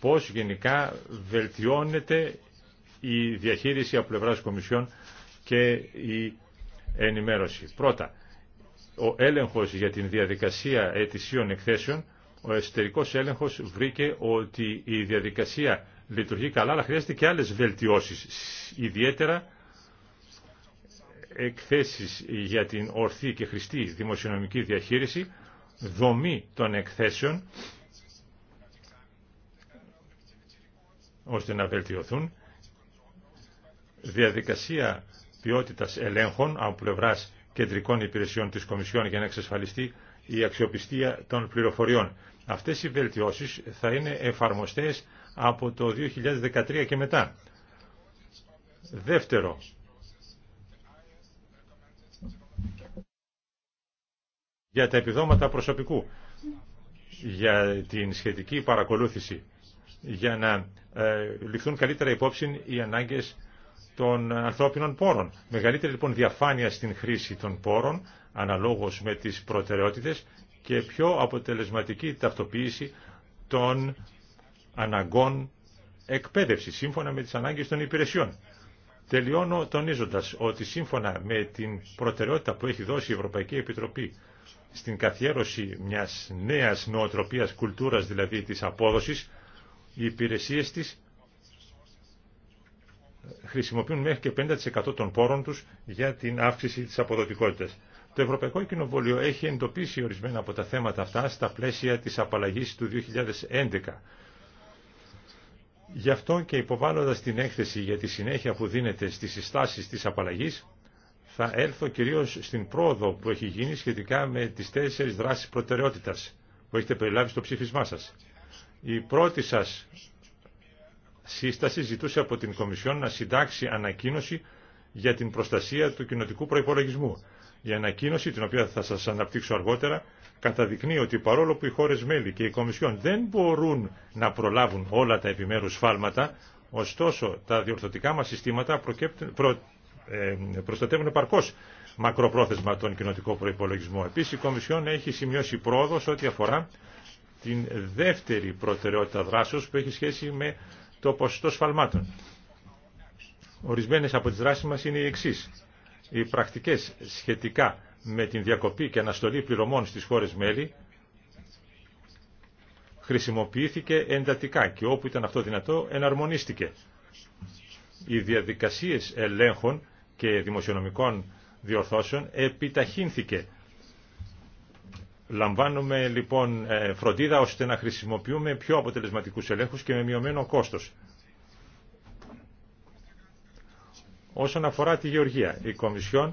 πώς γενικά βελτιώνεται η διαχείριση από πλευράς Κομισιόν και η ενημέρωση. Πρώτα, ο έλεγχος για την διαδικασία ετησίων εκθέσεων, ο εσωτερικός έλεγχος βρήκε ότι η διαδικασία λειτουργεί καλά, αλλά χρειάζεται και άλλες βελτιώσεις, ιδιαίτερα εκθέσεις για την ορθή και χρηστή δημοσιονομική διαχείριση, δομή των εκθέσεων ώστε να βελτιωθούν διαδικασία ποιότητας ελέγχων από πλευράς κεντρικών υπηρεσιών της Κομισιόν για να εξασφαλιστεί η αξιοπιστία των πληροφοριών. Αυτές οι βελτιώσεις θα είναι εφαρμοστές από το 2013 και μετά. Δεύτερο, για τα επιδόματα προσωπικού, για την σχετική παρακολούθηση, για να ε, ληφθούν καλύτερα υπόψη οι ανάγκες των ανθρώπινων πόρων. Μεγαλύτερη λοιπόν διαφάνεια στην χρήση των πόρων, αναλόγως με τις προτεραιότητες και πιο αποτελεσματική ταυτοποίηση των αναγκών εκπαίδευση, σύμφωνα με τις ανάγκες των υπηρεσιών. Τελειώνω τονίζοντας ότι σύμφωνα με την προτεραιότητα που έχει δώσει η Ευρωπαϊκή Επιτροπή στην καθιέρωση μιας νέας νοοτροπίας κουλτούρας, δηλαδή της απόδοσης, οι υπηρεσίες της χρησιμοποιούν μέχρι και 50% των πόρων τους για την αύξηση της αποδοτικότητας. Το Ευρωπαϊκό Κοινοβούλιο έχει εντοπίσει ορισμένα από τα θέματα αυτά στα πλαίσια της απαλλαγής του 2011. Γι' αυτό και υποβάλλοντας την έκθεση για τη συνέχεια που δίνεται στις συστάσεις της απαλλαγής, θα έλθω κυρίως στην πρόοδο που έχει γίνει σχετικά με τις τέσσερις δράσεις προτεραιότητας που έχετε περιλάβει στο ψήφισμά σας. Η πρώτη σας σύσταση ζητούσε από την Κομισιόν να συντάξει ανακοίνωση για την προστασία του κοινοτικού προϋπολογισμού. Η ανακοίνωση, την οποία θα σας αναπτύξω αργότερα, καταδεικνύει ότι παρόλο που οι χώρες μέλη και οι Κομισιόν δεν μπορούν να προλάβουν όλα τα επιμέρους φάλματα, ωστόσο τα διορθωτικά μα συστήματα ε, προστατεύουν επαρκώ μακροπρόθεσμα τον κοινοτικό προπολογισμό. Επίση, η Κομισιόν έχει σημειώσει πρόοδο ό,τι αφορά την δεύτερη προτεραιότητα δράσεω που έχει σχέση με το ποσοστό σφαλμάτων. Ορισμένες από τι δράσει μα είναι οι εξή. Οι πρακτικές σχετικά με την διακοπή και αναστολή πληρωμών στι χώρε μέλη χρησιμοποιήθηκε εντατικά και όπου ήταν αυτό δυνατό εναρμονίστηκε. Οι διαδικασίες ελέγχων και δημοσιονομικών διορθώσεων επιταχύνθηκε. Λαμβάνουμε λοιπόν ε, φροντίδα ώστε να χρησιμοποιούμε πιο αποτελεσματικούς ελέγχους και με μειωμένο κόστος. Όσον αφορά τη γεωργία, η Κομισιόν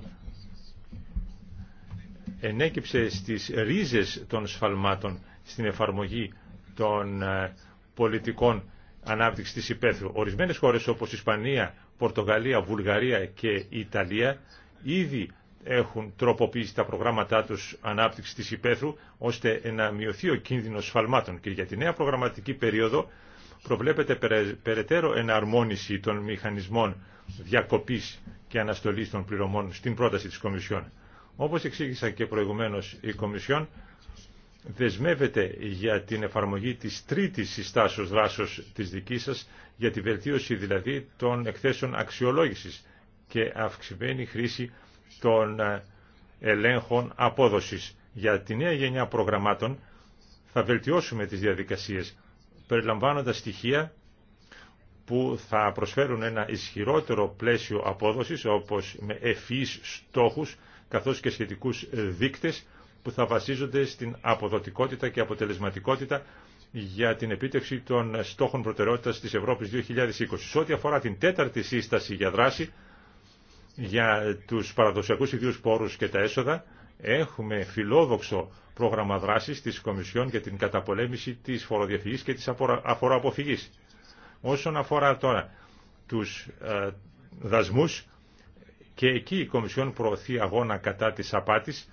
ενέκυψε στις ρίζες των σφαλμάτων στην εφαρμογή των ε, πολιτικών ανάπτυξης της υπαίθρου. Ορισμένες χώρες όπως η Ισπανία, Πορτογαλία, Βουλγαρία και Ιταλία ήδη έχουν τροποποιήσει τα προγράμματά τους ανάπτυξη της υπαίθρου ώστε να μειωθεί ο κίνδυνος σφαλμάτων και για τη νέα προγραμματική περίοδο προβλέπεται περαιτέρω εναρμόνιση των μηχανισμών διακοπής και αναστολής των πληρωμών στην πρόταση της Κομισιόν. Όπως εξήγησα και προηγουμένως η Κομισιόν δεσμεύεται για την εφαρμογή της τρίτης συστάσεως δράσεως της δικής σας, για τη βελτίωση δηλαδή των εκθέσεων αξιολόγησης και αυξημένη χρήση των ε, ελέγχων απόδοσης. Για τη νέα γενιά προγραμμάτων θα βελτιώσουμε τις διαδικασίες, περιλαμβάνοντας στοιχεία που θα προσφέρουν ένα ισχυρότερο πλαίσιο απόδοσης, όπως με ευφυείς στόχους, καθώς και σχετικούς δείκτες, που θα βασίζονται στην αποδοτικότητα και αποτελεσματικότητα για την επίτευξη των στόχων προτεραιότητα της Ευρώπης 2020. Σε ό,τι αφορά την τέταρτη σύσταση για δράση για τους παραδοσιακούς ιδιού πόρους και τα έσοδα, έχουμε φιλόδοξο πρόγραμμα δράσης της Κομισιόν για την καταπολέμηση της φοροδιαφυγής και τη αφοροαποφυγή. Όσον αφορά τώρα του ε, δασμού και εκεί η Κομισιόν προωθεί αγώνα κατά της απάτης,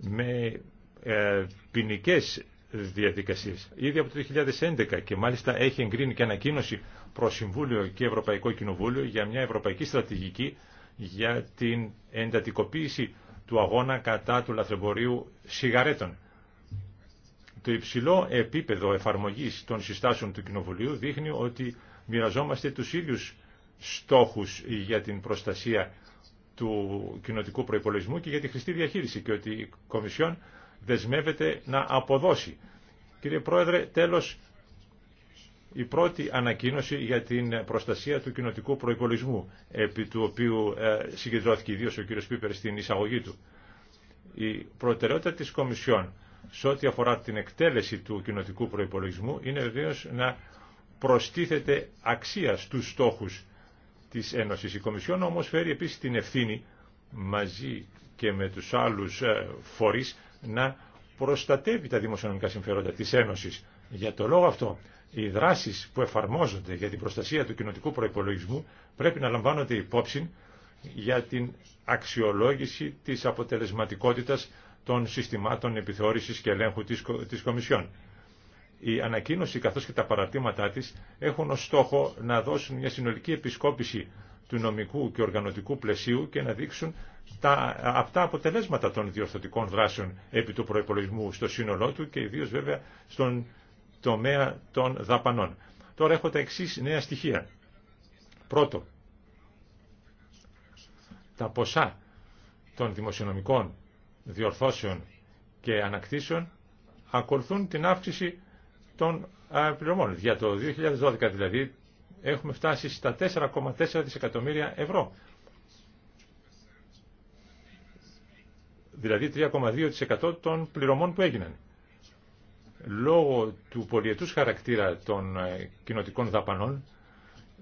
με ε, ποινικέ διαδικασίες. Ήδη από το 2011 και μάλιστα έχει εγκρίνει και ανακοίνωση προ Συμβούλιο και Ευρωπαϊκό Κοινοβούλιο για μια ευρωπαϊκή στρατηγική για την εντατικοποίηση του αγώνα κατά του λαθρεμπορίου σιγαρέτων. Το υψηλό επίπεδο εφαρμογής των συστάσεων του Κοινοβουλίου δείχνει ότι μοιραζόμαστε τους ίδιους στόχους για την προστασία του κοινοτικού προϋπολογισμού και για τη χρηστή διαχείριση και ότι η Κομισιόν δεσμεύεται να αποδώσει. Κύριε Πρόεδρε, τέλος η πρώτη ανακοίνωση για την προστασία του κοινοτικού προϋπολογισμού, επί του οποίου ε, συγκεντρώθηκε ιδίω ο κύριος Πίπερ στην εισαγωγή του. Η προτεραιότητα της Κομισιόν σε ό,τι αφορά την εκτέλεση του κοινοτικού προϋπολογισμού είναι βεβαίω να προστίθεται αξία στους στόχους της Ένωσης. Η Κομισιόν όμως φέρει επίσης την ευθύνη μαζί και με τους άλλους ε, φορείς να προστατεύει τα δημοσιονομικά συμφέροντα της Ένωσης. Για το λόγο αυτό, οι δράσεις που εφαρμόζονται για την προστασία του κοινοτικού προϋπολογισμού πρέπει να λαμβάνονται υπόψη για την αξιολόγηση της αποτελεσματικότητας των συστημάτων επιθεώρησης και ελέγχου της Κομισιόν. Η ανακοίνωση καθώς και τα παρατήματά της έχουν ως στόχο να δώσουν μια συνολική επισκόπηση του νομικού και οργανωτικού πλαισίου και να δείξουν τα αυτά αποτελέσματα των διορθωτικών δράσεων επί του προϋπολογισμού στο σύνολό του και ιδίως βέβαια στον τομέα των δαπανών. Τώρα έχω τα εξής νέα στοιχεία. Πρώτο, τα ποσά των δημοσιονομικών διορθώσεων και ανακτήσεων ακολουθούν την αύξηση των πληρωμών. Για το 2012 δηλαδή έχουμε φτάσει στα 4,4 δισεκατομμύρια ευρώ. Δηλαδή 3,2% των πληρωμών που έγιναν. Λόγω του πολιετούς χαρακτήρα των ε, κοινοτικών δαπανών,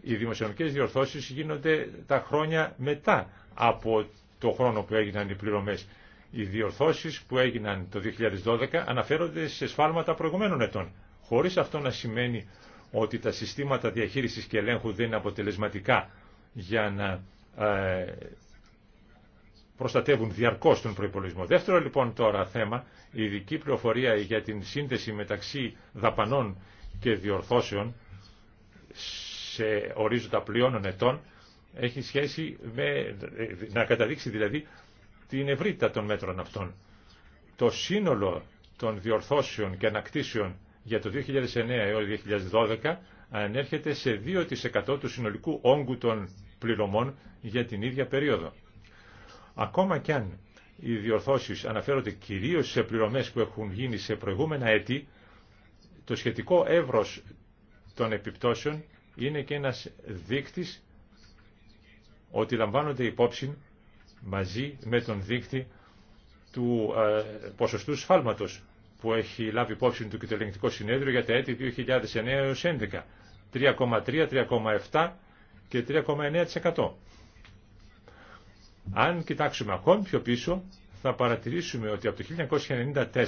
οι δημοσιονομικές διορθώσεις γίνονται τα χρόνια μετά από το χρόνο που έγιναν οι πληρωμές. Οι διορθώσεις που έγιναν το 2012 αναφέρονται σε σφάλματα προηγουμένων ετών χωρίς αυτό να σημαίνει ότι τα συστήματα διαχείρισης και ελέγχου δεν είναι αποτελεσματικά για να ε, προστατεύουν διαρκώς τον προϋπολογισμό. Δεύτερο λοιπόν τώρα θέμα, η ειδική πληροφορία για την σύνδεση μεταξύ δαπανών και διορθώσεων σε ορίζοντα πλειώνων ετών έχει σχέση με, ε, να καταδείξει δηλαδή την ευρύτητα των μέτρων αυτών. Το σύνολο των διορθώσεων και ανακτήσεων για το 2009 έως 2012 ανέρχεται σε 2% του συνολικού όγκου των πληρωμών για την ίδια περίοδο. Ακόμα κι αν οι διορθώσεις αναφέρονται κυρίως σε πληρωμές που έχουν γίνει σε προηγούμενα έτη, το σχετικό εύρος των επιπτώσεων είναι και ένας δείκτης ότι λαμβάνονται υπόψη μαζί με τον δείκτη του ε, ποσοστού σφάλματος που έχει λάβει υπόψη του και το ελεγκτικό συνέδριο για τα έτη 2009 έως 2011. 3,3, 3,7 και 3,9%. Αν κοιτάξουμε ακόμη πιο πίσω, θα παρατηρήσουμε ότι από το 1994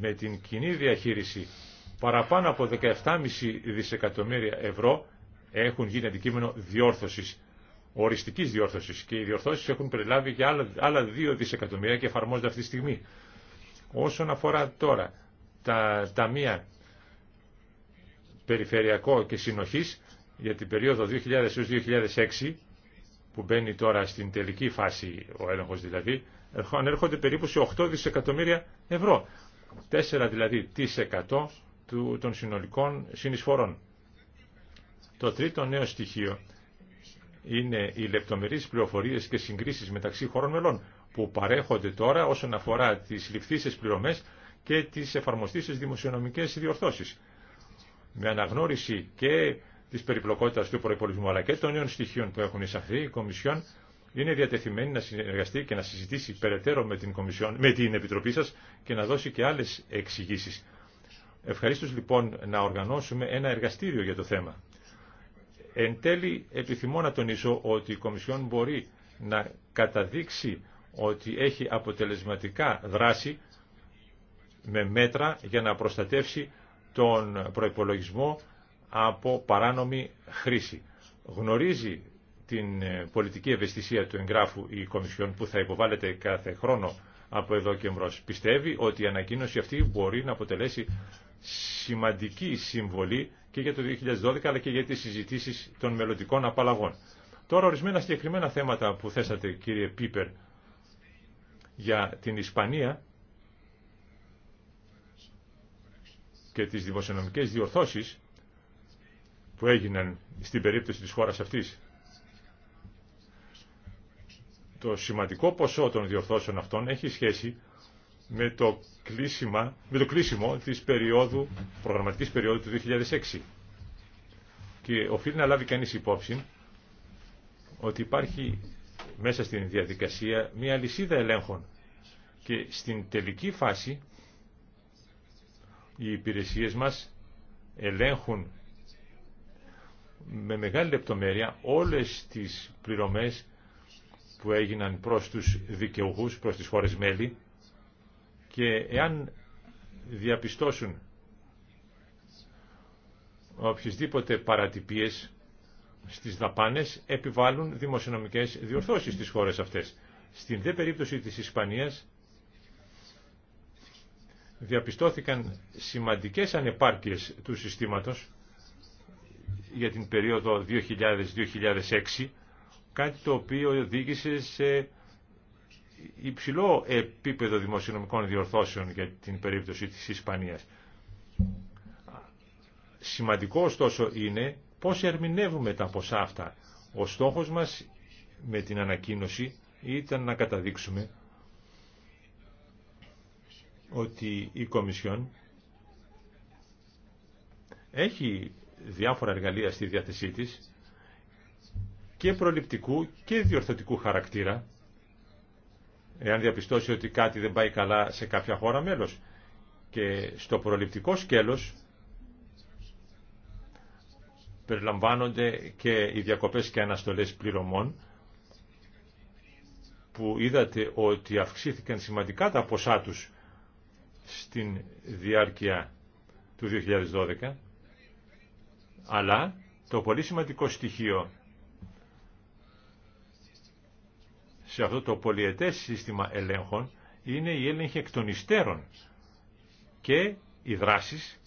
με την κοινή διαχείριση παραπάνω από 17,5 δισεκατομμύρια ευρώ έχουν γίνει αντικείμενο διόρθωσης, οριστικής διόρθωσης και οι διορθώσεις έχουν περιλάβει και άλλα 2 δισεκατομμύρια και εφαρμόζονται αυτή τη στιγμή. Όσον αφορά τώρα τα ταμεία περιφερειακό και συνοχής για την περίοδο 2000-2006 που μπαίνει τώρα στην τελική φάση ο έλεγχος δηλαδή ανέρχονται περίπου σε 8 δισεκατομμύρια ευρώ 4 δηλαδή τις 100 των συνολικών συνεισφορών το τρίτο νέο στοιχείο είναι οι λεπτομερείς πληροφορίες και συγκρίσεις μεταξύ χωρών μελών που παρέχονται τώρα όσον αφορά τις ληφθήσεις πληρωμές και τις εφαρμοστήσεις δημοσιονομικές διορθώσεις. Με αναγνώριση και της περιπλοκότητας του προϋπολογισμού αλλά και των νέων στοιχείων που έχουν εισαχθεί, η Κομισιόν είναι διατεθειμένη να συνεργαστεί και να συζητήσει περαιτέρω με την, Κομισιόν, με την Επιτροπή σας και να δώσει και άλλες εξηγήσει. Ευχαρίστως λοιπόν να οργανώσουμε ένα εργαστήριο για το θέμα. Εν τέλει, επιθυμώ να τονίσω ότι η Κομισιόν μπορεί να καταδείξει ότι έχει αποτελεσματικά δράση με μέτρα για να προστατεύσει τον προϋπολογισμό από παράνομη χρήση. Γνωρίζει την ε, πολιτική ευαισθησία του εγγράφου η Κομισιόν που θα υποβάλλεται κάθε χρόνο από εδώ και μπρος. Πιστεύει ότι η ανακοίνωση αυτή μπορεί να αποτελέσει σημαντική συμβολή και για το 2012 αλλά και για τις συζητήσεις των μελλοντικών απαλλαγών. Τώρα ορισμένα συγκεκριμένα θέματα που θέσατε κύριε Πίπερ για την Ισπανία και τις δημοσιονομικές διορθώσεις που έγιναν στην περίπτωση της χώρας αυτής. Το σημαντικό ποσό των διορθώσεων αυτών έχει σχέση με το, με το κλείσιμο της περίοδου, προγραμματικής περίοδου του 2006. Και οφείλει να λάβει κανείς υπόψη ότι υπάρχει μέσα στην διαδικασία μια λυσίδα ελέγχων και στην τελική φάση οι υπηρεσίες μας ελέγχουν με μεγάλη λεπτομέρεια όλες τις πληρωμές που έγιναν προς τους δικαιούχους, προς τις χώρες μέλη και εάν διαπιστώσουν οποιασδήποτε παρατυπίες στις δαπάνες επιβάλλουν δημοσιονομικές διορθώσεις στις χώρες αυτές. Στην δε περίπτωση της Ισπανίας διαπιστώθηκαν σημαντικές ανεπάρκειες του συστήματος για την περίοδο 2000-2006, κάτι το οποίο οδήγησε σε υψηλό επίπεδο δημοσιονομικών διορθώσεων για την περίπτωση της Ισπανίας. Σημαντικό ωστόσο είναι πώς ερμηνεύουμε τα ποσά αυτά. Ο στόχος μας με την ανακοίνωση ήταν να καταδείξουμε ότι η Κομισιόν έχει διάφορα εργαλεία στη διάθεσή της και προληπτικού και διορθωτικού χαρακτήρα εάν διαπιστώσει ότι κάτι δεν πάει καλά σε κάποια χώρα μέλος. Και στο προληπτικό σκέλος περιλαμβάνονται και οι διακοπές και αναστολές πληρωμών που είδατε ότι αυξήθηκαν σημαντικά τα ποσά τους στην διάρκεια του 2012 αλλά το πολύ σημαντικό στοιχείο σε αυτό το πολυετές σύστημα ελέγχων είναι η έλεγχη εκ των υστέρων και οι δράσεις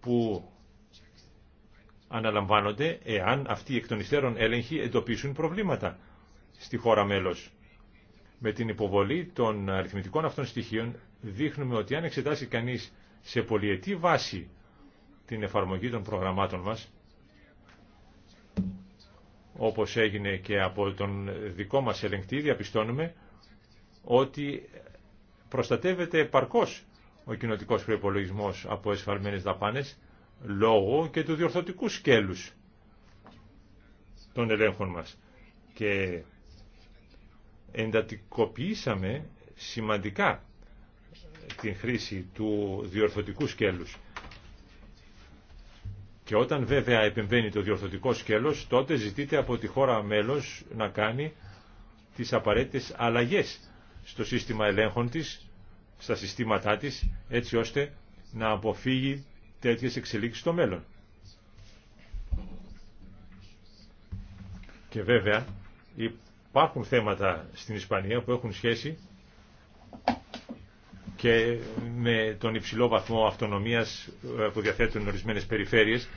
που αναλαμβάνονται εάν αυτοί οι εκ των υστέρων έλεγχοι εντοπίσουν προβλήματα στη χώρα μέλος. Με την υποβολή των αριθμητικών αυτών στοιχείων δείχνουμε ότι αν εξετάσει κανείς σε πολυετή βάση την εφαρμογή των προγραμμάτων μας, όπως έγινε και από τον δικό μας ελεγκτή, διαπιστώνουμε ότι προστατεύεται επαρκώς ο κοινοτικός προϋπολογισμός από εσφαλμένες δαπάνες, λόγω και του διορθωτικού σκέλους των ελέγχων μας. Και εντατικοποιήσαμε σημαντικά την χρήση του διορθωτικού σκέλους. Και όταν βέβαια επεμβαίνει το διορθωτικό σκέλος, τότε ζητείται από τη χώρα μέλος να κάνει τις απαραίτητες αλλαγές στο σύστημα ελέγχων της, στα συστήματά της, έτσι ώστε να αποφύγει τέτοιες εξελίξεις στο μέλλον. Και βέβαια υπάρχουν θέματα στην Ισπανία που έχουν σχέση και με τον υψηλό βαθμό αυτονομίας ε, που διαθέτουν ορισμένες περιφέρειες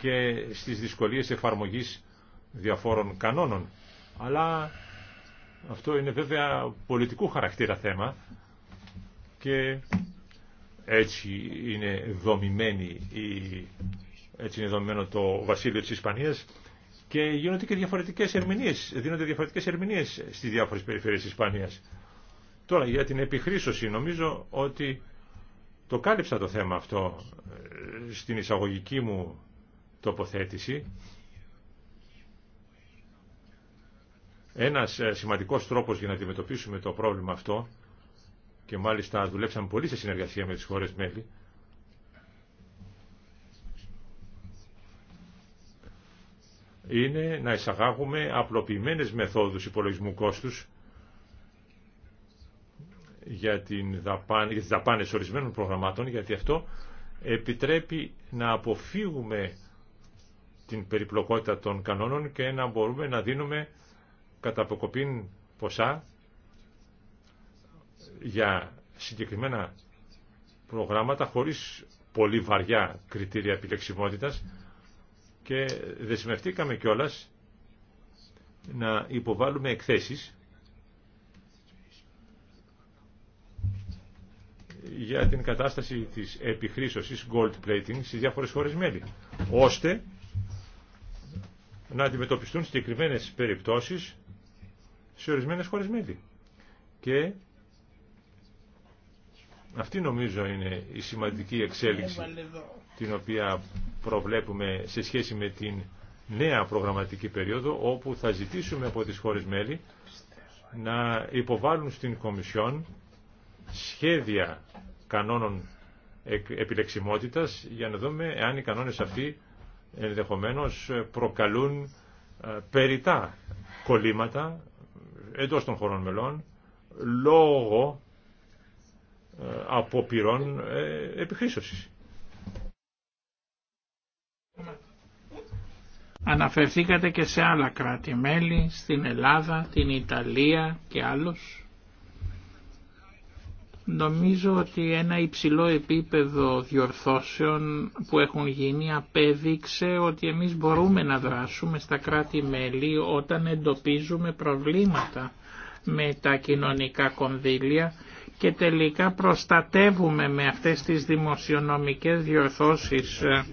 και στις δυσκολίες εφαρμογής διαφόρων κανόνων. Αλλά αυτό είναι βέβαια πολιτικού χαρακτήρα θέμα και έτσι είναι, δομημένη η, έτσι είναι δομημένο το βασίλειο της Ισπανίας και γίνονται και διαφορετικές ερμηνείες, δίνονται διαφορετικές ερμηνείες στις διάφορες περιφέρειες της Ισπανίας. Τώρα για την επιχρήσωση νομίζω ότι το κάλυψα το θέμα αυτό ε, στην εισαγωγική μου τοποθέτηση. Ένας ε, σημαντικός τρόπος για να αντιμετωπίσουμε το πρόβλημα αυτό και μάλιστα δουλέψαμε πολύ σε συνεργασία με τις χώρες μέλη. είναι να εισαγάγουμε απλοποιημένες μεθόδους υπολογισμού κόστους για, την δαπάνη, για τις δαπάνες ορισμένων προγραμμάτων, γιατί αυτό επιτρέπει να αποφύγουμε την περιπλοκότητα των κανόνων και να μπορούμε να δίνουμε κατά ποσά για συγκεκριμένα προγράμματα χωρίς πολύ βαριά κριτήρια επιλεξιμότητας και δεσμευτήκαμε κιόλας να υποβάλουμε εκθέσεις για την κατάσταση της επιχρήσωσης gold plating στις διάφορες χώρες μέλη, ώστε να αντιμετωπιστούν συγκεκριμένες περιπτώσεις σε ορισμένες χώρες μέλη. Και αυτή νομίζω είναι η σημαντική εξέλιξη την οποία προβλέπουμε σε σχέση με την νέα προγραμματική περίοδο όπου θα ζητήσουμε από τις χώρες μέλη να υποβάλουν στην Κομισιόν σχέδια κανόνων επιλεξιμότητας για να δούμε αν οι κανόνες αυτοί ενδεχομένως προκαλούν ε, περιτά κολλήματα εντός των χωρών μελών λόγω ε, από πυρών ε, επιχρήσωσης. Αναφερθήκατε και σε άλλα κράτη-μέλη, στην Ελλάδα, την Ιταλία και άλλους. Νομίζω ότι ένα υψηλό επίπεδο διορθώσεων που έχουν γίνει απέδειξε ότι εμείς μπορούμε να δράσουμε στα κράτη-μέλη όταν εντοπίζουμε προβλήματα με τα κοινωνικά κονδύλια και τελικά προστατεύουμε με αυτές τις δημοσιονομικές διορθώσεις ε,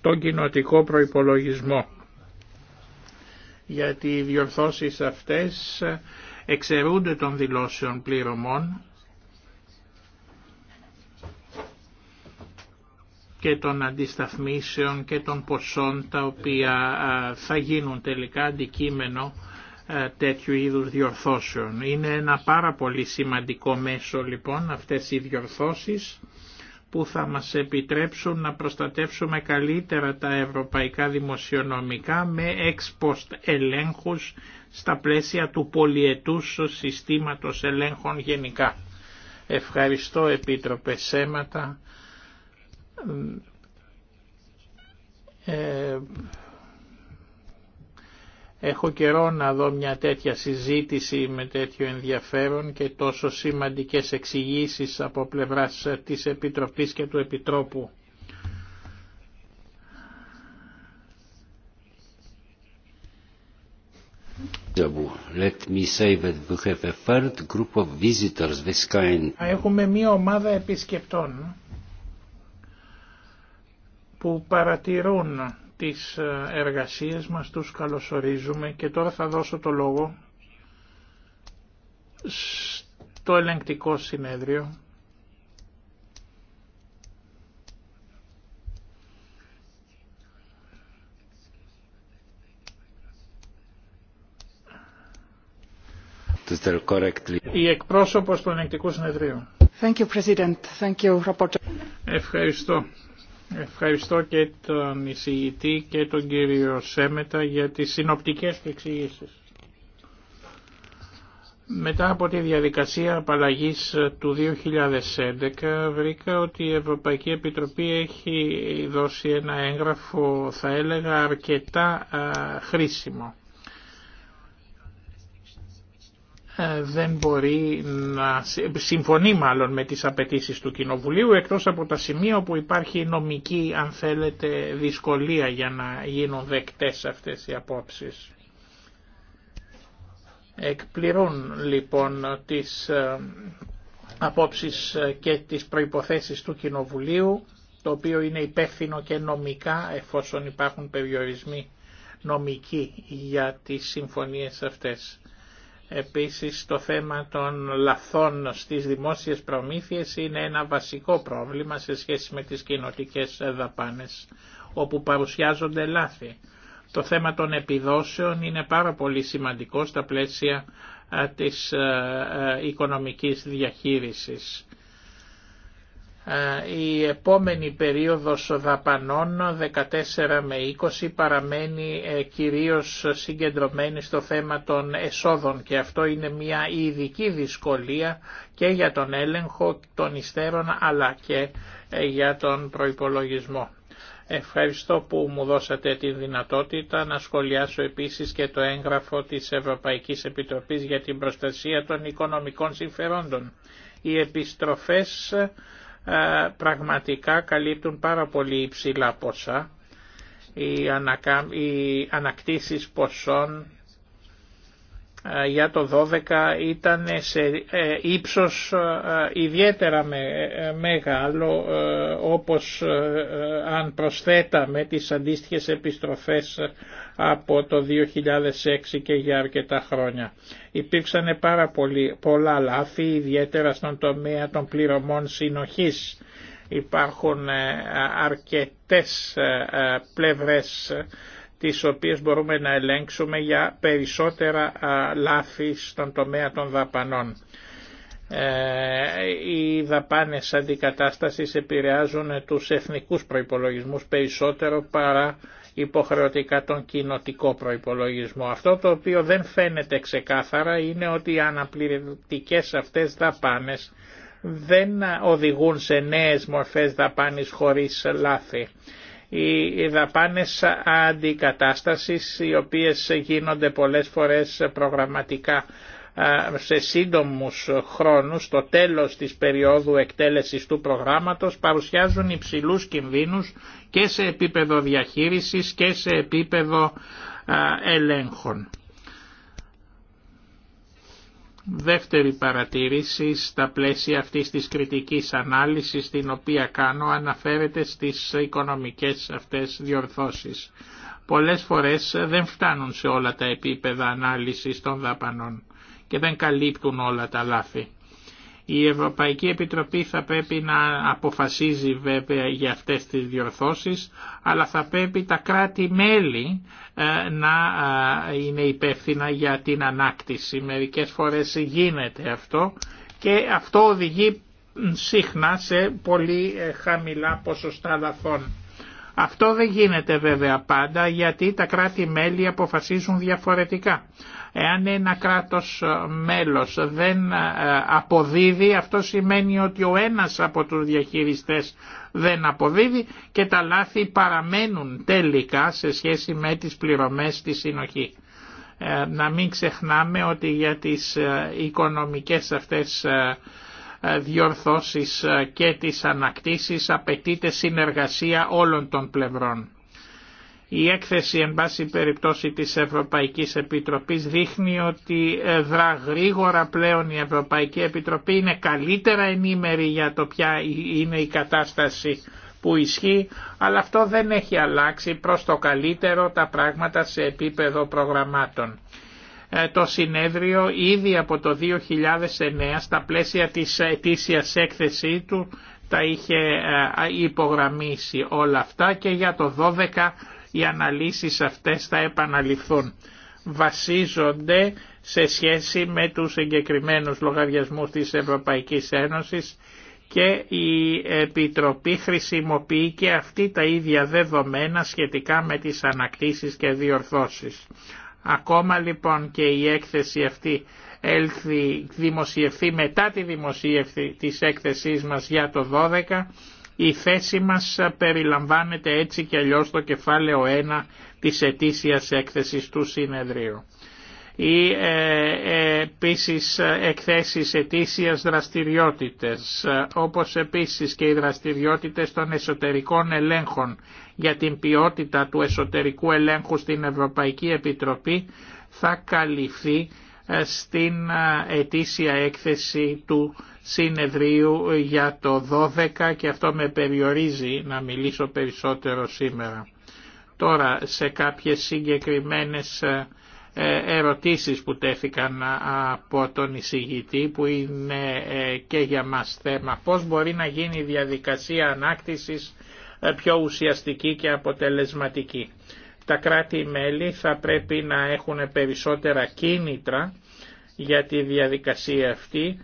τον κοινοτικό προϋπολογισμό. Γιατί οι διορθώσεις αυτές ε, εξαιρούνται των δηλώσεων πληρωμών και των αντισταθμίσεων και των ποσών τα οποία ε, θα γίνουν τελικά αντικείμενο ε, τέτοιου είδους διορθώσεων. Είναι ένα πάρα πολύ σημαντικό μέσο λοιπόν αυτές οι διορθώσεις που θα μας επιτρέψουν να προστατεύσουμε καλύτερα τα ευρωπαϊκά δημοσιονομικά με ex post ελέγχους στα πλαίσια του πολιετούς συστήματος ελέγχων γενικά. Ευχαριστώ Επίτροπε Σέματα. Ε, Έχω καιρό να δω μια τέτοια συζήτηση με τέτοιο ενδιαφέρον και τόσο σημαντικές εξηγήσεις από πλευράς της Επιτροπής και του Επιτρόπου. Let me say that we have a third group of Έχουμε μια ομάδα επισκεπτών που παρατηρούν Τις ε, εργασίας μας, τους καλωσορίζουμε και τώρα θα δώσω το λόγο στο ελεγκτικό συνέδριο. Η εκπρόσωπος του ελεγκτικού συνεδρίου. Ευχαριστώ Ευχαριστώ και τον εισηγητή και τον κύριο Σέμετα για τις συνοπτικές του εξηγήσεις. Μετά από τη διαδικασία απαλλαγής του 2011 βρήκα ότι η Ευρωπαϊκή Επιτροπή έχει δώσει ένα έγγραφο θα έλεγα αρκετά χρήσιμο. Ε, δεν μπορεί να συμφωνεί μάλλον με τις απαιτήσεις του Κοινοβουλίου εκτός από τα σημεία όπου υπάρχει νομική αν θέλετε δυσκολία για να γίνουν δεκτές αυτές οι απόψεις. Εκπληρούν λοιπόν τις ε, απόψεις και τις προϋποθέσεις του Κοινοβουλίου το οποίο είναι υπεύθυνο και νομικά εφόσον υπάρχουν περιορισμοί νομικοί για τις συμφωνίες αυτές. Επίσης το θέμα των λαθών στις δημόσιες προμήθειες είναι ένα βασικό πρόβλημα σε σχέση με τις κοινοτικές δαπάνες, όπου παρουσιάζονται λάθη. Το θέμα των επιδόσεων είναι πάρα πολύ σημαντικό στα πλαίσια ε, της ε, ε, οικονομικής διαχείρισης. Ε, η επόμενη περίοδος δαπανών 14 με 20 παραμένει ε, κυρίως συγκεντρωμένη στο θέμα των εσόδων και αυτό είναι μια ειδική δυσκολία και για τον έλεγχο των υστέρων αλλά και ε, για τον προϋπολογισμό. Ευχαριστώ που μου δώσατε τη δυνατότητα να σχολιάσω επίσης και το έγγραφο της Ευρωπαϊκής Επιτροπής για την προστασία των οικονομικών συμφερόντων. Οι επιστροφές ε, πραγματικά καλύπτουν πάρα πολύ υψηλά ποσά. Οι ανακτήσεις ποσών ε, για το 12 ήταν σε ε, ύψος ε, ιδιαίτερα μεγάλο όπως αν προσθέταμε τις αντίστοιχες επιστροφές από το 2006 και για αρκετά χρόνια. Υπήρξαν πάρα πολύ, πολλά λάθη ιδιαίτερα στον τομέα των πληρωμών συνοχής. Υπάρχουν αρκετές πλευρές τις οποίες μπορούμε να ελέγξουμε για περισσότερα λάθη στον τομέα των δαπανών. Ε, οι δαπάνες αντικατάστασης επηρεάζουν τους εθνικούς προϋπολογισμούς περισσότερο παρά υποχρεωτικά τον κοινοτικό προϋπολογισμό. Αυτό το οποίο δεν φαίνεται ξεκάθαρα είναι ότι οι αναπληρωτικές αυτές δαπάνες δεν οδηγούν σε νέες μορφές δαπάνης χωρίς λάθη οι δαπάνες αντικατάστασης οι οποίες γίνονται πολλές φορές προγραμματικά σε σύντομους χρόνους στο τέλος της περίοδου εκτέλεσης του προγράμματος παρουσιάζουν υψηλούς κινδύνους και σε επίπεδο διαχείρισης και σε επίπεδο ελέγχων. Δεύτερη παρατήρηση στα πλαίσια αυτής της κριτικής ανάλυσης την οποία κάνω αναφέρεται στις οικονομικές αυτές διορθώσεις. Πολλές φορές δεν φτάνουν σε όλα τα επίπεδα ανάλυσης των δαπανών και δεν καλύπτουν όλα τα λάθη. Η Ευρωπαϊκή Επιτροπή θα πρέπει να αποφασίζει βέβαια για αυτές τις διορθώσεις, αλλά θα πρέπει τα κράτη-μέλη ε, να ε, είναι υπεύθυνα για την ανάκτηση. Μερικές φορές γίνεται αυτό και αυτό οδηγεί συχνά σε πολύ ε, χαμηλά ποσοστά λαθών. Αυτό δεν γίνεται βέβαια πάντα γιατί τα κράτη-μέλη αποφασίζουν διαφορετικά. Εάν ένα κράτος ε, μέλος δεν ε, αποδίδει, αυτό σημαίνει ότι ο ένας από τους διαχειριστές δεν αποδίδει και τα λάθη παραμένουν τελικά σε σχέση με τις πληρωμές στη συνοχή. Ε, να μην ξεχνάμε ότι για τις οικονομικές αυτές διορθώσεις και τις ανακτήσεις απαιτείται συνεργασία όλων των πλευρών. Η έκθεση εν πάση περιπτώσει της Ευρωπαϊκής Επιτροπής δείχνει ότι ε, δρά γρήγορα πλέον η Ευρωπαϊκή Επιτροπή είναι καλύτερα ενήμερη για το ποια είναι η κατάσταση που ισχύει, αλλά αυτό δεν έχει αλλάξει προς το καλύτερο τα πράγματα σε επίπεδο προγραμμάτων. Ε, το συνέδριο ήδη από το 2009 στα πλαίσια της ετήσιας έκθεσή του τα είχε ε, υπογραμμίσει όλα αυτά και για το 12 οι αναλύσεις αυτές θα επαναληφθούν. Βασίζονται σε σχέση με τους εγκεκριμένους λογαριασμούς της Ευρωπαϊκής Ένωσης και η Επιτροπή χρησιμοποιεί και αυτή τα ίδια δεδομένα σχετικά με τις ανακτήσεις και διορθώσεις. Ακόμα λοιπόν και η έκθεση αυτή έλθει δημοσιευθεί μετά τη δημοσίευση της έκθεσής μας για το 12 η θέση μας περιλαμβάνεται έτσι και αλλιώς στο κεφάλαιο 1 της ετήσιας έκθεσης του συνεδρίου ή ε, επίσης εκθέσεις ετήσιας δραστηριότητες, όπως επίσης και οι δραστηριότητες των εσωτερικών ελέγχων για την ποιότητα του εσωτερικού ελέγχου στην Ευρωπαϊκή Επιτροπή θα καλυφθεί ε, στην ε, ετήσια έκθεση του συνεδρίου για το 12 και αυτό με περιορίζει να μιλήσω περισσότερο σήμερα. Τώρα σε κάποιες συγκεκριμένες ε, ερωτήσεις που τέθηκαν ε, από τον εισηγητή που είναι ε, και για μας θέμα. Πώς μπορεί να γίνει η διαδικασία ανάκτησης πιο ουσιαστική και αποτελεσματική. Τα κράτη-μέλη θα πρέπει να έχουν περισσότερα κίνητρα για τη διαδικασία αυτή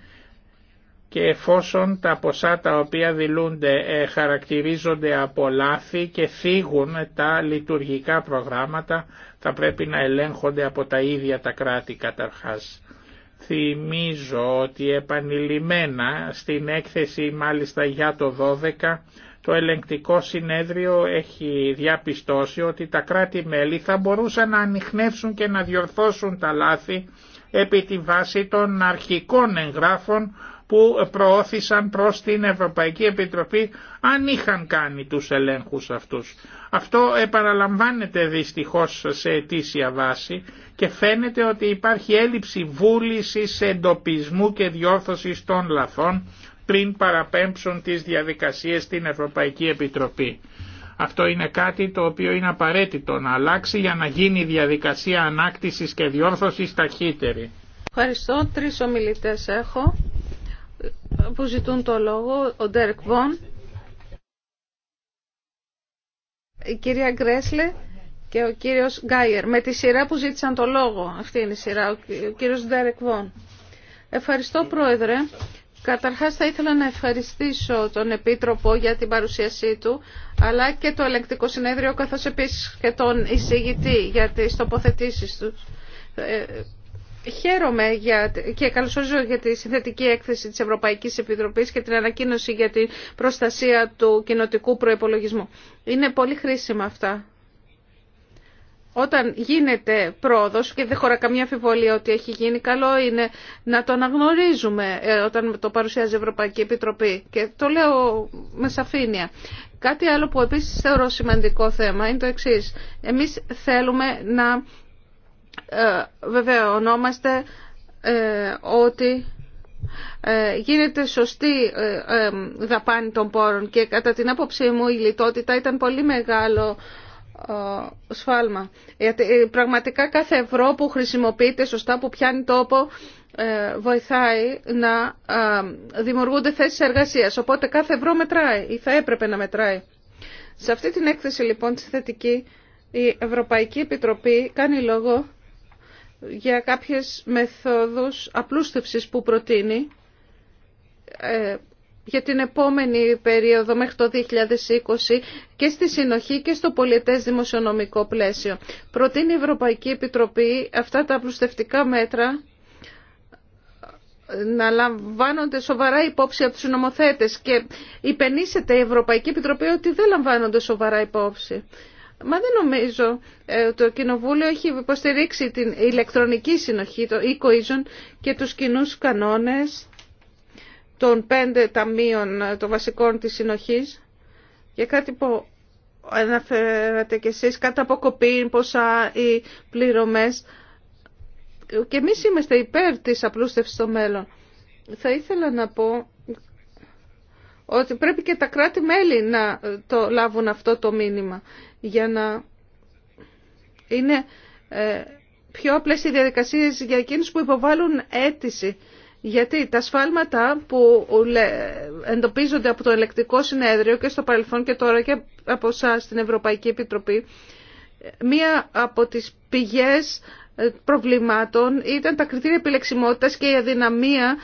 και εφόσον τα ποσά τα οποία δηλούνται ε, χαρακτηρίζονται από λάθη και φύγουν τα λειτουργικά προγράμματα θα πρέπει να ελέγχονται από τα ίδια τα κράτη καταρχάς. Θυμίζω ότι επανειλημμένα στην έκθεση μάλιστα για το 12 το ελεγκτικό συνέδριο έχει διαπιστώσει ότι τα κράτη-μέλη θα μπορούσαν να ανοιχνεύσουν και να διορθώσουν τα λάθη επί τη βάση των αρχικών εγγράφων που προώθησαν προς την Ευρωπαϊκή Επιτροπή αν είχαν κάνει τους ελέγχους αυτούς. Αυτό επαναλαμβάνεται δυστυχώς σε αιτήσια βάση και φαίνεται ότι υπάρχει έλλειψη βούλησης εντοπισμού και διόρθωσης των λαθών πριν παραπέμψουν τις διαδικασίες στην Ευρωπαϊκή Επιτροπή. Αυτό είναι κάτι το οποίο είναι απαραίτητο να αλλάξει για να γίνει η διαδικασία ανάκτησης και διόρθωσης ταχύτερη. Ευχαριστώ. Τρεις ομιλητές έχω που ζητούν το λόγο, ο Ντέρκ Βον, η κυρία Γκρέσλε και ο κύριος Γκάιερ. Με τη σειρά που ζήτησαν το λόγο, αυτή είναι η σειρά, ο κύριος Ντέρεκ Βον. Ευχαριστώ Πρόεδρε. Καταρχάς θα ήθελα να ευχαριστήσω τον Επίτροπο για την παρουσίασή του, αλλά και το Ελεκτικό Συνέδριο, καθώς επίσης και τον εισηγητή για τις τοποθετήσεις του. Ε, Χαίρομαι για, και καλωσορίζω για τη συνθετική έκθεση της Ευρωπαϊκής Επιτροπής και την ανακοίνωση για την προστασία του κοινοτικού προϋπολογισμού. Είναι πολύ χρήσιμα αυτά. Όταν γίνεται πρόοδος και δεν χωρά καμία αμφιβολία ότι έχει γίνει, καλό είναι να το αναγνωρίζουμε ε, όταν το παρουσιάζει η Ευρωπαϊκή Επιτροπή. Και το λέω με σαφήνεια. Κάτι άλλο που επίσης θεωρώ σημαντικό θέμα είναι το εξής. Εμείς θέλουμε να ε, ονόμαστε ε, ότι ε, γίνεται σωστή δαπάνη των πόρων και κατά την άποψή μου η λιτότητα ήταν πολύ μεγάλο σφάλμα. Γιατί πραγματικά κάθε ευρώ που χρησιμοποιείται σωστά, που πιάνει τόπο, βοηθάει να δημιουργούνται θέσεις εργασίας. Οπότε κάθε ευρώ μετράει ή θα έπρεπε να μετράει. Σε αυτή την έκθεση λοιπόν τη θετική η Ευρωπαϊκή Επιτροπή κάνει λόγο για κάποιες μεθόδους απλούστευσης που προτείνει ε, για την επόμενη περίοδο μέχρι το 2020 και στη συνοχή και στο πολιτές δημοσιονομικό πλαίσιο. Προτείνει η Ευρωπαϊκή Επιτροπή αυτά τα απλουστευτικά μέτρα να λαμβάνονται σοβαρά υπόψη από τους νομοθέτες και υπενήσεται η Ευρωπαϊκή Επιτροπή ότι δεν λαμβάνονται σοβαρά υπόψη. Μα δεν νομίζω. Ε, το Κοινοβούλιο έχει υποστηρίξει την ηλεκτρονική συνοχή, το e και τους κοινούς κανόνες των πέντε ταμείων ε, των βασικών της συνοχής. Για κάτι που αναφέρατε κι εσείς, κατά αποκοπή, ποσά ή πληρωμές. Και εμείς είμαστε υπέρ της απλούστευσης στο μέλλον. Θα ήθελα να πω ότι πρέπει και τα κράτη-μέλη να ε, το λάβουν αυτό το μήνυμα για να είναι ε, πιο απλές οι διαδικασίες για εκείνους που υποβάλλουν αίτηση. Γιατί τα σφάλματα που εντοπίζονται από το ελεκτικό συνέδριο και στο παρελθόν και τώρα και από εσά στην Ευρωπαϊκή Επιτροπή, μία από τις πηγές ε, προβλημάτων ήταν τα κριτήρια επιλεξιμότητας και η αδυναμία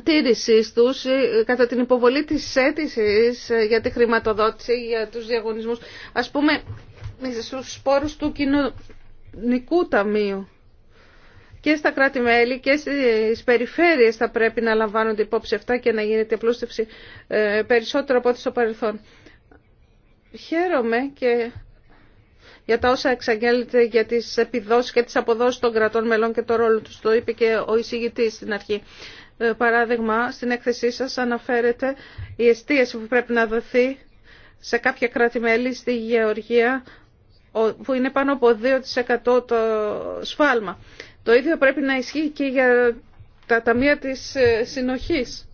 τήρησης τους ε, κατά την υποβολή της αίτησης ε, για τη χρηματοδότηση, για τους διαγωνισμούς, ας πούμε στους σπόρους του κοινωνικού ταμείου. Και στα κράτη-μέλη και στις περιφέρειες θα πρέπει να λαμβάνονται υπόψη αυτά και να γίνεται πλούστευση ε, περισσότερο από ό,τι στο παρελθόν. Χαίρομαι και για τα όσα εξαγγέλλεται για τις επιδόσεις και τις αποδόσεις των κρατών μελών και το ρόλο του, Το είπε και ο εισηγητής στην αρχή. Ε, παράδειγμα, στην έκθεσή σας αναφέρεται η εστίαση που πρέπει να δοθεί σε κάποια κράτη-μέλη στη Γεωργία που είναι πάνω από 2% το σφάλμα. Το ίδιο πρέπει να ισχύει και για τα ταμεία της ε, συνοχής.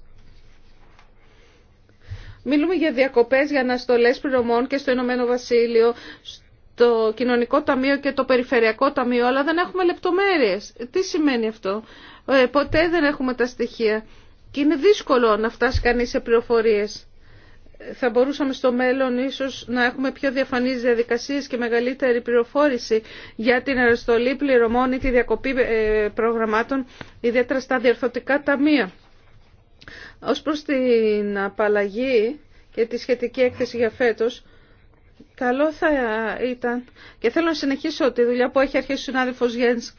Μιλούμε για διακοπές, για αναστολές πληρωμών και στο Ηνωμένο Βασίλειο, το κοινωνικό ταμείο και το περιφερειακό ταμείο, αλλά δεν έχουμε λεπτομέρειες. Τι σημαίνει αυτό. Ε, ποτέ δεν έχουμε τα στοιχεία και είναι δύσκολο να φτάσει κανείς σε πληροφορίες. Θα μπορούσαμε στο μέλλον ίσως να έχουμε πιο διαφανείς διαδικασίες και μεγαλύτερη πληροφόρηση για την αεροστολή πληρωμών ή τη διακοπή ε, προγραμμάτων, ιδιαίτερα στα διορθωτικά ταμεία. Ως προς την απαλλαγή και τη σχετική έκθεση για φέτος, καλό θα ήταν και θέλω να συνεχίσω τη δουλειά που έχει αρχίσει ο συνάδελφος Γιάννης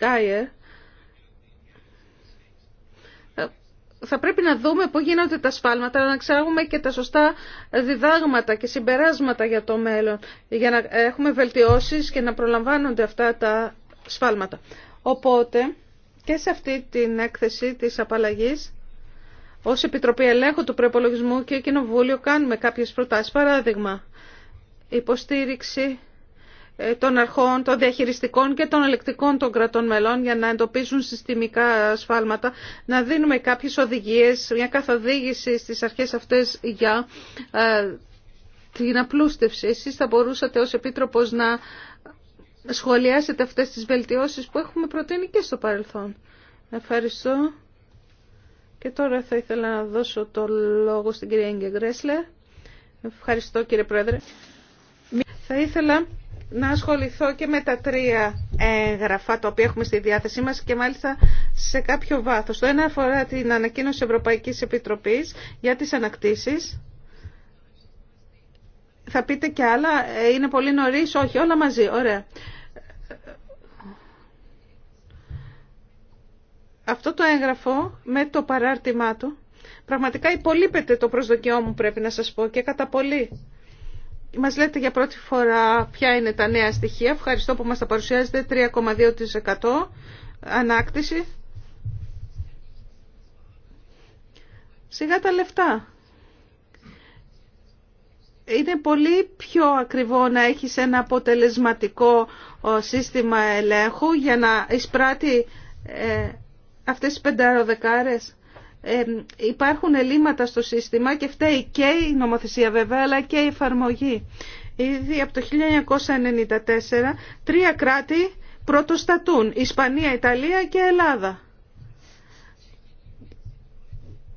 θα πρέπει να δούμε πού γίνονται τα σφάλματα, να ξέρουμε και τα σωστά διδάγματα και συμπεράσματα για το μέλλον, για να έχουμε βελτιώσεις και να προλαμβάνονται αυτά τα σφάλματα. Οπότε και σε αυτή την έκθεση της απαλλαγής, ως Επιτροπή Ελέγχου του Προπολογισμού και Κοινοβούλιο κάνουμε κάποιες προτάσεις. Παράδειγμα, υποστήριξη ε, των αρχών, των διαχειριστικών και των ελεκτικών των κρατών μελών για να εντοπίζουν συστημικά ασφάλματα, να δίνουμε κάποιες οδηγίες, μια καθοδήγηση στις αρχές αυτές για ε, την απλούστευση. Εσείς θα μπορούσατε ως Επίτροπος να σχολιάσετε αυτές τις βελτιώσεις που έχουμε προτείνει και στο παρελθόν. Ευχαριστώ. Και τώρα θα ήθελα να δώσω το λόγο στην κυρία Γκρέσλε. Ευχαριστώ κύριε Πρόεδρε. Θα ήθελα να ασχοληθώ και με τα τρία έγγραφα τα οποία έχουμε στη διάθεσή μας και μάλιστα σε κάποιο βάθος. Το ένα αφορά την ανακοίνωση Ευρωπαϊκής Επιτροπής για τις ανακτήσεις. Θα πείτε και άλλα, ε, είναι πολύ νωρίς, όχι, όλα μαζί, ωραία. Αυτό το έγγραφο με το παράρτημά του πραγματικά υπολείπεται το προσδοκιό μου πρέπει να σας πω και κατά πολύ. Μας λέτε για πρώτη φορά ποια είναι τα νέα στοιχεία. Ευχαριστώ που μας τα παρουσιάζετε. 3,2% ανάκτηση. Σιγά τα λεφτά. Είναι πολύ πιο ακριβό να έχεις ένα αποτελεσματικό σύστημα ελέγχου για να εισπράττει ε, αυτές τις πενταροδεκάρες υπάρχουν ελλείμματα στο σύστημα και φταίει και η νομοθεσία βέβαια αλλά και η εφαρμογή. Ήδη από το 1994 τρία κράτη πρωτοστατούν, Ισπανία, Ιταλία και Ελλάδα.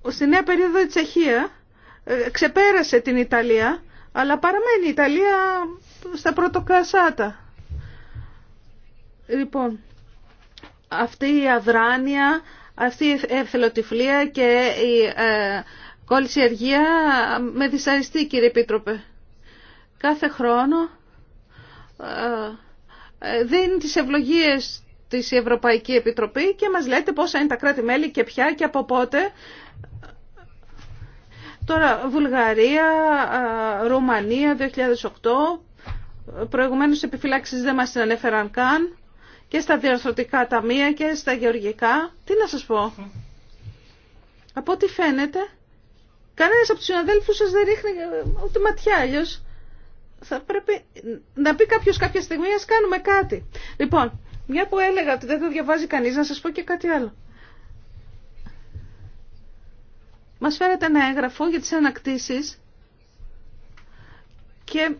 Στη νέα περίοδο η Τσεχία ε, ξεπέρασε την Ιταλία, αλλά παραμένει η Ιταλία στα πρωτοκασάτα. Λοιπόν, αυτή η αδράνεια αυτή η εθελοτυφλία και η ε, κόλληση αργία με δυσαριστεί κύριε Επίτροπε. Κάθε χρόνο ε, ε, δίνει τις ευλογίες της Ευρωπαϊκή Επιτροπή και μας λέτε πόσα είναι τα κράτη-μέλη και ποια και από πότε. Τώρα Βουλγαρία, Ρουμανία 2008, προηγουμένως επιφυλάξεις δεν μας την ανέφεραν καν και στα διαρθρωτικά ταμεία και στα γεωργικά. Τι να σας πω. Από ό,τι φαίνεται, κανένας από τους συναδέλφους σας δεν ρίχνει ε, ούτε ματιά αλλιώς. Θα πρέπει να πει κάποιος κάποια στιγμή, ας κάνουμε κάτι. Λοιπόν, μια που έλεγα ότι δεν το διαβάζει κανείς, να σας πω και κάτι άλλο. Μας φέρετε ένα έγγραφο για τις ανακτήσεις και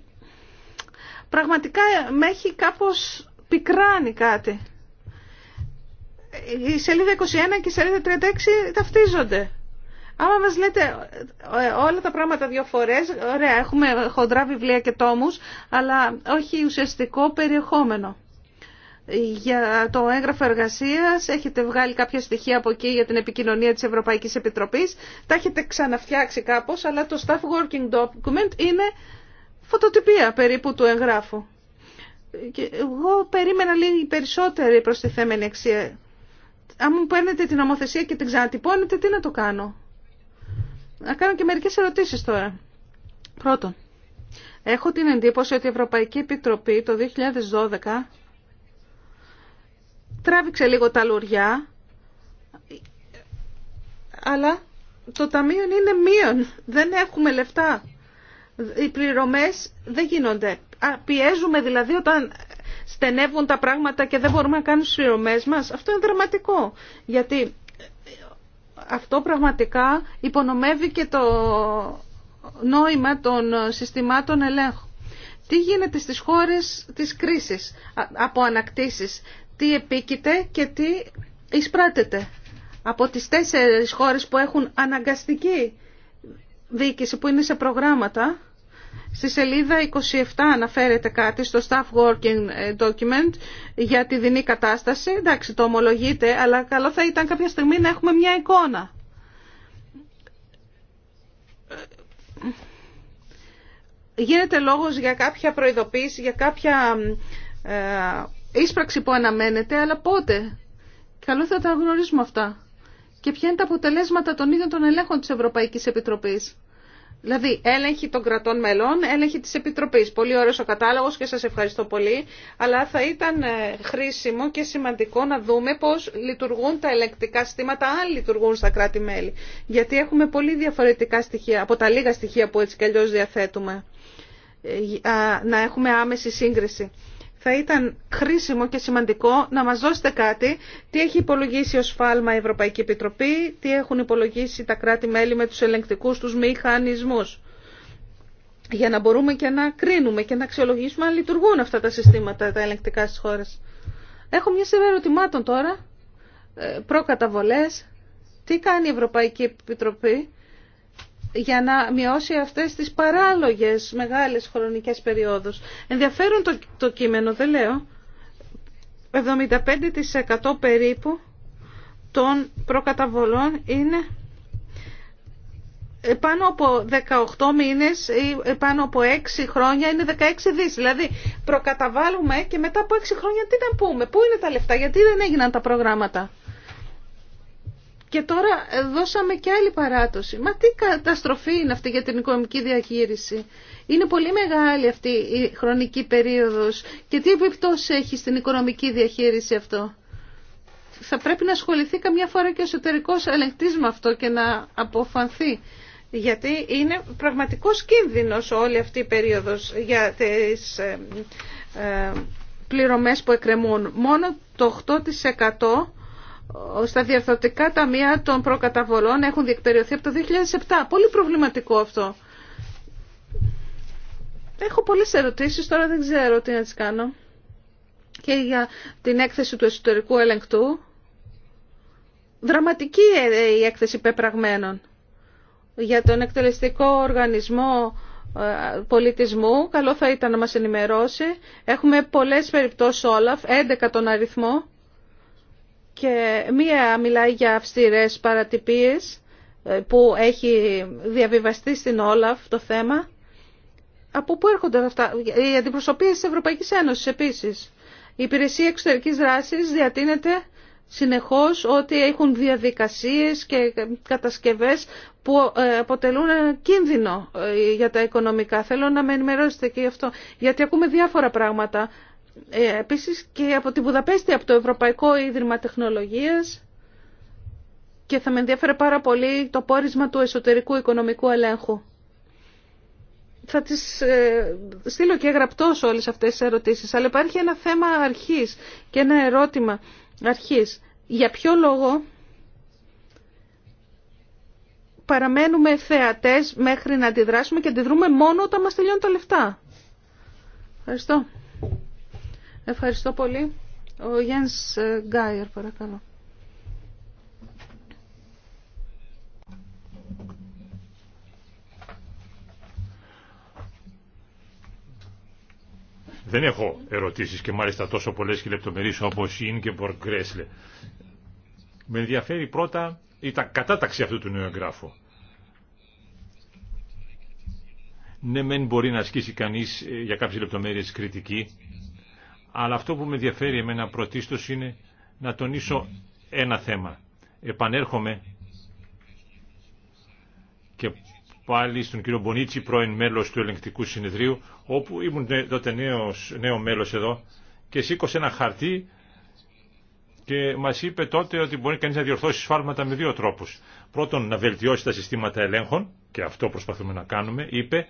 πραγματικά με έχει κάπως πικράνει κάτι. Η σελίδα 21 και η σελίδα 36 ταυτίζονται. Άμα μας λέτε ε, όλα τα πράγματα δύο φορές, ωραία, έχουμε χοντρά βιβλία και τόμους, αλλά όχι ουσιαστικό περιεχόμενο. Για το έγγραφο εργασία έχετε βγάλει κάποια στοιχεία από εκεί για την επικοινωνία της Ευρωπαϊκής Επιτροπής. Τα έχετε ξαναφτιάξει κάπω, αλλά το Staff Working Document είναι φωτοτυπία περίπου του εγγράφου. Και εγώ περίμενα λίγη περισσότερη προστιθέμενη αξία. Αν μου παίρνετε την νομοθεσία και την ξανατυπώνετε, τι να το κάνω. Να κάνω και μερικές ερωτήσεις τώρα. Πρώτον, έχω την εντύπωση ότι η Ευρωπαϊκή Επιτροπή το 2012 τράβηξε λίγο τα λουριά, αλλά το ταμείο είναι μείον. Δεν έχουμε λεφτά οι πληρωμές δεν γίνονται. Πιέζουμε δηλαδή όταν στενεύουν τα πράγματα και δεν μπορούμε να κάνουμε τις πληρωμές μας. Αυτό είναι δραματικό, γιατί αυτό πραγματικά υπονομεύει και το νόημα των συστημάτων ελέγχου. Τι γίνεται στις χώρες της κρίσης από ανακτήσεις, τι επίκειται και τι εισπράτεται. Από τις τέσσερις χώρες που έχουν αναγκαστική διοίκηση που είναι σε προγράμματα, Στη σελίδα 27 αναφέρεται κάτι στο Staff Working ε, Document για τη δινή κατάσταση. Εντάξει, το ομολογείτε, αλλά καλό θα ήταν κάποια στιγμή να έχουμε μια εικόνα. Γίνεται λόγος για κάποια προειδοποίηση, για κάποια ε, ίσπραξη που αναμένεται, αλλά πότε. Καλό θα τα γνωρίζουμε αυτά. Και ποια είναι τα αποτελέσματα των ίδιων των ελέγχων της Ευρωπαϊκής Επιτροπής. Δηλαδή, έλεγχη των κρατών μελών, έλεγχη τη Επιτροπή. Πολύ ωραίος ο κατάλογος και σας ευχαριστώ πολύ. Αλλά θα ήταν ε, χρήσιμο και σημαντικό να δούμε πώς λειτουργούν τα ελεγκτικά συστήματα, αν λειτουργούν στα κράτη-μέλη. Γιατί έχουμε πολύ διαφορετικά στοιχεία, από τα λίγα στοιχεία που έτσι κι αλλιώ διαθέτουμε, ε, να έχουμε άμεση σύγκριση θα ήταν χρήσιμο και σημαντικό να μας δώσετε κάτι τι έχει υπολογίσει ως φάλμα η Ευρωπαϊκή Επιτροπή, τι έχουν υπολογίσει τα κράτη-μέλη με τους ελεγκτικούς τους μηχανισμούς για να μπορούμε και να κρίνουμε και να αξιολογήσουμε αν λειτουργούν αυτά τα συστήματα τα ελεγκτικά στις χώρες. Έχω μια σειρά ερωτημάτων τώρα, ε, προκαταβολές, τι κάνει η Ευρωπαϊκή Επιτροπή για να μειώσει αυτές τις παράλογες μεγάλες χρονικές περιόδους. Ενδιαφέρον το, το κείμενο, δεν λέω. 75% περίπου των προκαταβολών είναι πάνω από 18 μήνες ή πάνω από 6 χρόνια είναι 16 δις. Δηλαδή προκαταβάλουμε και μετά από 6 χρόνια τι να πούμε, πού είναι τα λεφτά, γιατί δεν έγιναν τα προγράμματα. Και τώρα δώσαμε και άλλη παράτωση. Μα τι καταστροφή είναι αυτή για την οικονομική διαχείριση. Είναι πολύ μεγάλη αυτή η χρονική περίοδος και τι επιπτώσει έχει στην οικονομική διαχείριση αυτό. Θα πρέπει να ασχοληθεί καμιά φορά και ο εσωτερικός ελεγκτής με αυτό και να αποφανθεί. Γιατί είναι πραγματικός κίνδυνος όλη αυτή η περίοδος για τις ε, ε, πληρωμές που εκκρεμούν. Μόνο το 8% στα διαρθρωτικά ταμεία των προκαταβολών έχουν διεκπεριωθεί από το 2007. Πολύ προβληματικό αυτό. Έχω πολλές ερωτήσεις, τώρα δεν ξέρω τι να τις κάνω. Και για την έκθεση του εσωτερικού ελεγκτού. Δραματική η έκθεση πεπραγμένων. Για τον εκτελεστικό οργανισμό ε, πολιτισμού, καλό θα ήταν να μας ενημερώσει. Έχουμε πολλές περιπτώσεις Όλαφ, 11 τον αριθμό και μία μιλάει για αυστηρές παρατυπίες ε, που έχει διαβιβαστεί στην Όλαφ το θέμα. Από πού έρχονται αυτά. Οι αντιπροσωπείες της Ευρωπαϊκής Ένωσης επίσης. Η υπηρεσία εξωτερικής δράσης διατείνεται συνεχώς ότι έχουν διαδικασίες και κατασκευές που ε, αποτελούν κίνδυνο ε, για τα οικονομικά. Θέλω να με ενημερώσετε και γι' αυτό, γιατί ακούμε διάφορα πράγματα ε, επίσης και από την Βουδαπέστη, από το Ευρωπαϊκό Ίδρυμα Τεχνολογίας και θα με ενδιαφέρε πάρα πολύ το πόρισμα του εσωτερικού οικονομικού ελέγχου. Θα τις ε, στείλω και γραπτός όλες αυτές τις ερωτήσεις, αλλά υπάρχει ένα θέμα αρχής και ένα ερώτημα αρχής. Για ποιο λόγο παραμένουμε θεατές μέχρι να αντιδράσουμε και αντιδρούμε μόνο όταν μας τελειώνουν τα λεφτά. Ευχαριστώ. Ευχαριστώ πολύ. Ο Γιάννης ε, Γκάιερ, παρακαλώ. Δεν έχω ερωτήσεις και μάλιστα τόσο πολλές και λεπτομερείς όπως η και Γκρέσλε. Με ενδιαφέρει πρώτα η κατάταξη αυτού του νέου εγγράφου. Ναι, μεν μπορεί να ασκήσει κανείς ε, για κάποιες λεπτομέρειες κριτική, αλλά αυτό που με ενδιαφέρει εμένα πρωτίστως είναι να τονίσω ένα θέμα. Επανέρχομαι και πάλι στον κύριο Μπονίτσι, πρώην μέλος του ελεγκτικού συνεδρίου, όπου ήμουν τότε νέος, νέο μέλος εδώ και σήκωσε ένα χαρτί και μας είπε τότε ότι μπορεί κανείς να διορθώσει σφάλματα με δύο τρόπους. Πρώτον, να βελτιώσει τα συστήματα ελέγχων, και αυτό προσπαθούμε να κάνουμε, είπε,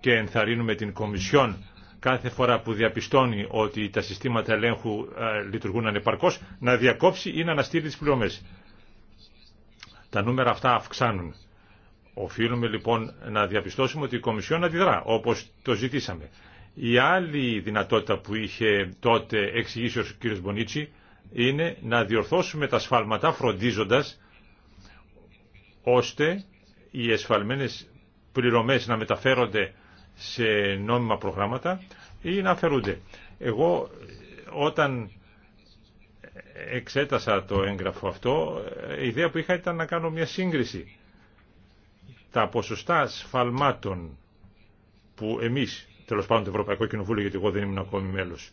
και ενθαρρύνουμε την Κομισιόν κάθε φορά που διαπιστώνει ότι τα συστήματα ελέγχου ε, λειτουργούν ανεπαρκώς να διακόψει ή να αναστείλει τις πληρωμές. Τα νούμερα αυτά αυξάνουν. Οφείλουμε λοιπόν να διαπιστώσουμε ότι η Κομισιόν αντιδρά, όπως το ζητήσαμε. Η άλλη δυνατότητα που είχε τότε εξηγήσει ο κ. Μπονίτσι είναι να διορθώσουμε τα σφάλματα φροντίζοντας ώστε οι εσφαλμένες πληρωμές να μεταφέρονται σε νόμιμα προγράμματα ή να αφαιρούνται. Εγώ όταν εξέτασα το έγγραφο αυτό, η ιδέα που είχα ήταν να κάνω μια σύγκριση. Τα ποσοστά σφαλμάτων που εμείς, τέλος πάντων το Ευρωπαϊκό Κοινοβούλιο, γιατί εγώ δεν ήμουν ακόμη μέλος,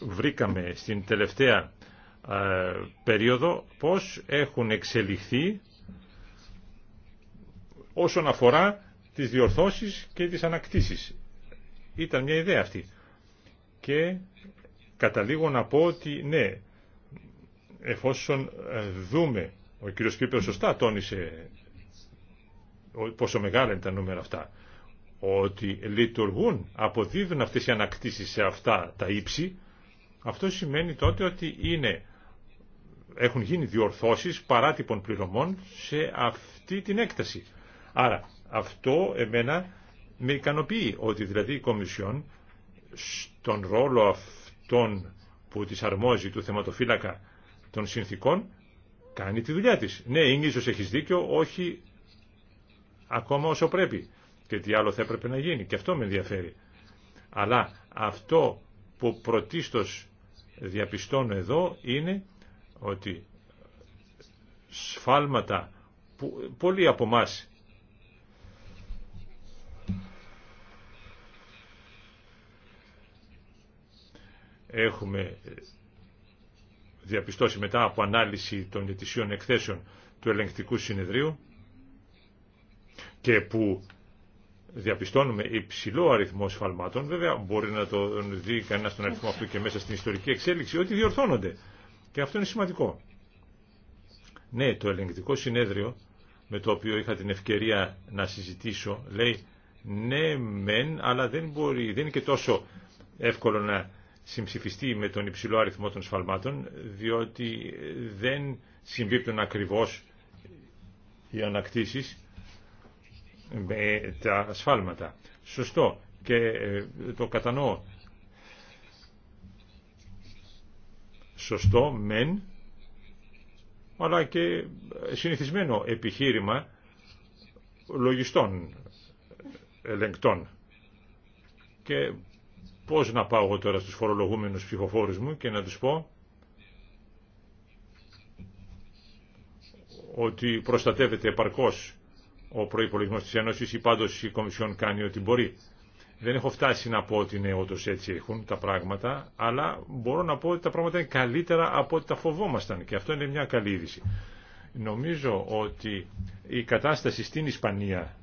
βρήκαμε στην τελευταία ε, περίοδο πώς έχουν εξελιχθεί όσον αφορά τις διορθώσεις και τις ανακτήσεις. Ήταν μια ιδέα αυτή. Και καταλήγω να πω ότι ναι, εφόσον ε, δούμε, ο κύριος Πίπερ σωστά τόνισε πόσο μεγάλα είναι τα νούμερα αυτά, ότι λειτουργούν, αποδίδουν αυτές οι ανακτήσεις σε αυτά τα ύψη, αυτό σημαίνει τότε ότι είναι, έχουν γίνει διορθώσεις παράτυπων πληρωμών σε αυτή την έκταση. Άρα αυτό εμένα με ικανοποιεί ότι δηλαδή η Κομισιόν στον ρόλο αυτών που της αρμόζει του θεματοφύλακα των συνθήκων κάνει τη δουλειά της. Ναι, είναι ίσως έχεις δίκιο, όχι ακόμα όσο πρέπει και τι άλλο θα έπρεπε να γίνει και αυτό με ενδιαφέρει. Αλλά αυτό που πρωτίστως διαπιστώνω εδώ είναι ότι σφάλματα που πολλοί από εμά έχουμε ε, διαπιστώσει μετά από ανάλυση των ετησίων εκθέσεων του ελεγκτικού συνεδρίου και που διαπιστώνουμε υψηλό αριθμό σφαλμάτων, βέβαια μπορεί να το δει κανένα τον αριθμό αυτού και μέσα στην ιστορική εξέλιξη, ότι διορθώνονται. Και αυτό είναι σημαντικό. Ναι, το ελεγκτικό συνέδριο με το οποίο είχα την ευκαιρία να συζητήσω λέει ναι μεν αλλά δεν μπορεί, δεν είναι και τόσο εύκολο να συμψηφιστεί με τον υψηλό αριθμό των σφαλμάτων, διότι δεν συμπίπτουν ακριβώς οι ανακτήσεις με τα σφάλματα. Σωστό και ε, το κατανοώ. Σωστό, μεν, αλλά και συνηθισμένο επιχείρημα λογιστών ελεγκτών. Και Πώς να πάω εγώ τώρα στους φορολογούμενους ψηφοφόρους μου και να τους πω ότι προστατεύεται επαρκώς ο προϋπολογισμός της Ένωσης ή πάντως η Κομισιόν κάνει ό,τι μπορεί. Δεν έχω φτάσει να πω ότι ναι, όντω έτσι έχουν τα πράγματα, αλλά μπορώ να πω ότι τα πράγματα είναι καλύτερα από ό,τι τα φοβόμασταν και αυτό είναι μια καλή είδηση. Νομίζω ότι η κατάσταση στην Ισπανία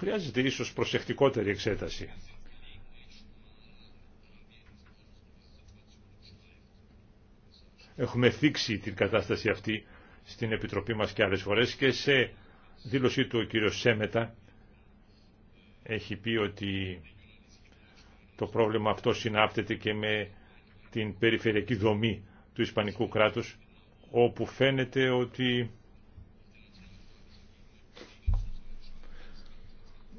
χρειάζεται ίσως προσεκτικότερη εξέταση. Έχουμε θίξει την κατάσταση αυτή στην Επιτροπή μας και άλλες φορές και σε δήλωσή του ο κύριος Σέμετα έχει πει ότι το πρόβλημα αυτό συνάπτεται και με την περιφερειακή δομή του Ισπανικού κράτους όπου φαίνεται ότι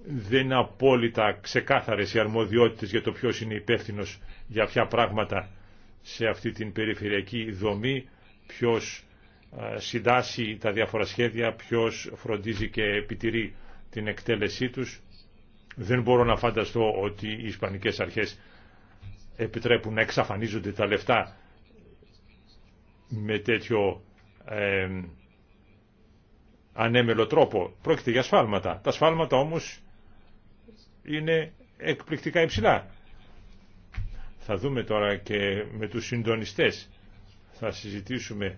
δεν είναι απόλυτα ξεκάθαρες οι αρμοδιότητες για το ποιος είναι υπεύθυνος για ποια πράγματα σε αυτή την περιφερειακή δομή ποιος ε, συντάσσει τα διάφορα σχέδια, ποιος φροντίζει και επιτηρεί την εκτέλεσή τους. Δεν μπορώ να φανταστώ ότι οι Ισπανικές αρχές επιτρέπουν να εξαφανίζονται τα λεφτά με τέτοιο ανέμελο τρόπο. Πρόκειται για σφάλματα. Τα σφάλματα όμως είναι εκπληκτικά υψηλά. Θα δούμε τώρα και με τους συντονιστές. Θα συζητήσουμε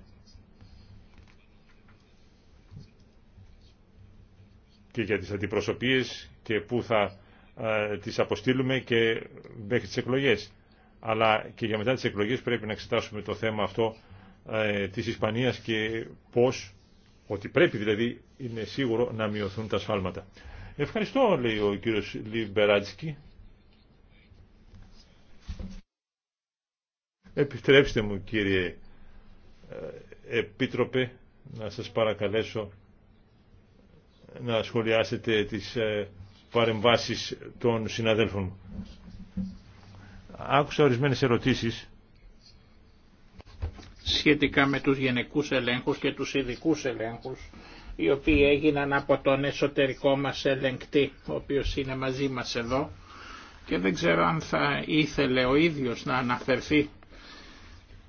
και για τις αντιπροσωπείες και πού θα ε, τις αποστείλουμε και μέχρι τις εκλογές. Αλλά και για μετά τις εκλογές πρέπει να εξετάσουμε το θέμα αυτό ε, της Ισπανίας και πώς, ότι πρέπει δηλαδή είναι σίγουρο να μειωθούν τα σφάλματα. Ευχαριστώ λέει ο κύριος Λιμπεράτσκι. Επιτρέψτε μου κύριε ε, Επίτροπε να σας παρακαλέσω να σχολιάσετε τις ε, παρεμβάσεις των συναδέλφων μου. Άκουσα ορισμένες ερωτήσεις σχετικά με τους γενικούς ελέγχους και τους ειδικού ελέγχους οι οποίοι έγιναν από τον εσωτερικό μας ελεγκτή ο οποίος είναι μαζί μας εδώ και δεν ξέρω αν θα ήθελε ο ίδιος να αναφερθεί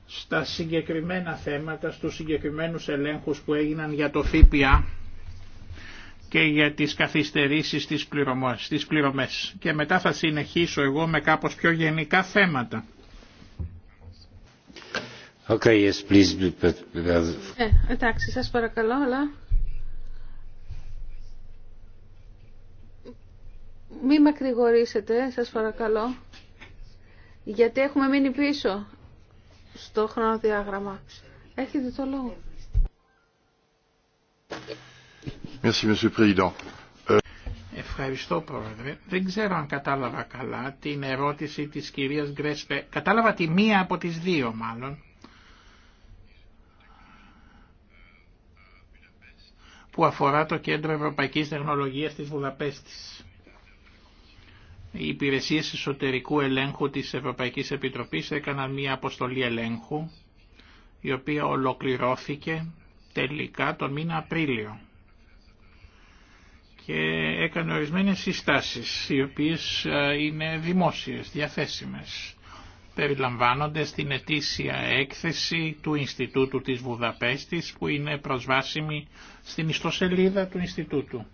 στα συγκεκριμένα θέματα, στους συγκεκριμένους ελέγχους που έγιναν για το ΦΠΑ και για τις καθυστερήσεις στις πληρωμές, στις πληρωμές. Και μετά θα συνεχίσω εγώ με κάπως πιο γενικά θέματα. Okay, yes, please. Ε, εντάξει, σας παρακαλώ, αλλά μη μακρηγορήσετε, σας παρακαλώ, γιατί έχουμε μείνει πίσω στο χρονοδιάγραμμα. Έχετε το λόγο. Ε, ευχαριστώ πρόεδρε. Δεν ξέρω αν κατάλαβα καλά την ερώτηση της κυρίας Γκρέσπε. Κατάλαβα τη μία από τις δύο μάλλον. Που αφορά το Κέντρο Ευρωπαϊκής Τεχνολογίας της Βουδαπέστης. Οι υπηρεσίες εσωτερικού ελέγχου της Ευρωπαϊκής Επιτροπής έκαναν μία αποστολή ελέγχου, η οποία ολοκληρώθηκε τελικά τον μήνα Απρίλιο και έκανε ορισμένες συστάσεις, οι οποίες ε, είναι δημόσιες, διαθέσιμες. Περιλαμβάνονται στην ετήσια έκθεση του Ινστιτούτου της Βουδαπέστης, που είναι προσβάσιμη στην ιστοσελίδα του Ινστιτούτου.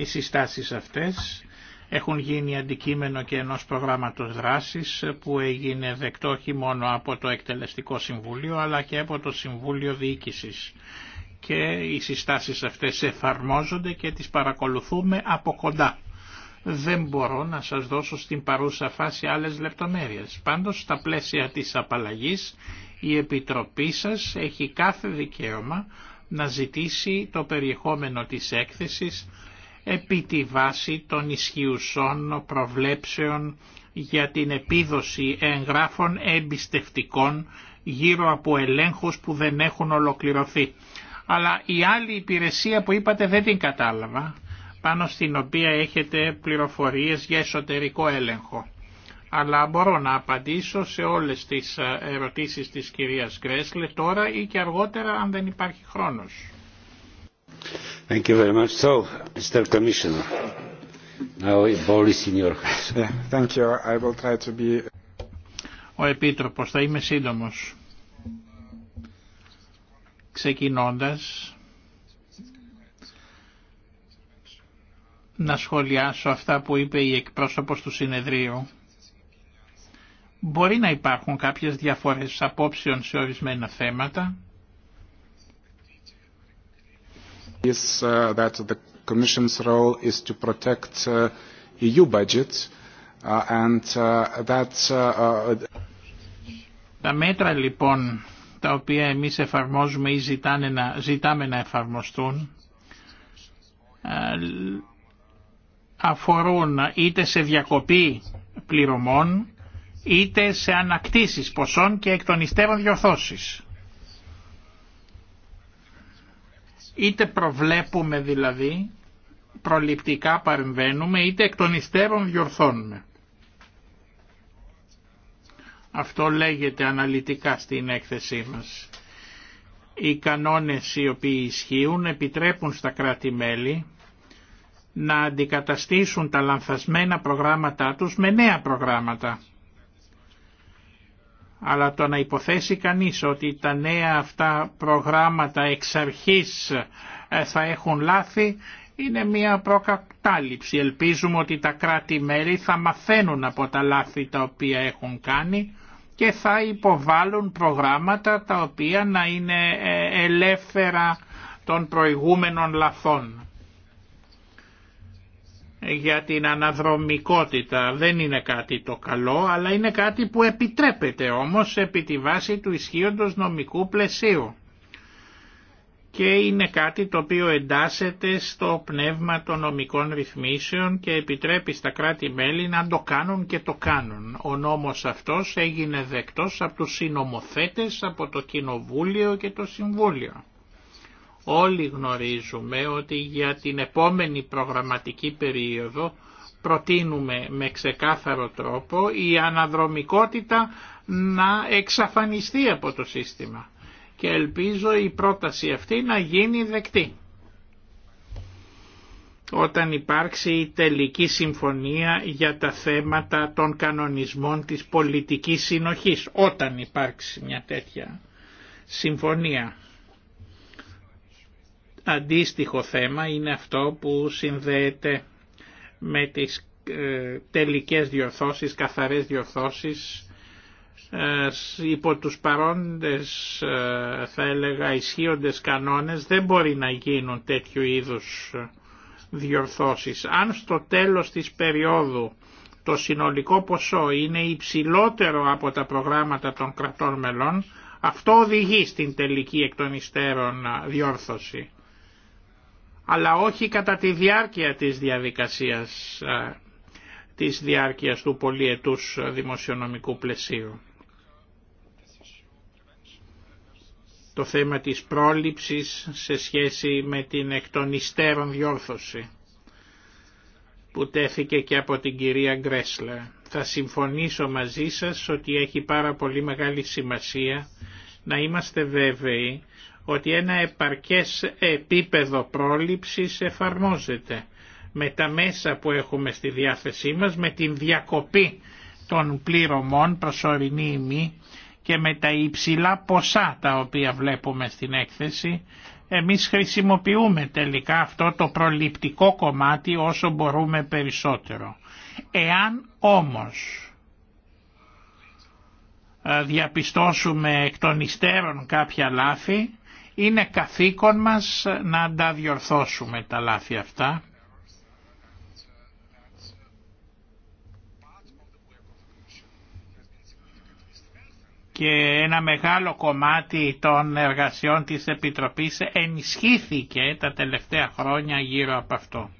Οι συστάσεις αυτές έχουν γίνει αντικείμενο και ενός προγράμματος δράσης που έγινε δεκτό όχι μόνο από το Εκτελεστικό Συμβούλιο αλλά και από το Συμβούλιο Διοίκησης. Και οι συστάσεις αυτές εφαρμόζονται και τις παρακολουθούμε από κοντά. Δεν μπορώ να σας δώσω στην παρούσα φάση άλλες λεπτομέρειες. Πάντως στα πλαίσια της απαλλαγής η Επιτροπή σας έχει κάθε δικαίωμα να ζητήσει το περιεχόμενο της έκθεσης επί τη βάση των ισχυουσών προβλέψεων για την επίδοση εγγράφων εμπιστευτικών γύρω από ελέγχους που δεν έχουν ολοκληρωθεί. Αλλά η άλλη υπηρεσία που είπατε δεν την κατάλαβα, πάνω στην οποία έχετε πληροφορίες για εσωτερικό έλεγχο. Αλλά μπορώ να απαντήσω σε όλες τις ε, ερωτήσεις της κυρίας Γκρέσλε τώρα ή και αργότερα αν δεν υπάρχει χρόνος. Ο Επίτροπος θα είμαι σύντομος. Ξεκινώντας, να σχολιάσω αυτά που είπε η εκπρόσωπος του συνεδρίου. Μπορεί να υπάρχουν κάποιες διαφορές απόψεων σε ορισμένα θέματα, is uh, that is to protect uh, EU uh, Τα μέτρα λοιπόν τα οποία εμείς εφαρμόζουμε ή να, ζητάμε να εφαρμοστούν ε, αφορούν είτε σε διακοπή πληρωμών είτε σε ανακτήσεις ποσών και εκ των διορθώσεις. Είτε προβλέπουμε δηλαδή, προληπτικά παρεμβαίνουμε, είτε εκ των υστέρων διορθώνουμε. Αυτό λέγεται αναλυτικά στην έκθεσή μας. Οι κανόνες οι οποίοι ισχύουν επιτρέπουν στα κράτη-μέλη να αντικαταστήσουν τα λανθασμένα προγράμματά τους με νέα προγράμματα αλλά το να υποθέσει κανείς ότι τα νέα αυτά προγράμματα εξ αρχής ε, θα έχουν λάθη είναι μια προκατάληψη. Ελπίζουμε ότι τα κράτη-μέλη θα μαθαίνουν από τα λάθη τα οποία έχουν κάνει και θα υποβάλουν προγράμματα τα οποία να είναι ε, ελεύθερα των προηγούμενων λαθών για την αναδρομικότητα δεν είναι κάτι το καλό, αλλά είναι κάτι που επιτρέπεται όμως επί τη βάση του ισχύοντος νομικού πλαισίου. Και είναι κάτι το οποίο εντάσσεται στο πνεύμα των νομικών ρυθμίσεων και επιτρέπει στα κράτη-μέλη να το κάνουν και το κάνουν. Ο νόμος αυτός έγινε δεκτός από τους συνομοθέτες, από το Κοινοβούλιο και το Συμβούλιο. Όλοι γνωρίζουμε ότι για την επόμενη προγραμματική περίοδο προτείνουμε με ξεκάθαρο τρόπο η αναδρομικότητα να εξαφανιστεί από το σύστημα και ελπίζω η πρόταση αυτή να γίνει δεκτή. Όταν υπάρξει η τελική συμφωνία για τα θέματα των κανονισμών της πολιτικής συνοχής, όταν υπάρξει μια τέτοια συμφωνία. Αντίστοιχο θέμα είναι αυτό που συνδέεται με τις ε, τελικές διορθώσεις, καθαρές διορθώσεις ε, υπό τους παρόντες ε, θα έλεγα ισχύοντες κανόνες δεν μπορεί να γίνουν τέτοιου είδους διορθώσεις. Αν στο τέλος της περίοδου το συνολικό ποσό είναι υψηλότερο από τα προγράμματα των κρατών μελών, αυτό οδηγεί στην τελική εκ των υστέρων διόρθωση αλλά όχι κατά τη διάρκεια της διαδικασίας ε, της διάρκειας του πολιετούς δημοσιονομικού πλαισίου. Το θέμα της πρόληψης σε σχέση με την εκ των διόρθωση που τέθηκε και από την κυρία Γκρέσλα. Θα συμφωνήσω μαζί σας ότι έχει πάρα πολύ μεγάλη σημασία να είμαστε βέβαιοι ότι ένα επαρκές επίπεδο πρόληψης εφαρμόζεται με τα μέσα που έχουμε στη διάθεσή μας, με την διακοπή των πληρωμών προσωρινή μη και με τα υψηλά ποσά τα οποία βλέπουμε στην έκθεση, εμείς χρησιμοποιούμε τελικά αυτό το προληπτικό κομμάτι όσο μπορούμε περισσότερο. Εάν όμως ε, διαπιστώσουμε εκ των υστέρων κάποια λάθη, είναι καθήκον μας να τα διορθώσουμε τα λάθη αυτά. και ένα μεγάλο κομμάτι των εργασιών της Επιτροπής ενισχύθηκε τα τελευταία χρόνια γύρω από αυτό.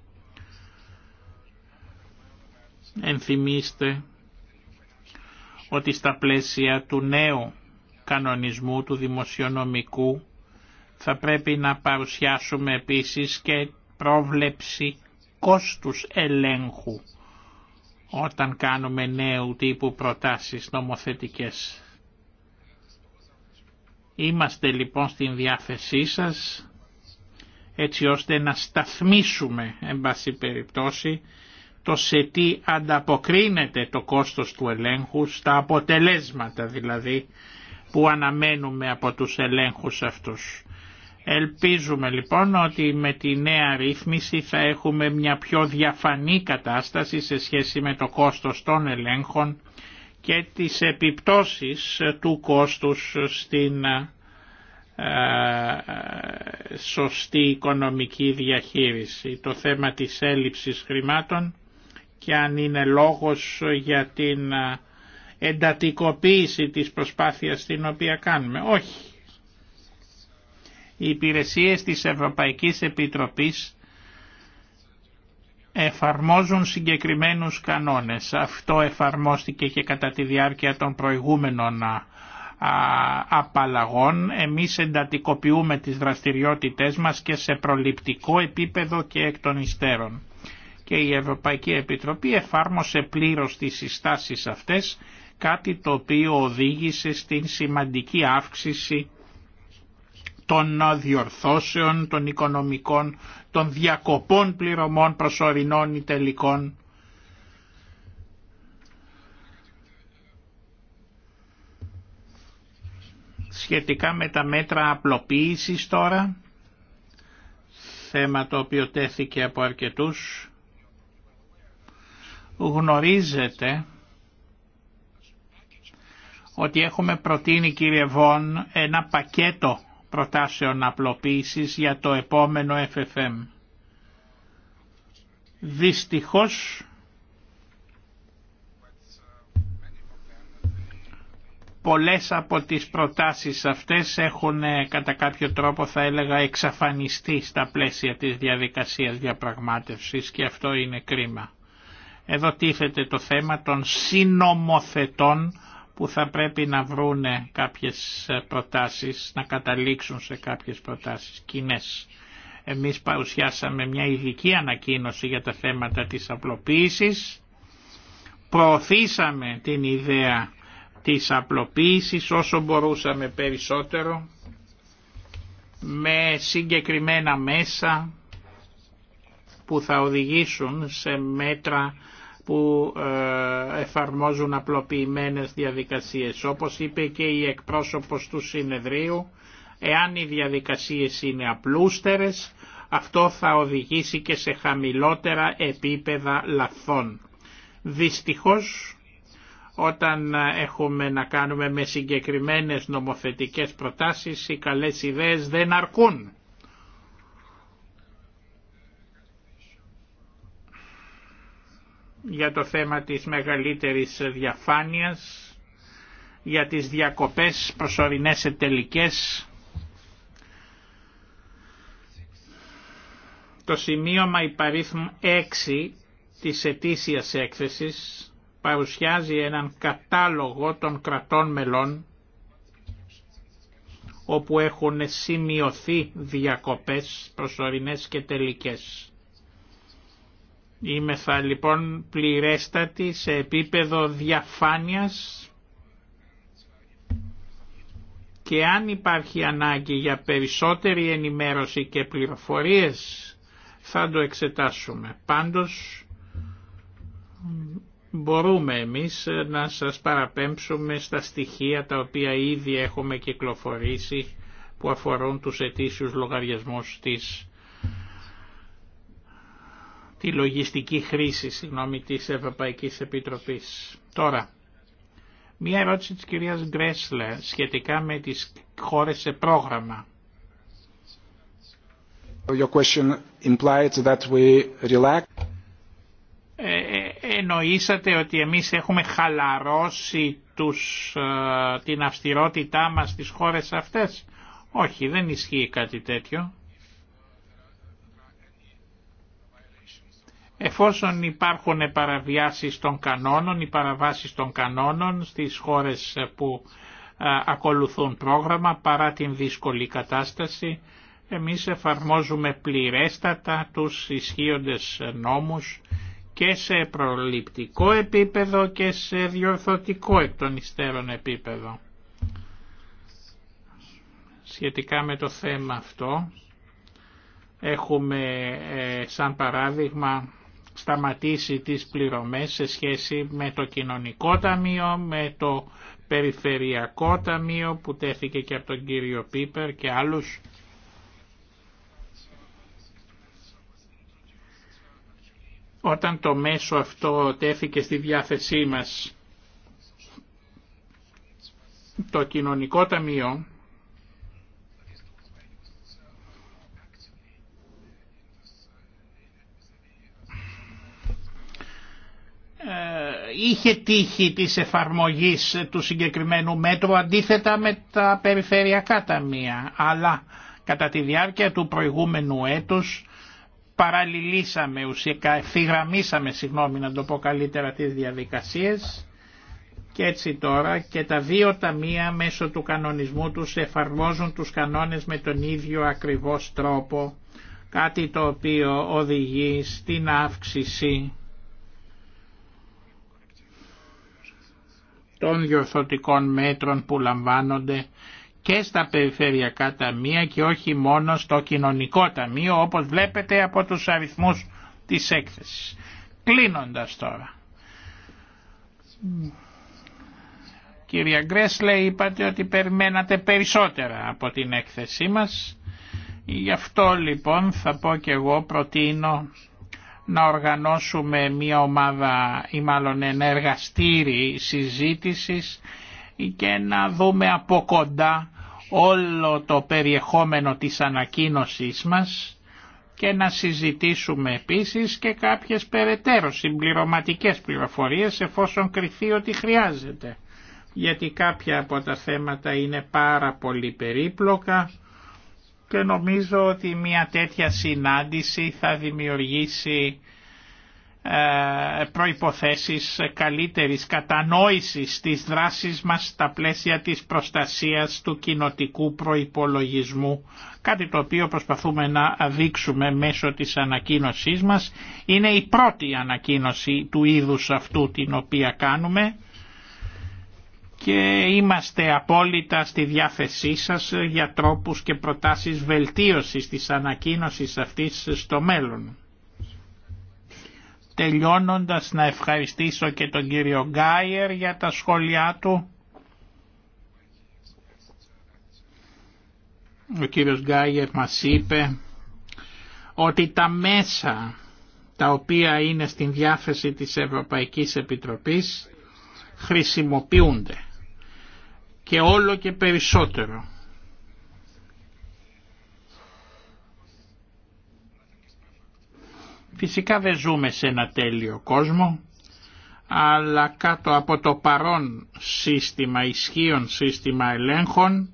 Ενθυμίστε ότι στα πλαίσια του νέου κανονισμού του δημοσιονομικού θα πρέπει να παρουσιάσουμε επίσης και πρόβλεψη κόστους ελέγχου όταν κάνουμε νέου τύπου προτάσεις νομοθετικές. Είμαστε λοιπόν στην διάθεσή σας έτσι ώστε να σταθμίσουμε εν πάση περιπτώσει το σε τι ανταποκρίνεται το κόστος του ελέγχου στα αποτελέσματα δηλαδή που αναμένουμε από τους ελέγχους αυτούς. Ελπίζουμε λοιπόν ότι με τη νέα ρύθμιση θα έχουμε μια πιο διαφανή κατάσταση σε σχέση με το κόστος των ελέγχων και τις επιπτώσεις του κόστους στην ε, ε, σωστή οικονομική διαχείριση. Το θέμα της έλλειψης χρημάτων και αν είναι λόγος για την ε, εντατικοποίηση της προσπάθειας την οποία κάνουμε. Όχι οι υπηρεσίες της Ευρωπαϊκής Επιτροπής εφαρμόζουν συγκεκριμένους κανόνες. Αυτό εφαρμόστηκε και κατά τη διάρκεια των προηγούμενων απαλλαγών. Εμείς εντατικοποιούμε τις δραστηριότητές μας και σε προληπτικό επίπεδο και εκ των υστέρων. Και η Ευρωπαϊκή Επιτροπή εφάρμοσε πλήρως τις συστάσεις αυτές, κάτι το οποίο οδήγησε στην σημαντική αύξηση των διορθώσεων, των οικονομικών, των διακοπών πληρωμών προσωρινών ή τελικών. Σχετικά με τα μέτρα απλοποίησης τώρα, θέμα το οποίο τέθηκε από αρκετούς, γνωρίζετε ότι έχουμε προτείνει κύριε Βον ένα πακέτο προτάσεων απλοποίησης για το επόμενο FFM. Δυστυχώς πολλές από τις προτάσεις αυτές έχουν ε, κατά κάποιο τρόπο θα έλεγα εξαφανιστεί στα πλαίσια της διαδικασίας διαπραγμάτευσης και αυτό είναι κρίμα. Εδώ τίθεται το θέμα των συνομοθετών που θα πρέπει να βρούνε κάποιες προτάσεις, να καταλήξουν σε κάποιες προτάσεις κοινέ. Εμείς παρουσιάσαμε μια ειδική ανακοίνωση για τα θέματα της απλοποίησης. Προωθήσαμε την ιδέα της απλοποίησης όσο μπορούσαμε περισσότερο με συγκεκριμένα μέσα που θα οδηγήσουν σε μέτρα που ε, εφαρμόζουν απλοποιημένες διαδικασίες. Όπως είπε και η εκπρόσωπος του συνεδρίου, εάν οι διαδικασίες είναι απλούστερες, αυτό θα οδηγήσει και σε χαμηλότερα επίπεδα λαθών. Δυστυχώς, όταν έχουμε να κάνουμε με συγκεκριμένες νομοθετικές προτάσεις, οι καλές ιδέες δεν αρκούν. για το θέμα της μεγαλύτερης διαφάνειας, για τις διακοπές προσωρινές τελικές. Το σημείωμα υπαρίθμου 6 της ετήσιας έκθεσης παρουσιάζει έναν κατάλογο των κρατών μελών όπου έχουν σημειωθεί διακοπές προσωρινές και τελικές θα λοιπόν πληρέστατη σε επίπεδο διαφάνειας και αν υπάρχει ανάγκη για περισσότερη ενημέρωση και πληροφορίες θα το εξετάσουμε. Πάντως μπορούμε εμείς να σας παραπέμψουμε στα στοιχεία τα οποία ήδη έχουμε κυκλοφορήσει που αφορούν τους ετήσιους λογαριασμούς της τη λογιστική χρήση συγγνώμη, της Ευρωπαϊκής Επιτροπής. Τώρα, μία ερώτηση της κυρίας Γκρέσλε σχετικά με τις χώρες σε πρόγραμμα. Ε, ε, εννοήσατε ότι εμείς έχουμε χαλαρώσει τους, ε, την αυστηρότητά μας στις χώρες αυτές. Όχι, δεν ισχύει κάτι τέτοιο. Εφόσον υπάρχουν παραβιάσεις των κανόνων, οι παραβάσεις των κανόνων στις χώρες που ακολουθούν πρόγραμμα παρά την δύσκολη κατάσταση, εμείς εφαρμόζουμε πληρέστατα τους ισχύοντες νόμους και σε προληπτικό επίπεδο και σε διορθωτικό εκ των υστέρων επίπεδο. Σχετικά με το θέμα αυτό, έχουμε ε, σαν παράδειγμα σταματήσει τις πληρωμές σε σχέση με το κοινωνικό ταμείο, με το περιφερειακό ταμείο που τέθηκε και από τον κύριο Πίπερ και άλλους. Όταν το μέσο αυτό τέθηκε στη διάθεσή μας, το κοινωνικό ταμείο Ε, είχε τύχει της εφαρμογής του συγκεκριμένου μέτρου αντίθετα με τα περιφερειακά ταμεία. Αλλά κατά τη διάρκεια του προηγούμενου έτους παραλληλήσαμε ουσιακά, ευθυγραμμίσαμε συγγνώμη να το πω καλύτερα τις διαδικασίες και έτσι τώρα και τα δύο ταμεία μέσω του κανονισμού τους εφαρμόζουν τους κανόνες με τον ίδιο ακριβώς τρόπο κάτι το οποίο οδηγεί στην αύξηση των διορθωτικών μέτρων που λαμβάνονται και στα περιφερειακά ταμεία και όχι μόνο στο κοινωνικό ταμείο όπως βλέπετε από τους αριθμούς της έκθεσης. Κλείνοντας τώρα. Κυρία Γκρέσλε είπατε ότι περιμένατε περισσότερα από την έκθεσή μας. Γι' αυτό λοιπόν θα πω και εγώ προτείνω να οργανώσουμε μια ομάδα ή μάλλον ένα εργαστήρι συζήτησης και να δούμε από κοντά όλο το περιεχόμενο της ανακοίνωσής μας και να συζητήσουμε επίσης και κάποιες περαιτέρω συμπληρωματικές πληροφορίες εφόσον κριθεί ότι χρειάζεται. Γιατί κάποια από τα θέματα είναι πάρα πολύ περίπλοκα και νομίζω ότι μια τέτοια συνάντηση θα δημιουργήσει ε, προϋποθέσεις καλύτερης κατανόησης της δράσης μας στα πλαίσια της προστασίας του κοινοτικού προϋπολογισμού. Κάτι το οποίο προσπαθούμε να δείξουμε μέσω της ανακοίνωσής μας. Είναι η πρώτη ανακοίνωση του είδους αυτού την οποία κάνουμε και είμαστε απόλυτα στη διάθεσή σας για τρόπους και προτάσεις βελτίωσης της ανακοίνωσης αυτής στο μέλλον. Τελειώνοντας να ευχαριστήσω και τον κύριο Γκάιερ για τα σχόλιά του. Ο κύριος Γκάιερ μας είπε ότι τα μέσα τα οποία είναι στην διάθεση της Ευρωπαϊκής Επιτροπής χρησιμοποιούνται και όλο και περισσότερο. Φυσικά δεν ζούμε σε ένα τέλειο κόσμο, αλλά κάτω από το παρόν σύστημα ισχύων, σύστημα ελέγχων,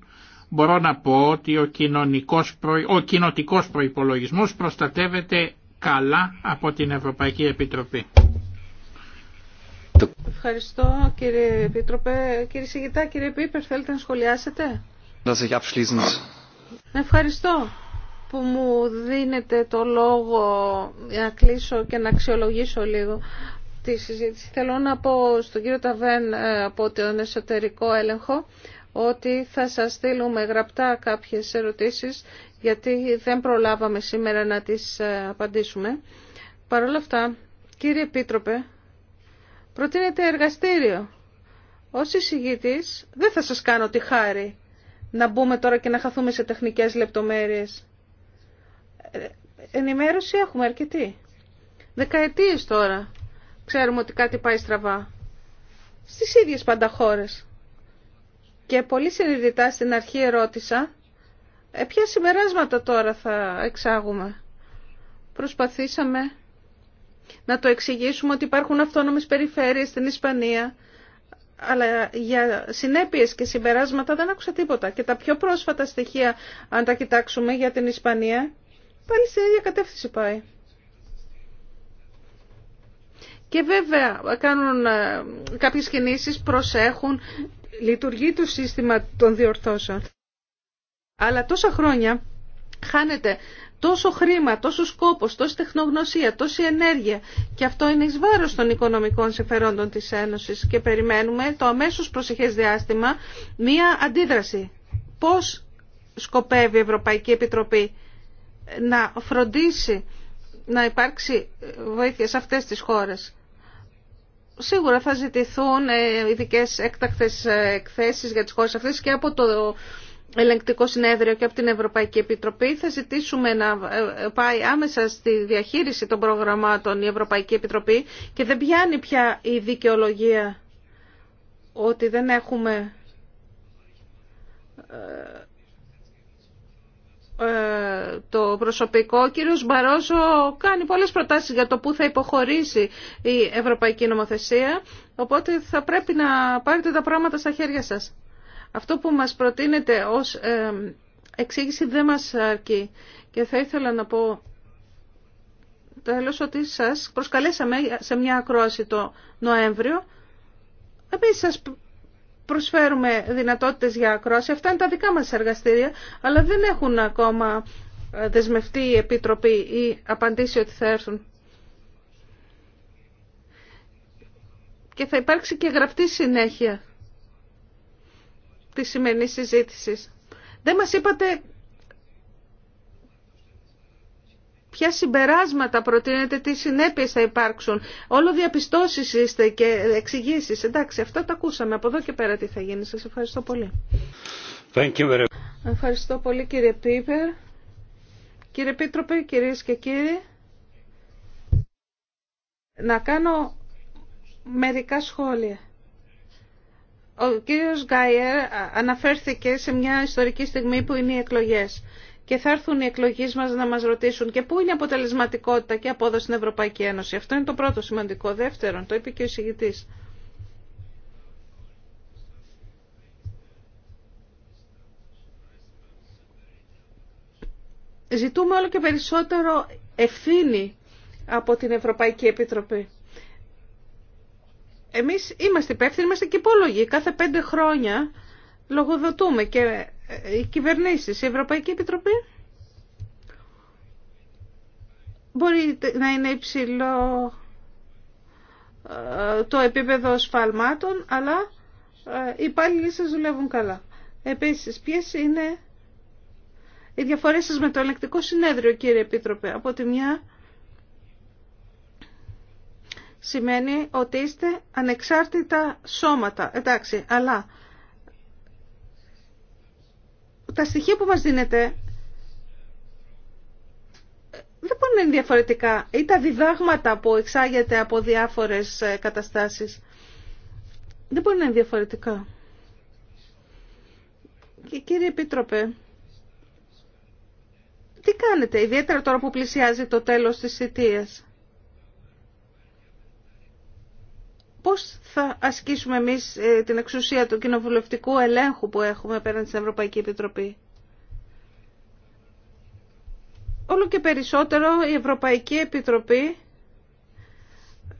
μπορώ να πω ότι ο, κοινωνικός, ο κοινοτικός προϋπολογισμός προστατεύεται καλά από την Ευρωπαϊκή Επιτροπή. Ευχαριστώ κύριε Επίτροπε. Κύριε Σιγητά, κύριε Πίπερ, θέλετε να σχολιάσετε. Ευχαριστώ που μου δίνετε το λόγο να κλείσω και να αξιολογήσω λίγο τη συζήτηση. Θέλω να πω στον κύριο Ταβέν ε, από τον εσωτερικό έλεγχο ότι θα σας στείλουμε γραπτά κάποιες ερωτήσεις γιατί δεν προλάβαμε σήμερα να τις ε, απαντήσουμε. Παρ' όλα αυτά, κύριε Επίτροπε, προτείνεται εργαστήριο. Ως εισηγητής δεν θα σας κάνω τη χάρη να μπούμε τώρα και να χαθούμε σε τεχνικές λεπτομέρειες. Ε, ενημέρωση έχουμε αρκετή. Δεκαετίες τώρα ξέρουμε ότι κάτι πάει στραβά. Στις ίδιες πάντα χώρες. Και πολύ συνειδητά στην αρχή ερώτησα ε, ποια συμπεράσματα τώρα θα εξάγουμε. Προσπαθήσαμε να το εξηγήσουμε ότι υπάρχουν αυτόνομες περιφέρειες στην Ισπανία, αλλά για συνέπειες και συμπεράσματα δεν άκουσα τίποτα. Και τα πιο πρόσφατα στοιχεία, αν τα κοιτάξουμε για την Ισπανία, πάλι στην ίδια κατεύθυνση πάει. Και βέβαια κάνουν ε, κάποιες κινήσεις, προσέχουν, λειτουργεί το σύστημα των διορθώσεων. Αλλά τόσα χρόνια χάνεται τόσο χρήμα, τόσο σκόπος, τόση τεχνογνωσία, τόση ενέργεια και αυτό είναι εις βάρος των οικονομικών συμφερόντων της Ένωσης και περιμένουμε το αμέσως προσεχές διάστημα μία αντίδραση. Πώς σκοπεύει η Ευρωπαϊκή Επιτροπή να φροντίσει να υπάρξει βοήθεια σε αυτές τις χώρες. Σίγουρα θα ζητηθούν ε, ειδικέ έκτακτες ε, εκθέσεις για τις χώρες αυτές και από το ελεγκτικό συνέδριο και από την Ευρωπαϊκή Επιτροπή. Θα ζητήσουμε να ε, ε, πάει άμεσα στη διαχείριση των προγραμμάτων η Ευρωπαϊκή Επιτροπή και δεν πιάνει πια η δικαιολογία ότι δεν έχουμε ε, το προσωπικό. Ο κύριος Μπαρόζο κάνει πολλές προτάσεις για το πού θα υποχωρήσει η Ευρωπαϊκή Νομοθεσία, οπότε θα πρέπει να πάρετε τα πράγματα στα χέρια σας. Αυτό που μας προτείνεται ως ε, εξήγηση δεν μας αρκεί. Και θα ήθελα να πω τέλος ότι σας προσκαλέσαμε σε μια ακρόαση το Νοέμβριο. επίσης σας προσφέρουμε δυνατότητες για ακρόαση. Αυτά είναι τα δικά μας εργαστήρια, αλλά δεν έχουν ακόμα ε, δεσμευτεί η Επίτροπη ή απαντήσει ότι θα έρθουν. Και θα υπάρξει και γραπτή συνέχεια τη σημερινή συζήτηση Δεν μας είπατε ποια συμπεράσματα προτείνετε, τι συνέπειες θα υπάρξουν. Όλο διαπιστώσεις είστε και εξηγήσεις. Εντάξει, αυτά τα ακούσαμε. Από εδώ και πέρα τι θα γίνει. Σας ευχαριστώ πολύ. Thank you very much. Ευχαριστώ πολύ κύριε Πίπερ. Κύριε Πίτροπε, κυρίες και κύριοι, να κάνω μερικά σχόλια. Ο κύριος Γκάιερ αναφέρθηκε σε μια ιστορική στιγμή που είναι οι εκλογές. Και θα έρθουν οι εκλογείς μας να μας ρωτήσουν και πού είναι η αποτελεσματικότητα και απόδοση στην Ευρωπαϊκή Ένωση. Αυτό είναι το πρώτο σημαντικό. Δεύτερον, το είπε και ο εισηγητής. Ζητούμε όλο και περισσότερο ευθύνη από την Ευρωπαϊκή Επιτροπή εμείς είμαστε υπεύθυνοι, είμαστε και υπόλογοι. Κάθε πέντε χρόνια λογοδοτούμε και ε, οι κυβερνήσεις, η Ευρωπαϊκή Επιτροπή μπορεί να είναι υψηλό ε, το επίπεδο σφαλμάτων, αλλά ε, οι υπάλληλοι σας δουλεύουν καλά. Επίσης, ποιες είναι οι διαφορές σας με το ελεκτικό συνέδριο, κύριε Επίτροπε. Από τη μια σημαίνει ότι είστε ανεξάρτητα σώματα. Εντάξει, αλλά τα στοιχεία που μας δίνετε δεν μπορεί να είναι διαφορετικά ή τα διδάγματα που εξάγεται από διάφορες ε, καταστάσεις δεν μπορεί να είναι διαφορετικά. Και κύριε Επίτροπε, τι κάνετε, ιδιαίτερα τώρα που πλησιάζει το τέλος της θητείας. πώς θα ασκήσουμε εμείς ε, την εξουσία του κοινοβουλευτικού ελέγχου που έχουμε πέραν στην Ευρωπαϊκή Επιτροπή. Όλο και περισσότερο η Ευρωπαϊκή Επιτροπή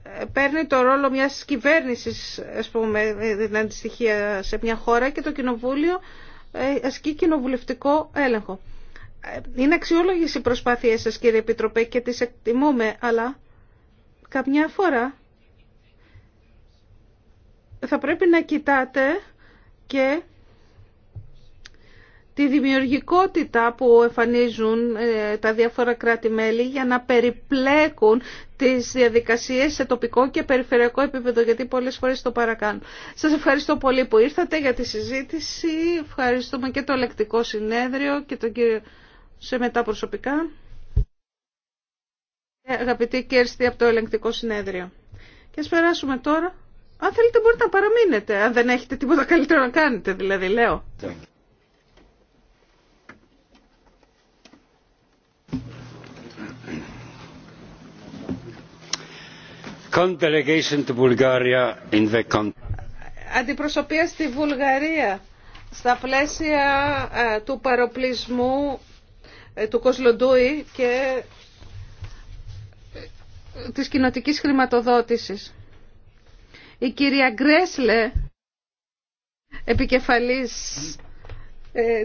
ε, παίρνει το ρόλο μιας κυβέρνησης, ας πούμε, ε, την αντιστοιχεία σε μια χώρα και το κοινοβούλιο ασκεί κοινοβουλευτικό έλεγχο. Είναι αξιόλογες οι προσπάθειές σας κύριε Επιτροπέ και τις εκτιμούμε, αλλά καμιά φορά θα πρέπει να κοιτάτε και τη δημιουργικότητα που εμφανίζουν ε, τα διάφορα κράτη-μέλη για να περιπλέκουν τις διαδικασίες σε τοπικό και περιφερειακό επίπεδο, γιατί πολλές φορές το παρακάνουν. Σας ευχαριστώ πολύ που ήρθατε για τη συζήτηση. Ευχαριστούμε και το ελεκτικό συνέδριο και τον κύριο σε μετά προσωπικά. Ε, Αγαπητή Κέρστη από το ελεγκτικό συνέδριο. Και ας περάσουμε τώρα αν θέλετε μπορείτε να παραμείνετε, αν δεν έχετε τίποτα καλύτερο να κάνετε, δηλαδή λέω. Αντιπροσωπεία στη Βουλγαρία στα πλαίσια ε, του παροπλισμού ε, του Κοσλοντούι και ε, της κοινοτικής χρηματοδότησης. Η κυρία Γκρέσλε, επικεφαλής ε,